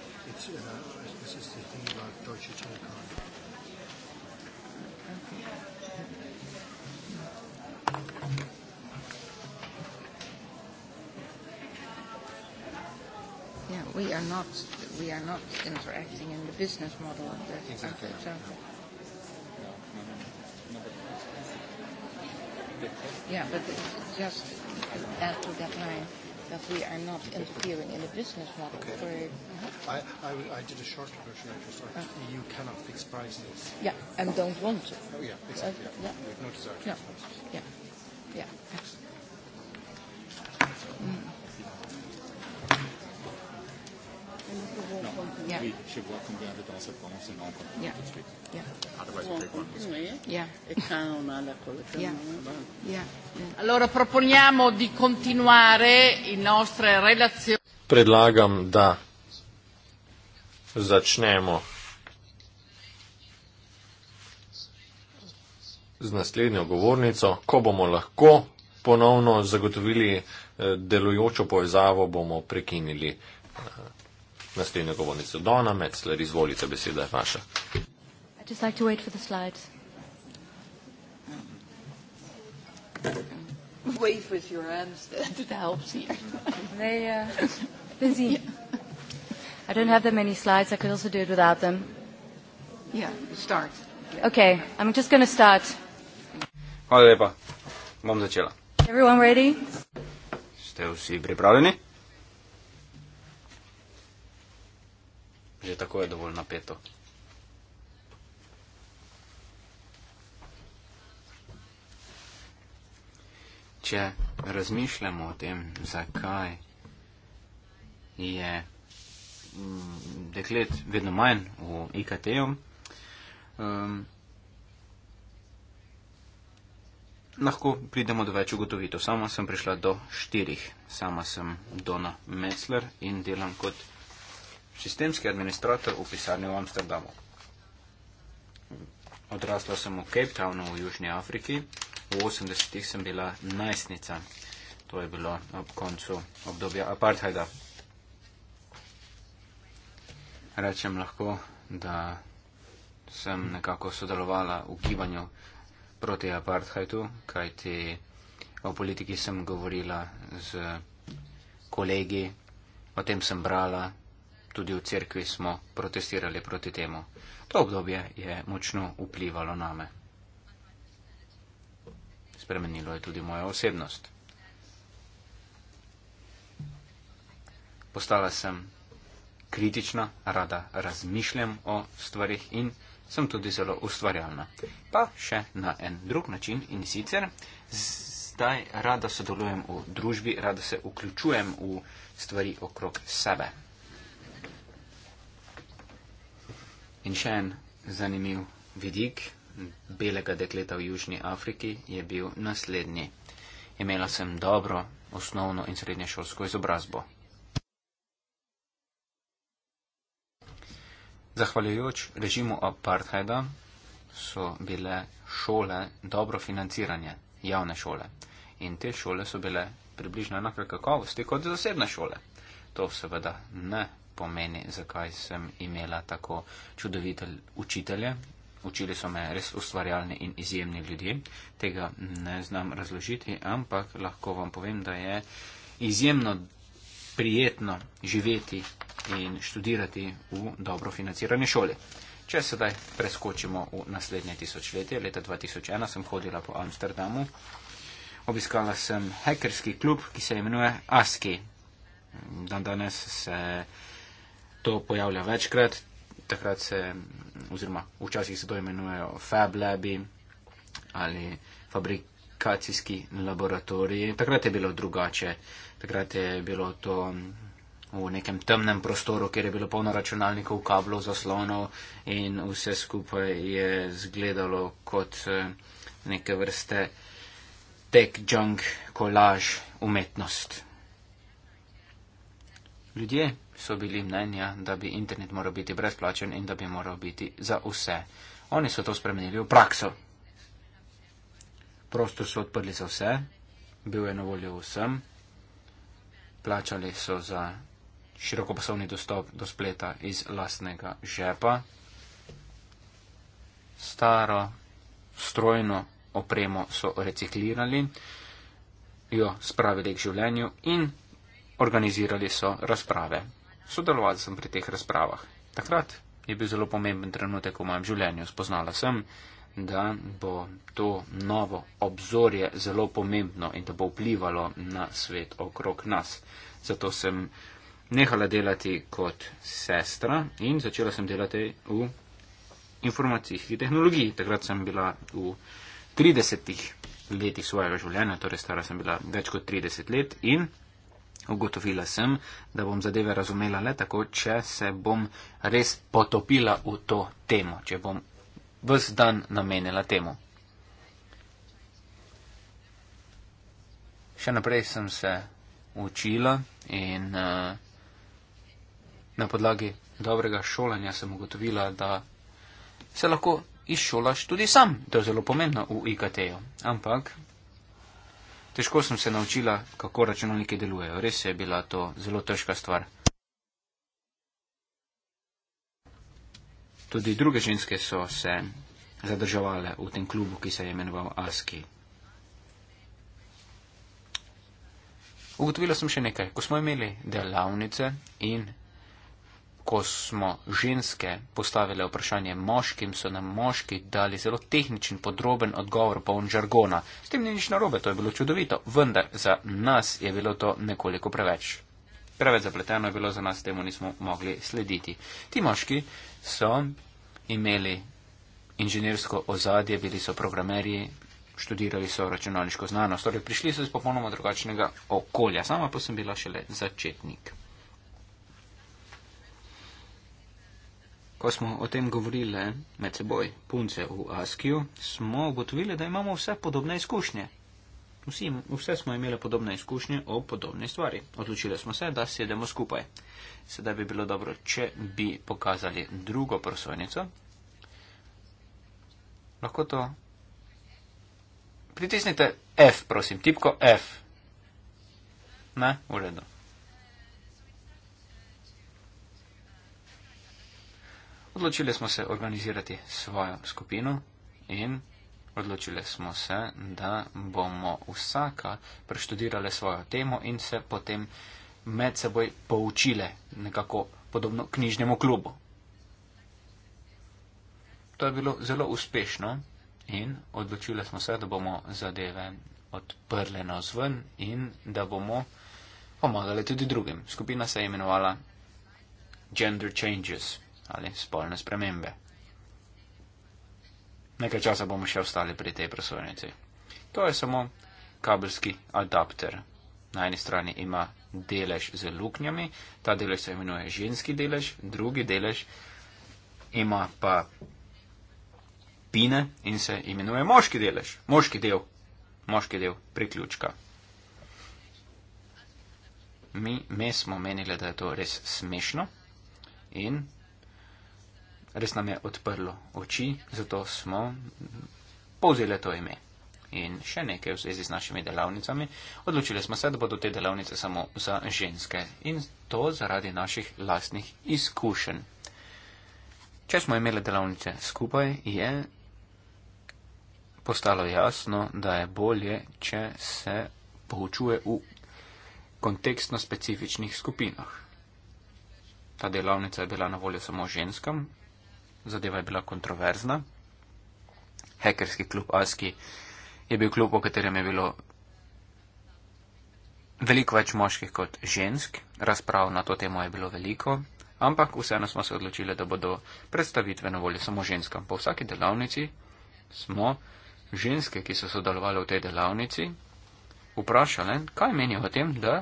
it's, uh, this is the thing about Deutsche Telekom. Yeah, we are not we are not interacting in the business model of the exactly. no. No, no, no. Yeah, but just add to that line that we are not interfering in the business model okay. for... Mm-hmm. I, I, I did a short version, I just thought uh-huh. the EU cannot fix prices. Yeah, and don't want to. Oh, yeah, exactly. Uh, yeah. Yeah. We have no desire to no. fix prices. Yeah, yeah. Mm. Yeah. We should work on the antitoss of commerce and non commerce yeah. industry. Yeah. Otherwise, well, big one. Yeah. Yeah. Yeah. yeah. Allora, proponiamo di continuare in nostre relazioni. Predlagam, da začnemo. Z naslednjo govornico, ko bomo lahko ponovno zagotovili eh, delujočo povezavo, bomo prekinili eh, naslednjo govornico Dona Metzler. Izvolite, beseda je vaša. Uh, I don't have that many slides. I could also do it without them. Yeah, start. Okay, I'm just going to start. Hvala lepa. Bom začela. Everyone ready? Ste vsi pripravljeni? že tako je dovolj napeto. Če razmišljamo o tem, zakaj je mm, deklet vedno manj v IKT-ju, um, ehm, lahko pridemo do več ugotovitev. Sama sem prišla do štirih. Sama sem Dona Metzler in delam kot sistemski administrator v pisarni v Amsterdamu. Odrasla sem v Cape Townu v Južni Afriki, v 80-ih sem bila najstnica. To je bilo ob koncu obdobja apartheida. Rečem lahko, da sem nekako sodelovala v gibanju proti apartheidu, kajti o politiki sem govorila z kolegi, o tem sem brala, tudi v cerkvi smo protestirali proti temu. To obdobje je močno vplivalo na me. Spremenilo je tudi mojo osebnost. Postala sem kritična, rada razmišljam o stvarih in sem tudi zelo ustvarjalna. Pa še na en drug način in sicer zdaj rada sodelujem v družbi, rada se vključujem v stvari okrog sebe. In še en zanimiv vidik belega dekleta v Južni Afriki je bil naslednji. Imela sem dobro osnovno in srednješolsko izobrazbo. Zahvaljujoč režimu apartheida so bile šole dobro financiranje, javne šole. In te šole so bile približno enake kakovosti kot zasebne šole. To seveda ne pomeni, zakaj sem imela tako čudovite učitelje. Učili so me res ustvarjalni in izjemni ljudje. Tega ne znam razložiti, ampak lahko vam povem, da je izjemno prijetno živeti in študirati v dobro financirani šoli. Če sedaj preskočimo v naslednje tisočletje, leta 2001 sem hodila po Amsterdamu, obiskala sem hekerski klub, ki se imenuje ASCII. Dan danes se to pojavlja večkrat, takrat se, oziroma včasih se to imenujejo fab labi ali fabrikacijski laboratoriji. Takrat je bilo drugače, takrat je bilo to v nekem temnem prostoru, kjer je bilo polno računalnikov, kablov, zaslonov in vse skupaj je zgledalo kot eh, neke vrste tech junk, kolaž, umetnost. Ljudje so bili mnenja, da bi internet moral biti brezplačen in da bi moral biti za vse. Oni so to spremenili v prakso. Prostor so odprli za vse, bil je na voljo vsem, plačali so za širokopasovni dostop do spleta iz lastnega žepa, staro strojno opremo so reciklirali, jo spravili k življenju in organizirali so razprave sodeloval sem pri teh razpravah. Takrat je bil zelo pomemben trenutek v mojem življenju. Spoznala sem, da bo to novo obzorje zelo pomembno in da bo vplivalo na svet okrog nas. Zato sem nehala delati kot sestra in začela sem delati v informacijski tehnologiji. Takrat sem bila v 30 letih svojega življenja, torej stara sem bila več kot 30 let in Ugotovila sem, da bom zadeve razumela le tako, če se bom res potopila v to temo, če bom vse dan namenila temu. Še naprej sem se učila in eh, na podlagi dobrega šolanja sem ugotovila, da se lahko izšolaš tudi sam, to je zelo pomembno v IKT-ju, ampak težko sem se naučila, kako računalniki delujejo. Res je bila to zelo težka stvar. Tudi druge ženske so se zadrževale v tem klubu, ki se je imenoval ASKI. Ugotovila sem še nekaj. Ko smo imeli delavnice in ko smo ženske postavile vprašanje moškim, so nam moški dali zelo tehničen, podroben odgovor, poln žargona. S tem ni nič narobe, to je bilo čudovito, vendar za nas je bilo to nekoliko preveč. Preveč zapleteno je bilo za nas, temu nismo mogli slediti. Ti moški so imeli inženirsko ozadje, bili so programerji, študirali so računalniško znanost, torej prišli so iz popolnoma drugačnega okolja, sama pa sem bila šele začetnik. ko smo o tem govorili med seboj, punce v Askiju, smo ugotovili, da imamo vse podobne izkušnje. Vsi, vse smo imeli podobne izkušnje o podobni stvari. Odločili smo se, da sedemo skupaj. Sedaj bi bilo dobro, če bi pokazali drugo prosojnico. Lahko to. Pritisnite F, prosim, tipko F. Ne, v redu. Odločili smo se organizirati svojo skupino in odločili smo se, da bomo vsaka preštudirale svojo temo in se potem med seboj poučile nekako podobno knjižnemu klubu. To je bilo zelo uspešno in odločili smo se, da bomo zadeve odprle na zven in da bomo pomagali tudi drugim. Skupina se je imenovala Gender Changes ali spolne spremembe. Nekaj časa bomo še ostali pri tej prosojnici. To je samo kabelski adapter. Na eni strani ima delež z luknjami, ta delež se imenuje ženski delež, drugi delež ima pa pine in se imenuje moški delež, moški del, moški del priključka. Mi, mi smo menili, da je to res smešno in res nam je odprlo oči, zato smo povzeli to ime. In še nekaj v zvezi z našimi delavnicami. Odločili smo se, da bodo te delavnice samo za ženske in to zaradi naših lastnih izkušenj. Če smo imeli delavnice skupaj, je postalo jasno, da je bolje, če se poučuje v kontekstno specifičnih skupinah. Ta delavnica je bila na voljo samo ženskam, zadeva je bila kontroverzna. Hekerski klub ASCII je bil klub, v katerem je bilo veliko več moških kot žensk. Razprav na to temo je bilo veliko, ampak vseeno smo se odločili, da bodo predstavitve na voljo samo ženskam. Po vsaki delavnici smo ženske, ki so sodelovali v tej delavnici, vprašali, kaj menijo o tem, da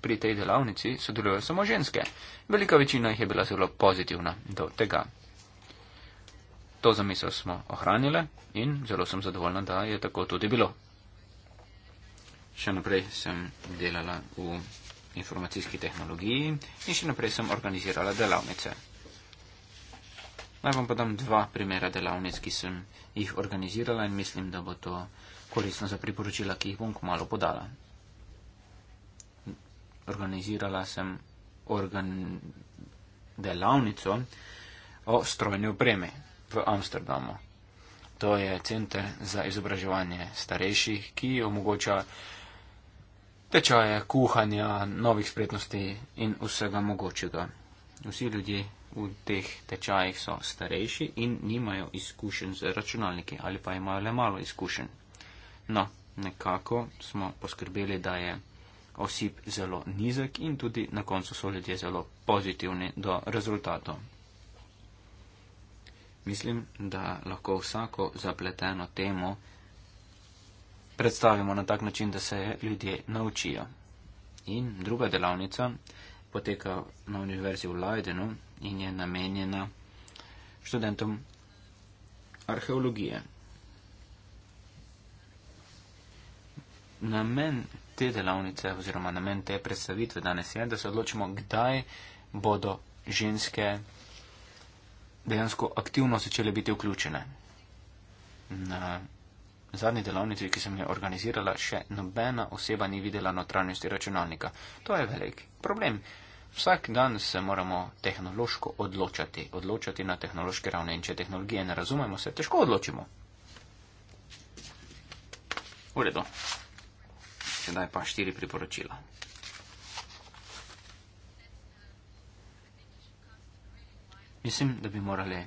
pri tej delavnici sodelujejo samo ženske. Velika večina jih je bila zelo pozitivna do tega. To zamisel smo ohranjali in zelo sem zadovoljna, da je tako tudi bilo. Še naprej sem delala v informacijski tehnologiji in še naprej sem organizirala delavnice. Naj vam podam dva primera delavnic, ki sem jih organizirala in mislim, da bo to koristno za priporočila, ki jih bom kmalo podala. Organizirala sem organ... delavnico o strojni opremi v Amsterdamu. To je center za izobraževanje starejših, ki omogoča tečaje, kuhanja, novih spretnosti in vsega mogočega. Vsi ljudje v teh tečajih so starejši in nimajo izkušenj z računalniki ali pa imajo le malo izkušenj. No, nekako smo poskrbeli, da je osip zelo nizek in tudi na koncu so ljudje zelo pozitivni do rezultatov. Mislim, da lahko vsako zapleteno temo predstavimo na tak način, da se ljudje naučijo. In druga delavnica poteka na Univerzi v Leidenu in je namenjena študentom arheologije. Namen te delavnice oziroma namen te predstavitve danes je, da se odločimo, kdaj bodo ženske dejansko aktivno začele biti vključene. Na zadnji delavnici, ki sem jo organizirala, še nobena oseba ni videla notranjosti računalnika. To je velik problem. Vsak dan se moramo tehnološko odločati, odločati na tehnološki ravni in če tehnologije ne razumemo, se težko odločimo. V redu. Sedaj pa štiri priporočila. Mislim, da bi morali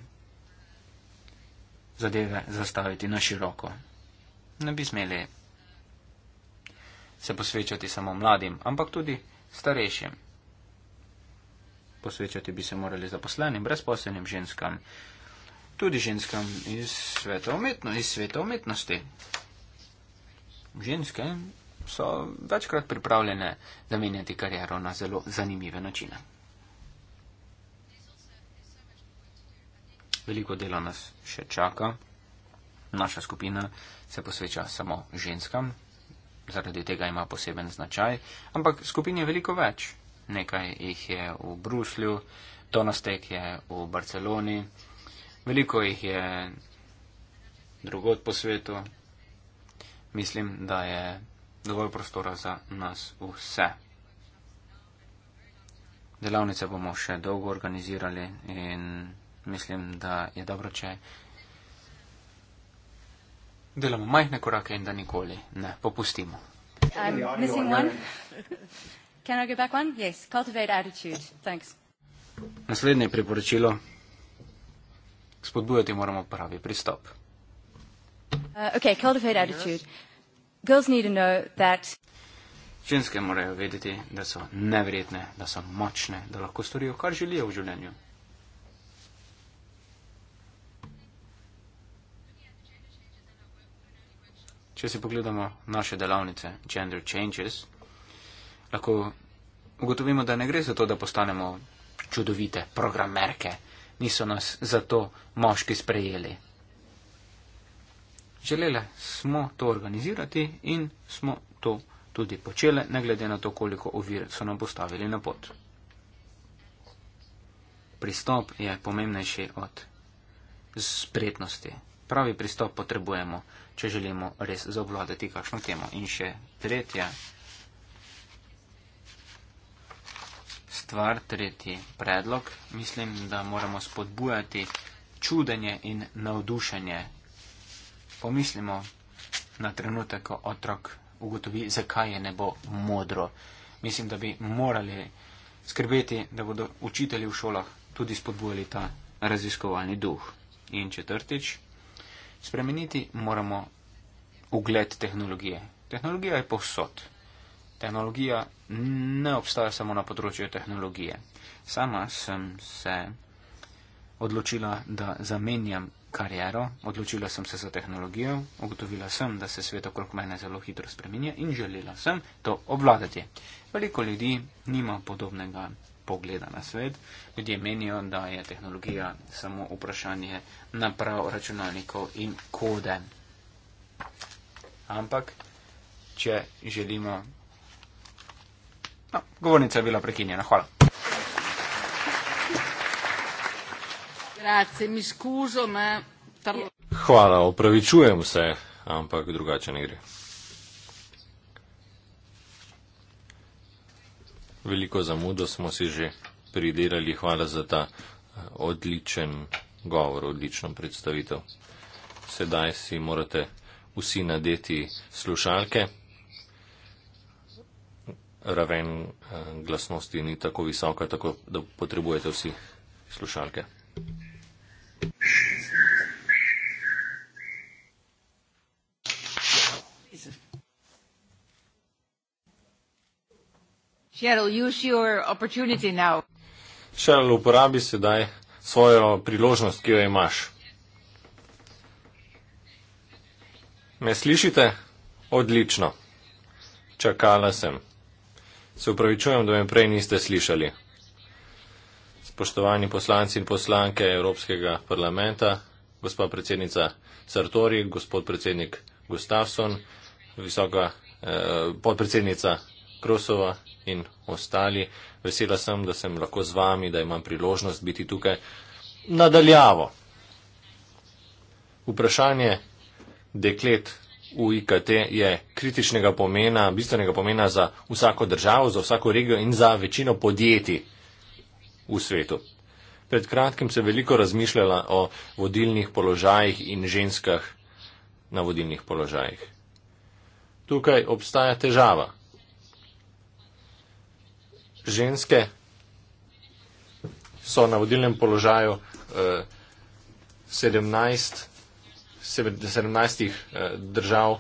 zadeve zastaviti na široko. Ne bi smeli se posvečati samo mladim, ampak tudi starejšim. Posvečati bi se morali zaposlenim, brezposlenim ženskam, tudi ženskam iz sveta, umetno, iz sveta umetnosti. Ženske so večkrat pripravljene zamenjati kariero na zelo zanimive načine. veliko dela nas še čaka. Naša skupina se posveča samo ženskam, zaradi tega ima poseben značaj, ampak skupin je veliko več. Nekaj jih je v Bruslju, Donostek je v Barceloni, veliko jih je drugot po svetu. Mislim, da je dovolj prostora za nas vse. Delavnice bomo še dolgo organizirali in mislim, da je dobro, če delamo majhne korake in da nikoli ne popustimo. Yes. Naslednje priporočilo. Spodbujati moramo pravi pristop. Uh, okay, Ženske morajo vedeti, da so nevredne, da so močne, da lahko storijo, kar želijo v življenju. Če si pogledamo naše delavnice Gender Changes, lahko ugotovimo, da ne gre za to, da postanemo čudovite programerke. Niso nas zato moški sprejeli. Želele smo to organizirati in smo to tudi počele, ne glede na to, koliko ovir so nam postavili na pot. Pristop je pomembnejši od spretnosti. Pravi pristop potrebujemo če želimo res zavladati kakšno temo. In še tretja stvar, tretji predlog, mislim, da moramo spodbujati čudenje in navdušenje. Pomislimo na trenutek, ko otrok ugotovi, zakaj je nebo modro. Mislim, da bi morali skrbeti, da bodo učitelji v šolah tudi spodbujali ta raziskovalni duh. In četrtič, Spremeniti moramo ugled tehnologije. Tehnologija je povsod. Tehnologija ne obstaja samo na področju tehnologije. Sama sem se odločila, da zamenjam kariero, odločila sem se za tehnologijo, ugotovila sem, da se svet okrog mene zelo hitro spremenja in želela sem to obvladati. Veliko ljudi nima podobnega pogleda na svet. Ljudje menijo, da je tehnologija samo vprašanje naprav, računalnikov in kode. Ampak, če želimo. No, govornica je bila prekinjena. Hvala. Hvala, opravičujem se, ampak drugače ne gre. veliko zamudo smo si že pridelali. Hvala za ta eh, odličen govor, odlično predstavitev. Sedaj si morate vsi nadeti slušalke. Raven eh, glasnosti ni tako visoka, tako da potrebujete vsi slušalke. Thank you. Cheryl, use your opportunity now. Cheryl, uporabi sedaj svojo priložnost, ki jo imaš. Me slišite? Odlično. Čakala sem. Se upravičujem, da me prej niste slišali. Spoštovani poslanci in poslanke Evropskega parlamenta, gospa predsednica Sartori, gospod predsednik Gustafsson, visoka eh, podpredsednica Krosova in ostali. Vesela sem, da sem lahko z vami, da imam priložnost biti tukaj nadaljavo. Vprašanje deklet v IKT je kritičnega pomena, bistvenega pomena za vsako državo, za vsako regijo in za večino podjetij v svetu. Pred kratkim sem veliko razmišljala o vodilnih položajih in ženskah na vodilnih položajih. Tukaj obstaja težava ženske so na vodilnem položaju eh, 17, 17 eh, držav.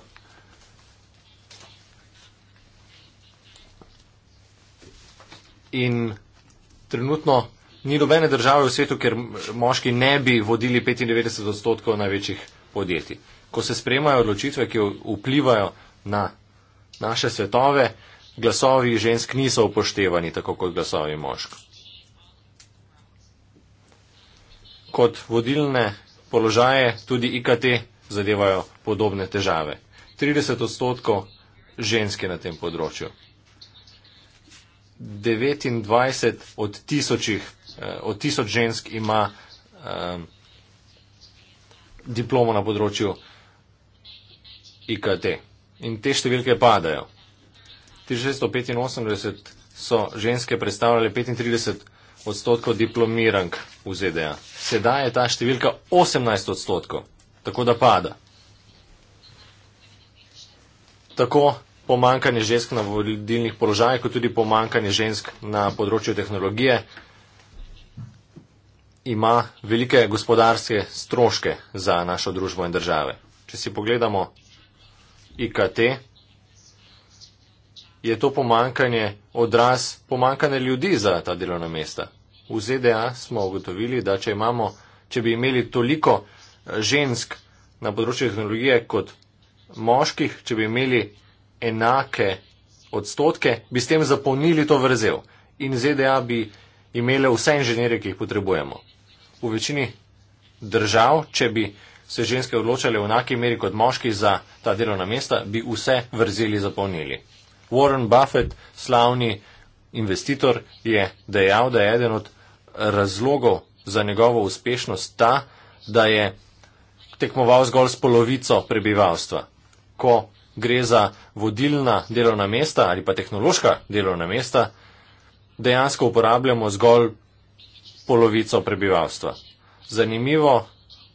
In trenutno ni nobene države v svetu, kjer moški ne bi vodili 95 odstotkov največjih podjetij. Ko se sprejemajo odločitve, ki vplivajo na naše svetove, glasovi žensk niso upoštevani tako kot glasovi mošk. Kot vodilne položaje tudi IKT zadevajo podobne težave. 30 odstotkov ženske na tem področju. 29 od, tisočih, eh, od tisoč žensk ima um, diplomo na področju IKT. In te številke padajo. 1685 so ženske predstavljale 35 odstotkov diplomirank v ZDA. Sedaj je ta številka 18 odstotkov, tako da pada. Tako pomankanje žensk na vodilnih položajih, kot tudi pomankanje žensk na področju tehnologije ima velike gospodarske stroške za našo družbo in države. Če si pogledamo IKT, je to pomankanje odraz pomankanja ljudi za ta delovna mesta. V ZDA smo ugotovili, da če, imamo, če bi imeli toliko eh, žensk na področju tehnologije kot moških, če bi imeli enake odstotke, bi s tem zapolnili to vrzel in ZDA bi imele vse inženirje, ki jih potrebujemo. V večini držav, če bi se ženske odločale v enaki meri kot moški za ta delovna mesta, bi vse vrzeli zapolnili. Warren Buffett, slavni investitor, je dejal, da je eden od razlogov za njegovo uspešnost ta, da je tekmoval zgolj s polovico prebivalstva. Ko gre za vodilna delovna mesta ali pa tehnološka delovna mesta, dejansko uporabljamo zgolj polovico prebivalstva. Zanimivo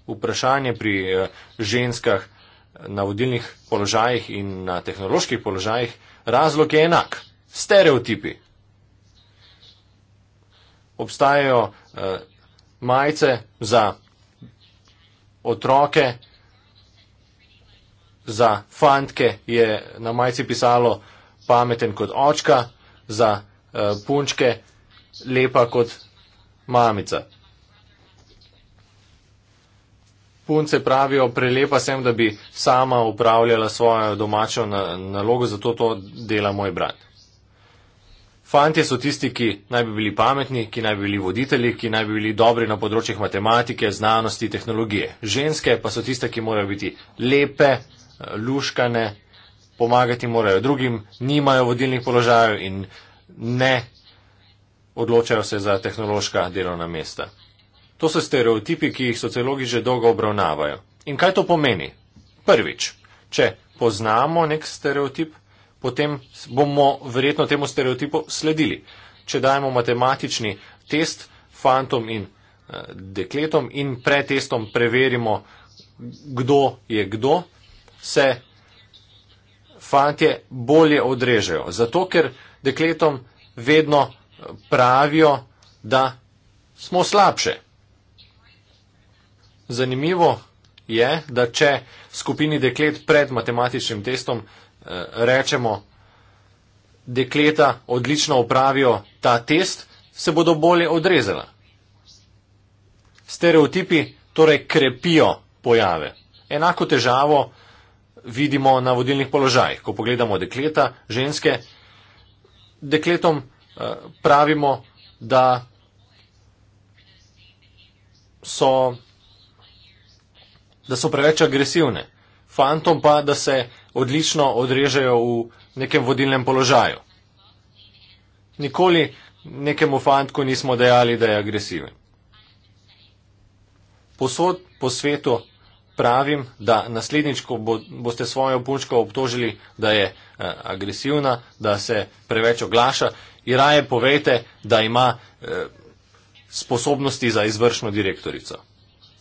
vprašanje pri eh, ženskah na vodilnih položajih in na tehnoloških položajih Razlog je enak. Stereotipi. Obstajajo eh, majice za otroke, za fantke je na majici pisalo pameten kot očka, za eh, punčke lepa kot mamica. punce pravijo, prelepa sem, da bi sama upravljala svojo domačo nalogo, zato to dela moj brat. Fantje so tisti, ki naj bi bili pametni, ki naj bi bili voditelji, ki naj bi bili dobri na področjih matematike, znanosti, tehnologije. Ženske pa so tiste, ki morajo biti lepe, luškane, pomagati morajo drugim, nimajo vodilnih položajev in ne odločajo se za tehnološka delovna mesta. To so stereotipi, ki jih sociologi že dolgo obravnavajo. In kaj to pomeni? Prvič, če poznamo nek stereotip, potem bomo verjetno temu stereotipu sledili. Če dajemo matematični test fantom in eh, dekletom in pred testom preverimo, kdo je kdo, se fantje bolje odrežejo. Zato, ker dekletom vedno eh, pravijo, da smo slabše. Zanimivo je, da če skupini deklet pred matematičnim testom eh, rečemo, dekleta odlično upravijo ta test, se bodo bolje odrezala. Stereotipi torej krepijo pojave. Enako težavo vidimo na vodilnih položajih. Ko pogledamo dekleta, ženske, dekletom eh, pravimo, da so da so preveč agresivne, fantom pa, da se odlično odrežejo v nekem vodilnem položaju. Nikoli nekemu fantku nismo dejali, da je agresiven. Posod po svetu pravim, da naslednjič, ko bo, boste svojo punčko obtožili, da je eh, agresivna, da se preveč oglaša, in raje povejte, da ima eh, sposobnosti za izvršno direktorico.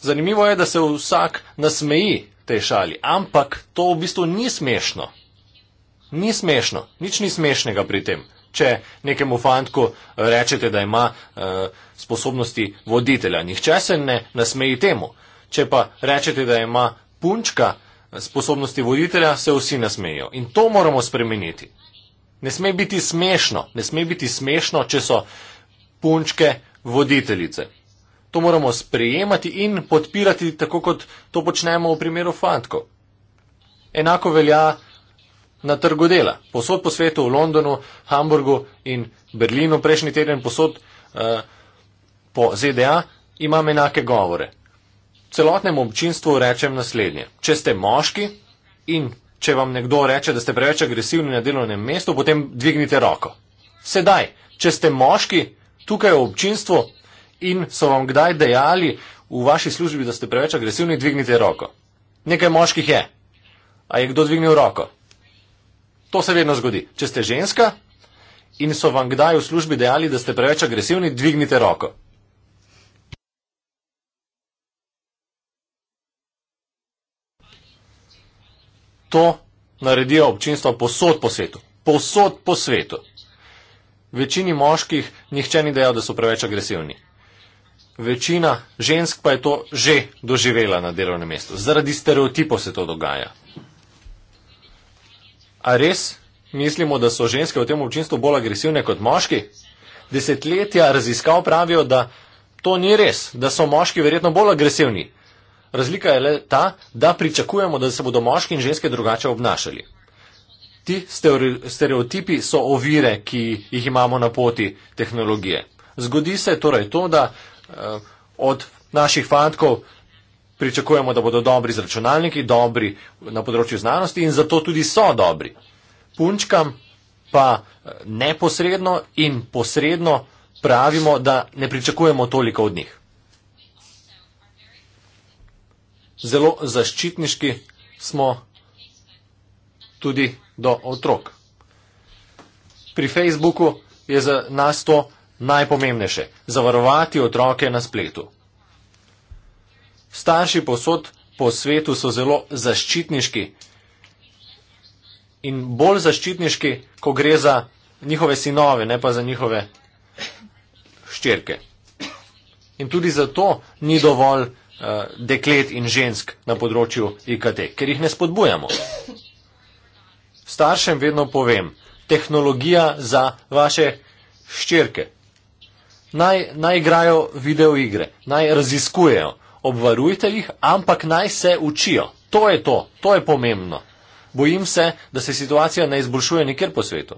Zanimivo je, da se vsak nasmeji tej šali, ampak to v bistvu ni smešno. Ni smešno, nič ni smešnega pri tem. Če nekemu fantku eh, rečete, da ima uh, sposobnosti voditelja, nihče se ne nasmeji temu. Če pa rečete, da ima punčka eh, sposobnosti voditelja, se vsi nasmejijo. In to moramo spremeniti. Ne sme biti smešno, ne sme biti smešno, če so punčke voditeljice to moramo sprejemati in podpirati, tako kot to počnemo v primeru fantko. Enako velja na trgu dela. Posod po svetu, v Londonu, Hamburgu in Berlinu, prejšnji teden posod eh, po ZDA, imam enake govore. Celotnemu občinstvu rečem naslednje. Če ste moški in če vam nekdo reče, da ste preveč agresivni na delovnem mestu, potem dvignite roko. Sedaj, če ste moški, tukaj v občinstvu in so vam kdaj dejali v vaši službi, da ste preveč agresivni, dvignite roko. Nekaj moških je. A je kdo dvignil roko? To se vedno zgodi. Če ste ženska in so vam kdaj v službi dejali, da ste preveč agresivni, dvignite roko. To naredijo občinstva posod po svetu. Posod po svetu. Večini moških nihče ni dejal, da so preveč agresivni večina žensk pa je to že doživela na delovnem mestu. Zaradi stereotipov se to dogaja. A res mislimo, da so ženske v tem občinstvu bolj agresivne kot moški? Desetletja raziskav pravijo, da to ni res, da so moški verjetno bolj agresivni. Razlika je le ta, da pričakujemo, da se bodo moški in ženske drugače obnašali. Ti stereotipi so ovire, ki jih imamo na poti tehnologije. Zgodi se torej to, da Eh, od naših fantkov pričakujemo, da bodo dobri z računalniki, dobri na področju znanosti in zato tudi so dobri. Punčkam pa eh, neposredno in posredno pravimo, da ne pričakujemo toliko od njih. Zelo zaščitniški smo tudi do otrok. Pri Facebooku je za nas to Najpomembnejše - zavarovati otroke na spletu. Starši posod po svetu so zelo zaščitniški in bolj zaščitniški, ko gre za njihove sinove, ne pa za njihove ščirke. In tudi zato ni dovolj uh, deklet in žensk na področju IKT, ker jih ne spodbujamo. Staršem vedno povem, tehnologija za vaše ščirke naj, naj igrajo videoigre, naj raziskujejo, obvarujte jih, ampak naj se učijo. To je to, to je pomembno. Bojim se, da se situacija ne izboljšuje nikjer po svetu.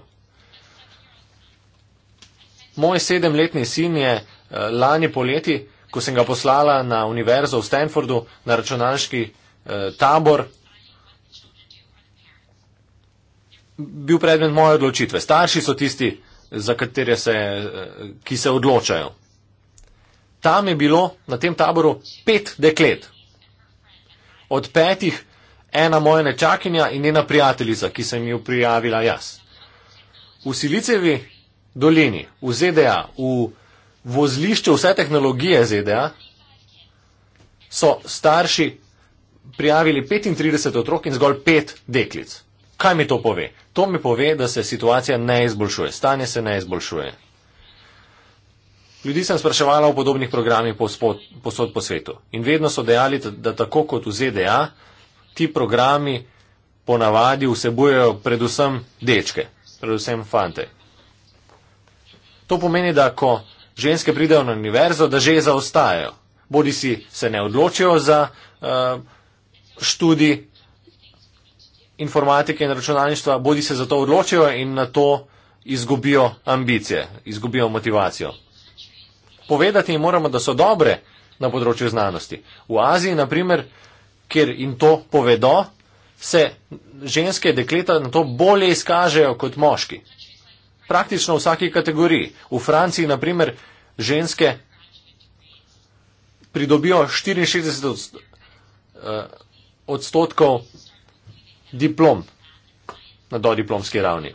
Moj sedemletni sin je eh, lani poleti, ko sem ga poslala na univerzo v Stanfordu na računalniški eh, tabor, bil predmet moje odločitve. Starši so tisti, ki za katere se, eh, ki se odločajo. Tam je bilo na tem taboru pet deklet. Od petih ena moja nečakinja in njena prijateljica, ki sem jo prijavila jaz. V Silicevi dolini, v ZDA, v vozlišču vse tehnologije ZDA, so starši prijavili 35 otrok in zgolj pet deklic. Kaj mi to pove? To mi pove, da se situacija ne izboljšuje, stanje se ne izboljšuje. Ljudi sem spraševala o podobnih programih posod po svetu in vedno so dejali, da, da tako kot v ZDA, ti programi ponavadi vsebujejo predvsem dečke, predvsem fante. To pomeni, da ko ženske pridejo na univerzo, da že zaostajajo. Bodi si se ne odločijo za uh, študij informatike in računalništva bodi se za to odločijo in na to izgubijo ambicije, izgubijo motivacijo. Povedati jim moramo, da so dobre na področju znanosti. V Aziji, na primer, kjer jim to povedo, se ženske dekleta na to bolje izkažejo kot moški. Praktično v vsaki kategoriji. V Franciji, na primer, ženske pridobijo 64 eh, odstotkov diplom na dodiplomski ravni.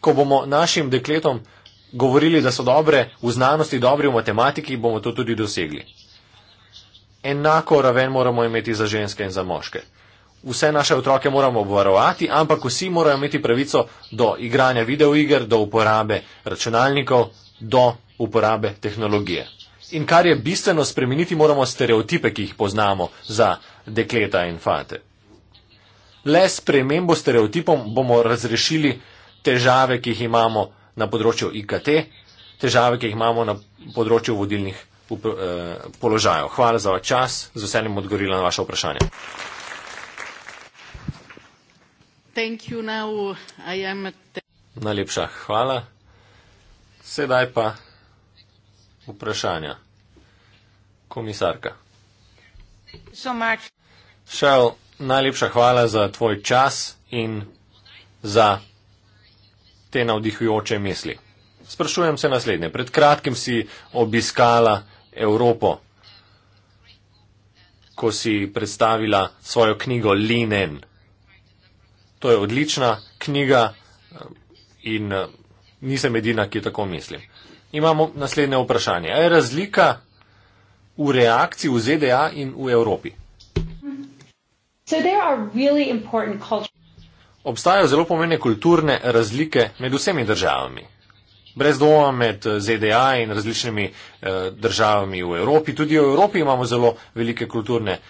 Ko bomo našim dekletom govorili, da so dobre v znanosti, dobre v matematiki, bomo to tudi dosegli. Enako raven moramo imeti za ženske in za moške. Vse naše otroke moramo obvarovati, ampak vsi morajo imeti pravico do igranja videoiger, do uporabe računalnikov, do uporabe tehnologije. In kar je bistveno spremeniti, moramo stereotipe, ki jih poznamo za dekleta in fante. Le s premembo stereotipom bomo razrešili težave, ki jih imamo na področju IKT, težave, ki jih imamo na področju vodilnih up, eh, položajev. Hvala za vaš čas, z veseljem odgovorila na vaše vprašanje. Najlepša hvala. Sedaj pa vprašanja. Komisarka. So much. Shall najlepša hvala za tvoj čas in za te navdihujoče misli. Sprašujem se naslednje. Pred kratkim si obiskala Evropo, ko si predstavila svojo knjigo Linen. To je odlična knjiga eh, in eh, nisem edina, ki tako mislim. Imamo naslednje vprašanje. A je razlika v reakciji v ZDA in v Evropi? Obstajajo zelo pomembne kulturne razlike med vsemi državami. Brez dvoma med eh, ZDA in različnimi eh, državami v Evropi. Tudi v Evropi imamo zelo velike kulturne eh,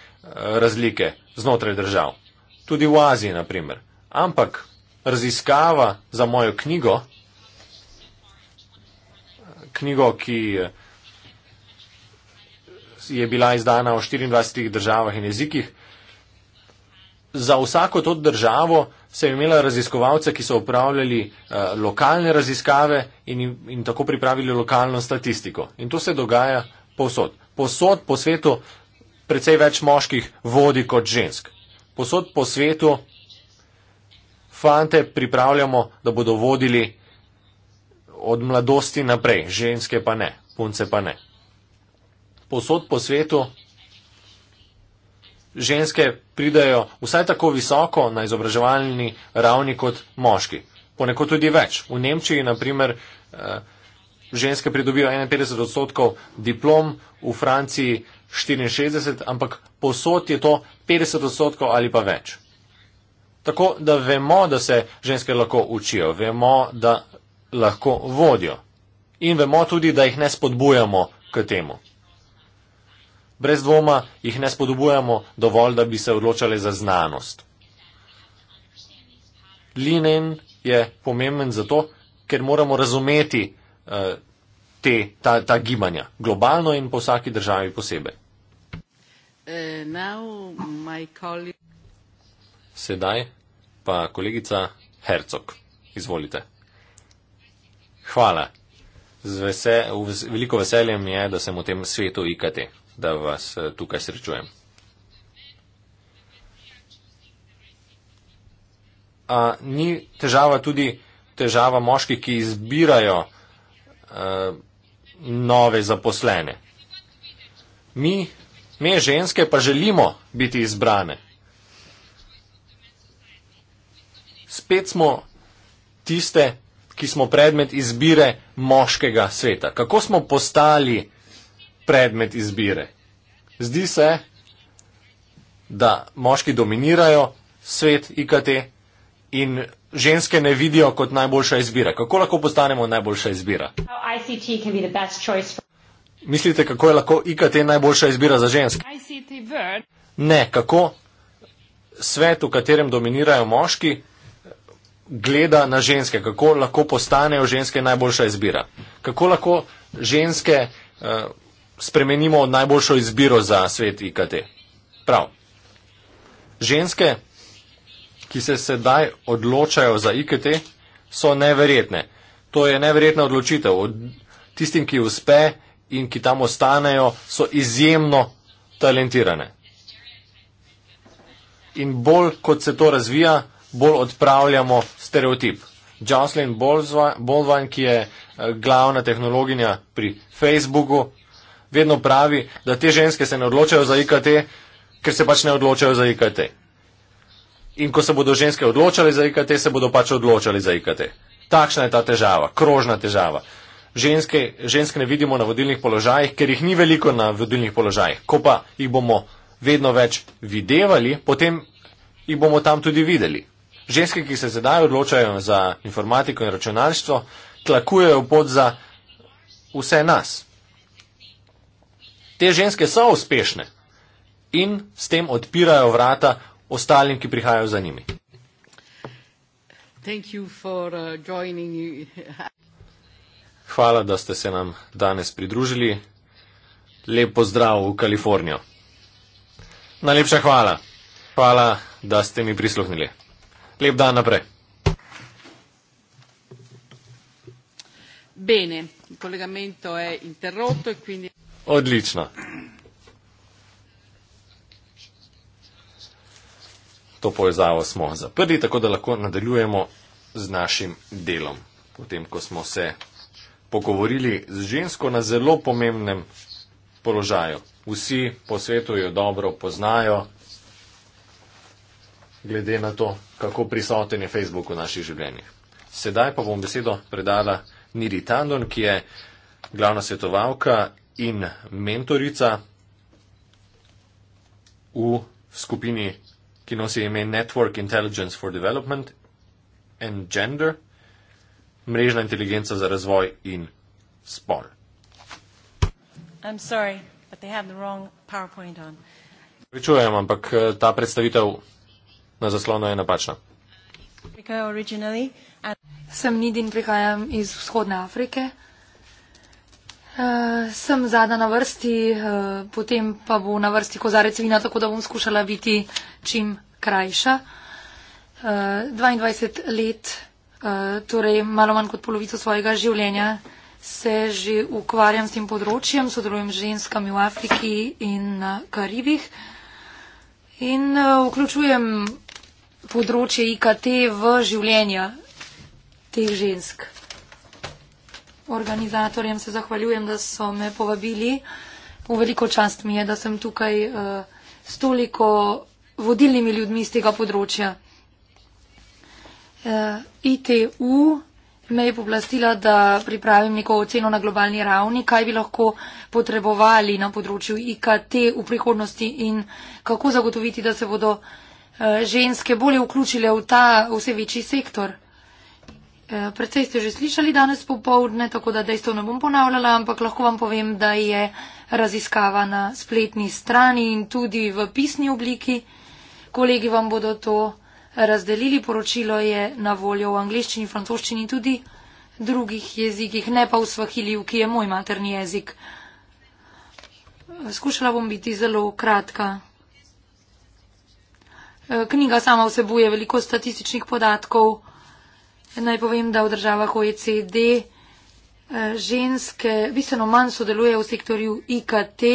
razlike znotraj držav. Tudi v Aziji, na primer. Ampak raziskava za mojo knjigo, knjigo, ki je bila izdana v 24 državah in jezikih, za vsako to državo sem imela raziskovalce, ki so upravljali uh, eh, lokalne raziskave in, in tako pripravili lokalno statistiko. In to se dogaja posod. Posod po svetu precej več moških vodi kot žensk. Posod po svetu fante pripravljamo, da bodo vodili od mladosti naprej, ženske pa ne, punce pa ne. Posod po svetu ženske pridajo vsaj tako visoko na izobraževalni ravni kot moški. Ponekod tudi več. V Nemčiji, na primer, eh, ženske pridobijo 51 odstotkov diplom, v Franciji 64, ampak posod je to 50 odstotkov ali pa več. Tako da vemo, da se ženske lahko učijo, vemo, da lahko vodijo. In vemo tudi, da jih ne spodbujamo k temu brez dvoma jih ne spodbujamo dovolj, da bi se odločali za znanost. Linen je pomemben zato, ker moramo razumeti uh, te, ta, ta gibanja globalno in po vsaki državi posebej. Eh, Sedaj pa kolegica Hercog. Izvolite. Hvala. Z vese, veliko veseljem je, da sem v tem svetu IKT da vas eh, tukaj srečujem. A, ni težava tudi težava moških, ki izbirajo a, eh, nove zaposlene. Mi, mi ženske, pa želimo biti izbrane. Spet smo tiste, ki smo predmet izbire moškega sveta. Kako smo postali? predmet izbire. Zdi se, da moški dominirajo svet IKT in ženske ne vidijo kot najboljša izbira. Kako lahko postanemo najboljša izbira? Mislite, kako je lahko IKT najboljša izbira za ženske? Ne, kako svet, v katerem dominirajo moški, gleda na ženske, kako lahko postanejo ženske najboljša izbira. Kako lahko ženske. Uh, spremenimo najboljšo izbiro za svet IKT. Prav. Ženske, ki se sedaj odločajo za IKT, so neverjetne. To je neverjetna odločitev. Od tistim, ki uspe in ki tam ostanejo, so izjemno talentirane. In bolj kot se to razvija, bolj odpravljamo stereotip. Jocelyn Bolvan, ki je eh, glavna tehnologinja pri Facebooku, vedno pravi, da te ženske se ne odločajo za IKT, ker se pač ne odločajo za IKT. In ko se bodo ženske odločali za IKT, se bodo pač odločali za IKT. Takšna je ta težava, krožna težava. Ženske, ženske ne vidimo na vodilnih položajih, ker jih ni veliko na vodilnih položajih. Ko pa jih bomo vedno več videvali, potem jih bomo tam tudi videli. Ženske, ki se sedaj odločajo za informatiko in računalništvo, tlakujejo pot za vse nas. Te ženske so uspešne in s tem odpirajo vrata ostalim, ki prihajajo za njimi. For, uh, Hvala, da ste se nam danes pridružili. Lep pozdrav v Kalifornijo. Najlepša hvala. Hvala, da ste mi prisluhnili. Lep dan naprej. Bene, Odlično. To povezavo smo zaprli, tako da lahko nadaljujemo z našim delom. Potem, ko smo se pogovorili z žensko na zelo pomembnem položaju. Vsi po svetu jo dobro poznajo, glede na to, kako prisoten je Facebook v naših življenjih. Sedaj pa bom besedo predala Niri Tandon, ki je glavna svetovalka in mentorica v skupini, ki nosi ime Network Intelligence for Development and Gender, mrežna inteligenca za razvoj in spol. Pričujem, ampak eh, ta predstavitev na zaslonu je napačna. Sem Nidin, prihajam iz vzhodne Afrike. Uh, sem zadnja na vrsti, uh, potem pa bo na vrsti kozarec vina, tako da bom skušala biti čim krajša. Uh, eh, 22 let, uh, torej malo manj kot polovico svojega življenja, se že ukvarjam s tem področjem, sodelujem z ženskami v Afriki in na Karibih in uh, vključujem področje IKT v življenja teh žensk organizatorjem se zahvaljujem, da so me povabili. V veliko čast mi je, da sem tukaj uh, s toliko vodilnimi ljudmi z tega področja. Uh, eh, ITU me je poblastila, da pripravim neko oceno na globalni ravni, kaj bi lahko potrebovali na področju IKT v prihodnosti in kako zagotoviti, da se bodo uh, ženske bolje vključile v ta vse večji sektor. Uh, Predvsej ste že slišali danes popovdne, tako da dejstvo ne bom ponavljala, ampak lahko vam povem, da je raziskava na spletni strani in tudi v pisni obliki. Kolegi vam bodo to razdelili, poročilo je na voljo v angliščini, francoščini in tudi drugih jezikih, ne pa v svahiliju, ki je moj materni jezik. Skušala bom biti zelo kratka. Knjiga sama vsebuje veliko statističnih podatkov. Naj povem, da v državah OECD eh, ženske bistveno manj sodelujejo v sektorju IKT,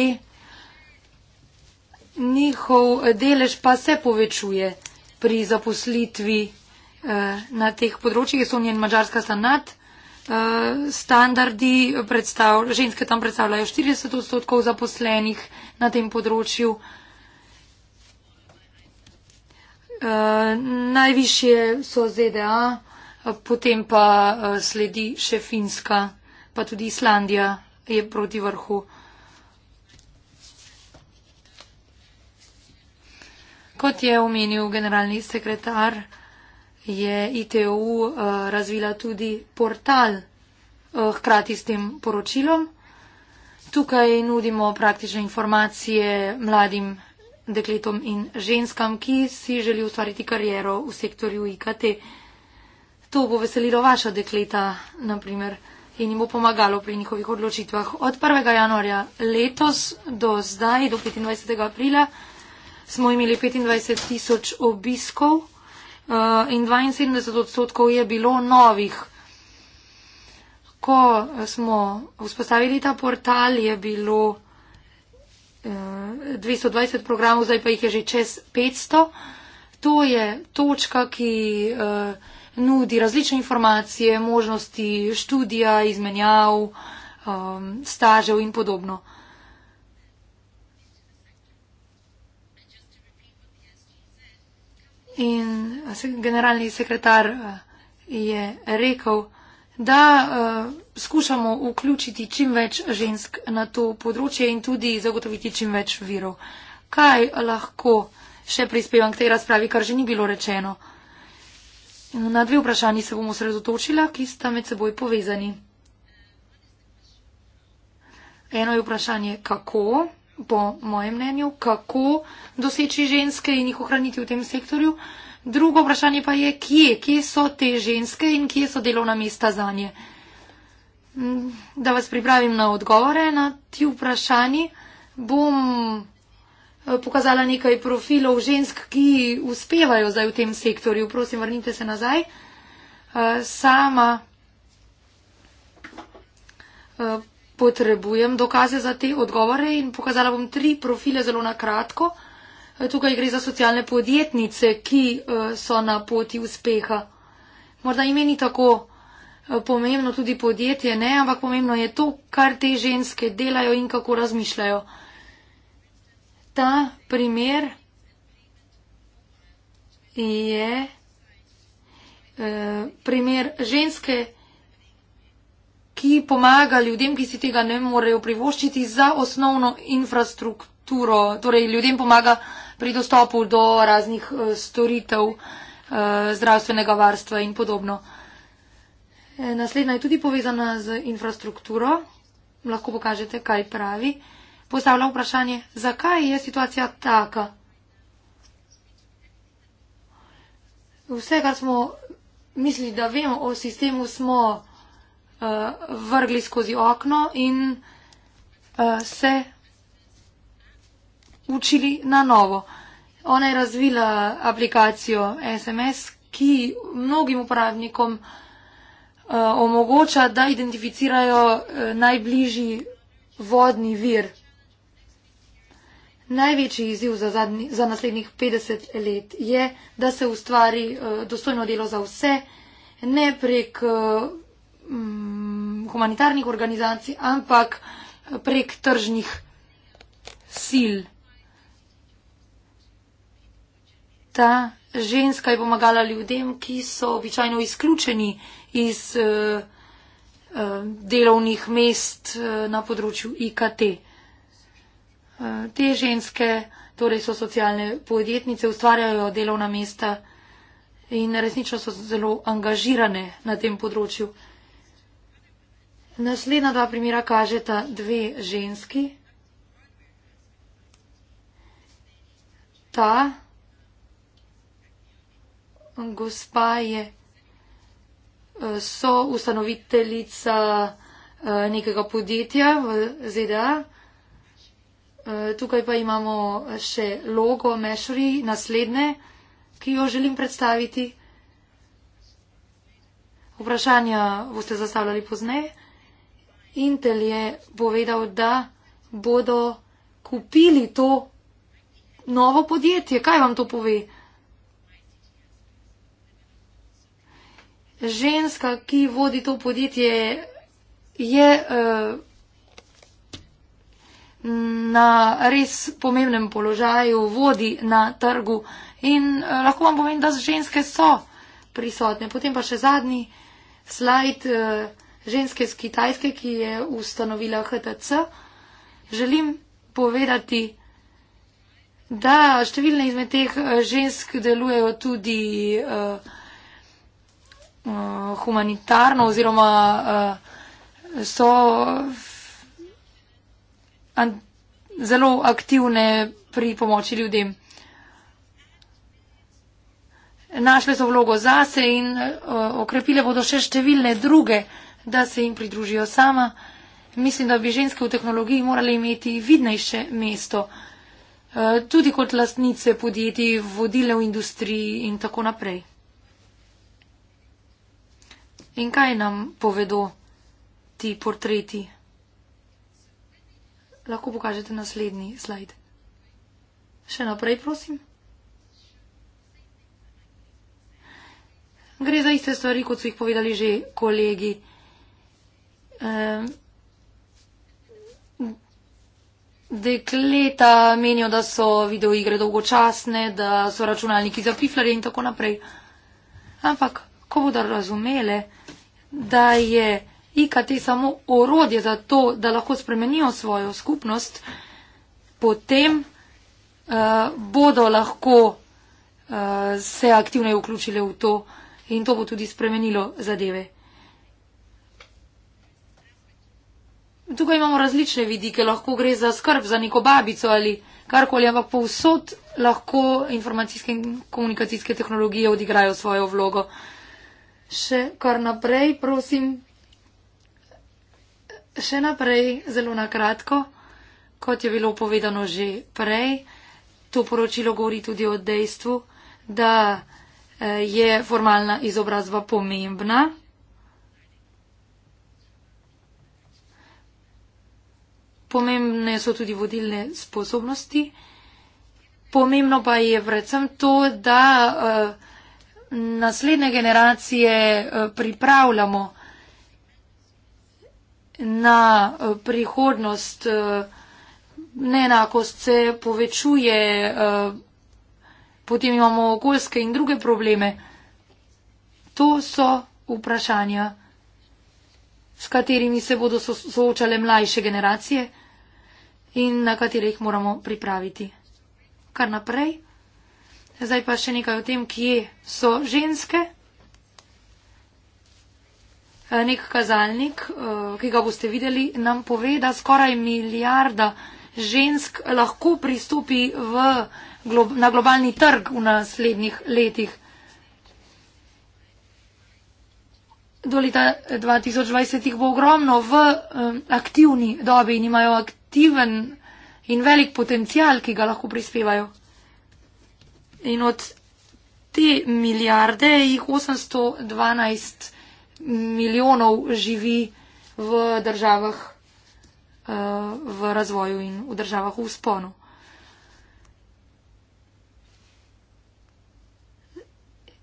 njihov eh, delež pa se povečuje pri zaposlitvi eh, na teh področjih. Estonija in Mačarska sta nad standardi, predstav, ženske tam predstavljajo 40 odstotkov zaposlenih na tem področju. Najvišje so ZDA potem pa eh, sledi še Finska, pa tudi Islandija je proti vrhu. Kot je omenil generalni sekretar, je ITU eh, razvila tudi portal eh, hkrati s tem poročilom. Tukaj nudimo praktične informacije mladim dekletom in ženskam, ki si želijo ustvariti kariero v sektorju IKT. To bo veselilo vaša dekleta, naprimer, in jim bo pomagalo pri njihovih odločitvah. Od 1. januarja letos do zdaj, do 25. aprila, smo imeli 25 tisoč obiskov uh, in 72 odstotkov je bilo novih. Ko smo vzpostavili ta portal, je bilo uh, eh, 220 programov, zdaj pa jih je že čez 500. To je točka, ki. Uh, nudi različne informacije, možnosti študija, izmenjav, um, stažev in podobno. In generalni sekretar je rekel, da uh, skušamo vključiti čim več žensk na to področje in tudi zagotoviti čim več virov. Kaj lahko še prispevam k tej razpravi, kar že ni bilo rečeno? Uh, Na dve vprašanji se bom osredotočila, ki sta med seboj povezani. Eno je vprašanje, kako, po mojem mnenju, kako doseči ženske in jih ohraniti v tem sektorju. Drugo vprašanje pa je, kje, kje so te ženske in kje so delovna mesta za nje. Mm, da vas pripravim na odgovore na ti vprašanji, bom pokazala nekaj profilov žensk, ki uspevajo zdaj v tem sektorju. Prosim, vrnite se nazaj. Eh, sama eh, potrebujem dokaze za te odgovore in pokazala bom tri profile zelo na kratko. Eh, tukaj gre za socialne podjetnice, ki so na poti uspeha. Morda ime ni tako pomembno, tudi podjetje ne, ampak pomembno je to, kar te ženske delajo in kako razmišljajo ta primer je eh, primer ženske, ki pomaga ljudem, ki si tega ne morejo privoščiti za osnovno infrastrukturo. Torej, ljudem pomaga pri dostopu do raznih eh, storitev eh, zdravstvenega varstva in podobno. Naslednja je tudi povezana z infrastrukturo. Lahko pokažete, kaj pravi postavlja vprašanje, zakaj je situacija taka. Vse, kar smo mislili, da vemo o sistemu, smo uh, vrgli skozi okno in uh, se učili na novo. Ona je razvila aplikacijo SMS, ki mnogim uporabnikom uh, omogoča, da identificirajo uh, najbližji vodni vir. Največji izziv za, zadnji, za naslednjih 50 let je, da se ustvari uh, dostojno delo za vse, ne prek uh, humanitarnih organizacij, ampak eh, prek tržnih sil. Ta ženska je pomagala ljudem, ki so običajno izključeni iz uh, uh, delovnih mest uh, na področju IKT. Eh, te ženske, torej so socialne podjetnice, ustvarjajo delovna mesta in resnično so zelo angažirane na tem področju. Naslednja dva primera kažeta dve ženski. Ta gospa je eh, so ustanoviteljica eh, nekega podjetja v ZDA E, tukaj pa imamo še logo Mešuri, naslednje, ki jo želim predstaviti. Vprašanja boste zastavljali pozneje. Intel je povedal, da bodo kupili to novo podjetje. Kaj vam to pove? Ženska, ki vodi to podjetje, je. Uh, na res pomembnem položaju, vodi na trgu in eh, lahko vam povem, da ženske so prisotne. Potem pa še zadnji slajd eh, ženske z Kitajske, ki je ustanovila HTC. Želim povedati, da številne izmed teh eh, žensk delujejo tudi humanitarno oziroma so zelo aktivne pri pomoči ljudem. Našle so vlogo zase in uh, okrepile bodo še številne druge, da se jim pridružijo sama. Mislim, da bi ženske v tehnologiji morali imeti vidnejše mesto, uh, tudi kot lastnice podjetij, vodile v industriji in tako naprej. In kaj nam povedo ti portreti? Lahko pokažete naslednji slajd. Še naprej, prosim. Gre za iste stvari, kot so jih povedali že kolegi. Ehm, dekleta menijo, da so videoigre dolgočasne, da so računalniki za piflare in tako naprej. Ampak, ko bodo razumele, da je. IKT samo orodje za to, da lahko spremenijo svojo skupnost, potem uh, bodo lahko uh, se aktivno vključili v to in to bo tudi spremenilo zadeve. Tukaj imamo različne vidike, lahko gre za skrb, za neko babico ali karkoli, ampak povsod lahko informacijske in komunikacijske tehnologije odigrajo svojo vlogo. Še kar naprej, prosim še naprej zelo na kratko. Kot je bilo povedano že prej, to poročilo govori tudi o dejstvu, da eh, je formalna izobrazba pomembna. Pomembne so tudi vodilne sposobnosti. Pomembno pa je predvsem to, da uh, naslednje generacije uh, pripravljamo na eh, prihodnost, eh, neenakost se povečuje, eh, potem imamo okoljske in druge probleme. To so vprašanja, s katerimi se bodo soočale mlajše generacije in na katere jih moramo pripraviti. Kar naprej. Zdaj pa še nekaj o tem, kje so ženske. Eh, nek kazalnik, eh, ki ga boste videli, nam pove, da skoraj milijarda žensk lahko pristopi v, na globalni trg v naslednjih letih. Do leta 2020 eh, jih bo ogromno v aktivni dobi in imajo aktiven in velik potencial, ki ga lahko prispevajo. In od te milijarde jih 812 milijonov živi v državah uh, v razvoju in v državah v usponu.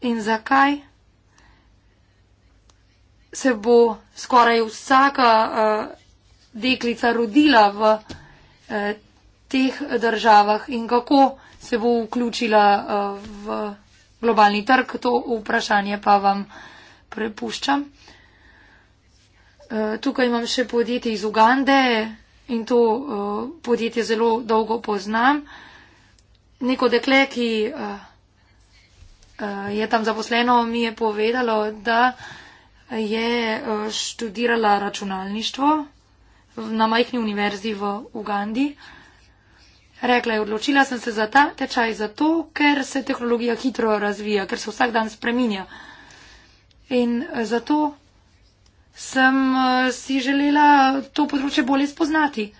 In zakaj se bo skoraj vsaka uh, deklica rodila v uh, teh državah in kako se bo vključila uh, v globalni trg, to vprašanje pa vam prepuščam. Eh, tukaj imam še podjetje iz Ugande in to eh, podjetje zelo dolgo poznam. Neko dekle, ki eh, je tam zaposleno, mi je povedalo, da je študirala računalništvo na majhni univerzi v Ugandi. Rekla je, odločila sem se za ta tečaj zato, ker se tehnologija hitro razvija, ker se vsak dan spreminja. Uh, In eh, zato sem eh, si želela to področje bolje spoznati.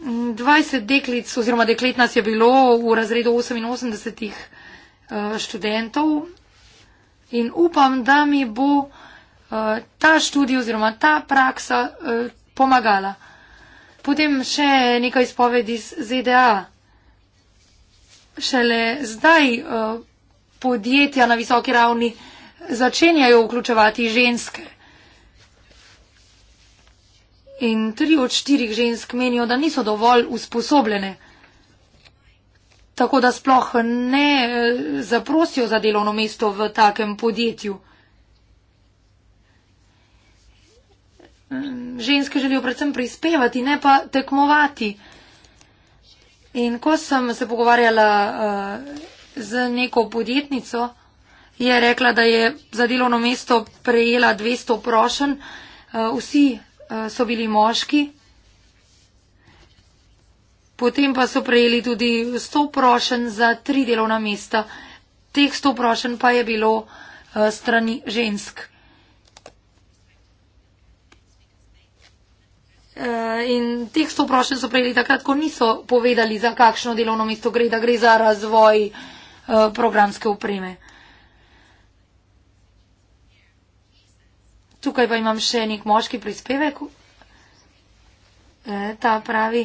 20 deklic oziroma deklet nas je bilo v razredu 88 eh, študentov in upam, da mi bo ta študij oziroma ta praksa pomagala. Potem še nekaj izpovedi iz ZDA. Šele zdaj podjetja na visoki ravni začenjajo vključevati ženske. In tri od štirih žensk menijo, da niso dovolj usposobljene, tako da sploh ne eh, zaprosijo za delovno mesto v takem podjetju. Mm, ženske želijo predvsem prispevati, ne pa tekmovati. In ko sem se pogovarjala uh, z neko podjetnico, je rekla, da je za delovno mesto prejela 200 prošen, eh, vsi eh, so bili moški. Potem pa so prejeli tudi 100 prošen za tri delovna mesta. Teh 100 prošen pa je bilo eh, strani žensk. In teh 100 prošen so prejeli takrat, ko niso povedali, za kakšno delovno mesto gre, da gre za razvoj programske upreme. Tukaj pa imam še nek moški prispevek. E, ta pravi,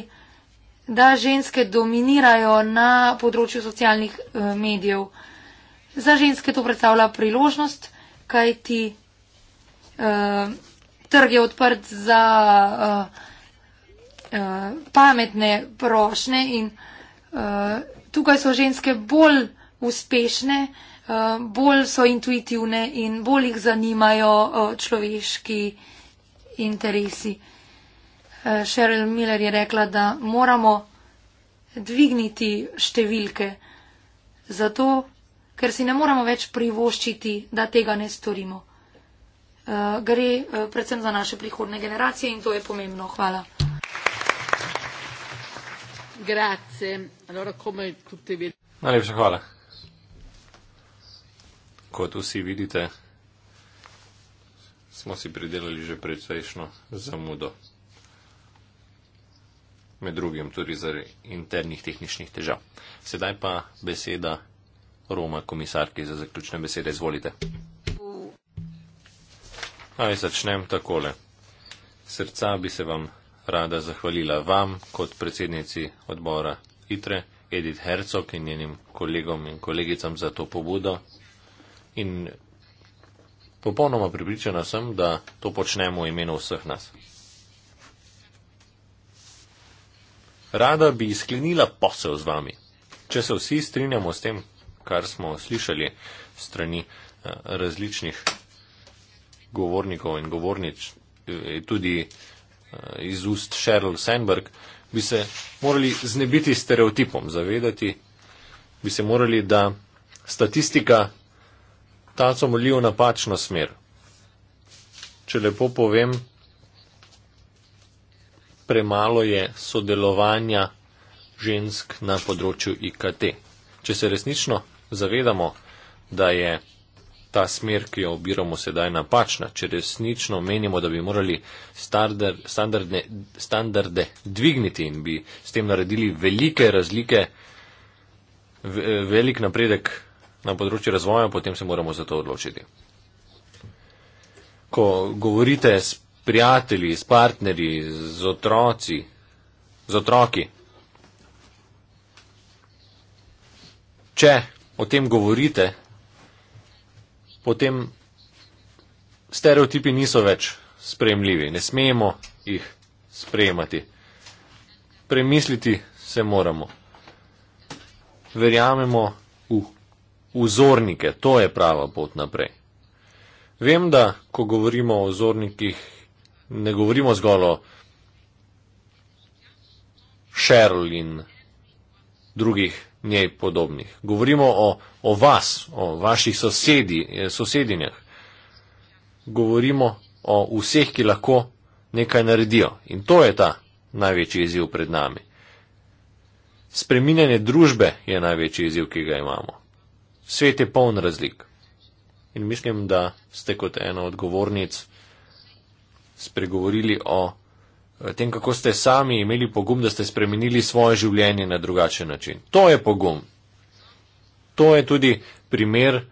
da ženske dominirajo na področju socialnih e, medijev. Za ženske to predstavlja priložnost, kaj ti e, trg je odprt za e, e, pametne prošne in e, tukaj so ženske bolj uspešne. E, Eh, bolj so intuitivne in bolj jih zanimajo eh, človeški interesi. Eh, Sheryl Miller je rekla, da moramo dvigniti številke, zato ker si ne moramo več privoščiti, da tega ne storimo. Gre predvsem za naše prihodne generacije in to je pomembno. Hvala. Najlepša hvala kot vsi vidite, smo si pridelali že precejšno zamudo. Med drugim tudi zaradi internih tehničnih težav. Sedaj pa beseda Roma komisarki za zaključne besede. Izvolite. Aj, začnem takole. Srca bi se vam rada zahvalila vam kot predsednici odbora ITRE, Edith Herzog in njenim kolegom in kolegicam za to pobudo In popolnoma pripričana sem, da to počnemo v imenu vseh nas. Rada bi sklenila posel z vami, če se vsi strinjamo s tem, kar smo slišali strani eh, različnih govornikov in govornic, eh, tudi eh, iz ust Sheryl Sandberg, bi se morali znebiti stereotipom, zavedati, bi se morali, da statistika ta so moli v napačno smer. Če lepo povem, premalo je sodelovanja žensk na področju IKT. Če se resnično zavedamo, da je ta smer, ki jo obiramo sedaj, napačna, če resnično menimo, da bi morali standardne, standarde dvigniti in bi s tem naredili velike razlike, velik napredek na področju razvoja, potem se moramo za to odločiti. Ko govorite s prijatelji, s partnerji, z otroci, z otroki, če o tem govorite, potem stereotipi niso več spremljivi, ne smemo jih sprejemati. Premisliti se moramo. Verjamemo, vzornike, to je prava pot naprej. Vem, da ko govorimo o vzornikih, ne govorimo zgolj o Šerl in drugih njej podobnih. Govorimo o, o vas, o vaših sosedi, sosedinjah. Govorimo o vseh, ki lahko nekaj naredijo. In to je ta največji izziv pred nami. Spreminjanje družbe je največji izziv, ki ga imamo svet je poln razlik. In mislim, da ste kot ena odgovornic spregovorili o eh, tem, kako ste sami imeli pogum, da ste spremenili svoje življenje na drugačen način. To je pogum. To je tudi primer,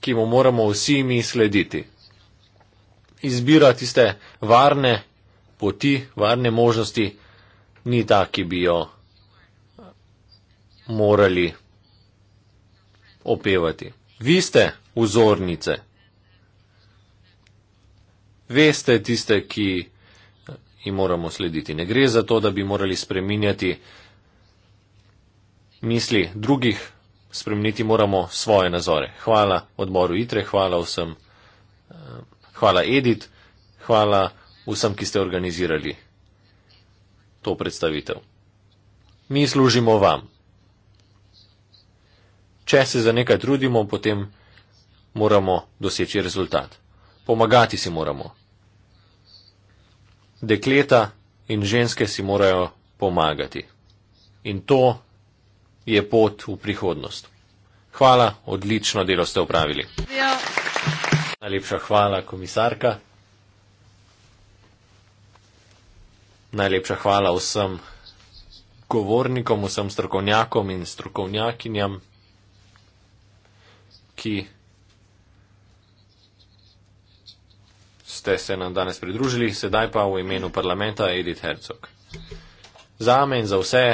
ki mu moramo vsi mi slediti. Izbira tiste varne poti, varne možnosti ni ta, ki bi jo morali opevati. Vi ste vzornice. Veste tiste, ki eh, jim moramo slediti. Ne gre za to, da bi morali spreminjati misli drugih, spremeniti moramo svoje nazore. Hvala odboru ITRE, hvala vsem, eh, hvala Edit, hvala vsem, ki ste organizirali to predstavitev. Mi služimo vam. Če se za nekaj trudimo, potem moramo doseči rezultat. Pomagati si moramo. Dekleta in ženske si morajo pomagati. In to je pot v prihodnost. Hvala, odlično delo ste upravili. Ja. Najlepša hvala, komisarka. Najlepša hvala vsem govornikom, vsem strokovnjakom in strokovnjakinjam ki ste se nam danes pridružili, sedaj pa v imenu parlamenta Edith Herzog. Za me in za vse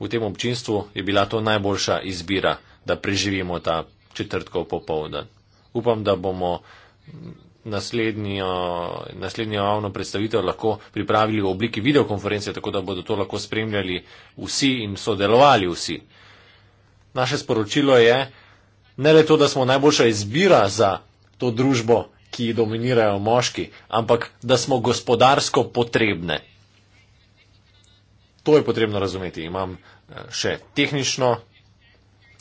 v tem občinstvu je bila to najboljša izbira, da preživimo ta četrtkov popovdan. Upam, da bomo naslednjo javno predstavitev lahko pripravili v obliki videokonference, tako da bodo to lahko spremljali vsi in sodelovali vsi. Naše sporočilo je, Ne le to, da smo najboljša izbira za to družbo, ki jo dominirajo moški, ampak da smo gospodarsko potrebne. To je potrebno razumeti. Imam eh, še tehnično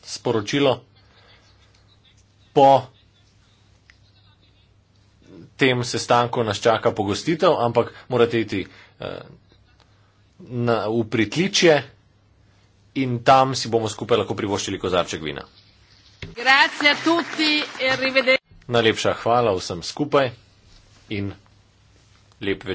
sporočilo. Po tem sestanku nas čaka pogostitev, ampak morate iti eh, na, v pritličje in tam si bomo skupaj lahko privoščili kozarček vina. Grazie a tutti e arrivederci. Najlepša hvala vsem skupaj in lep večer.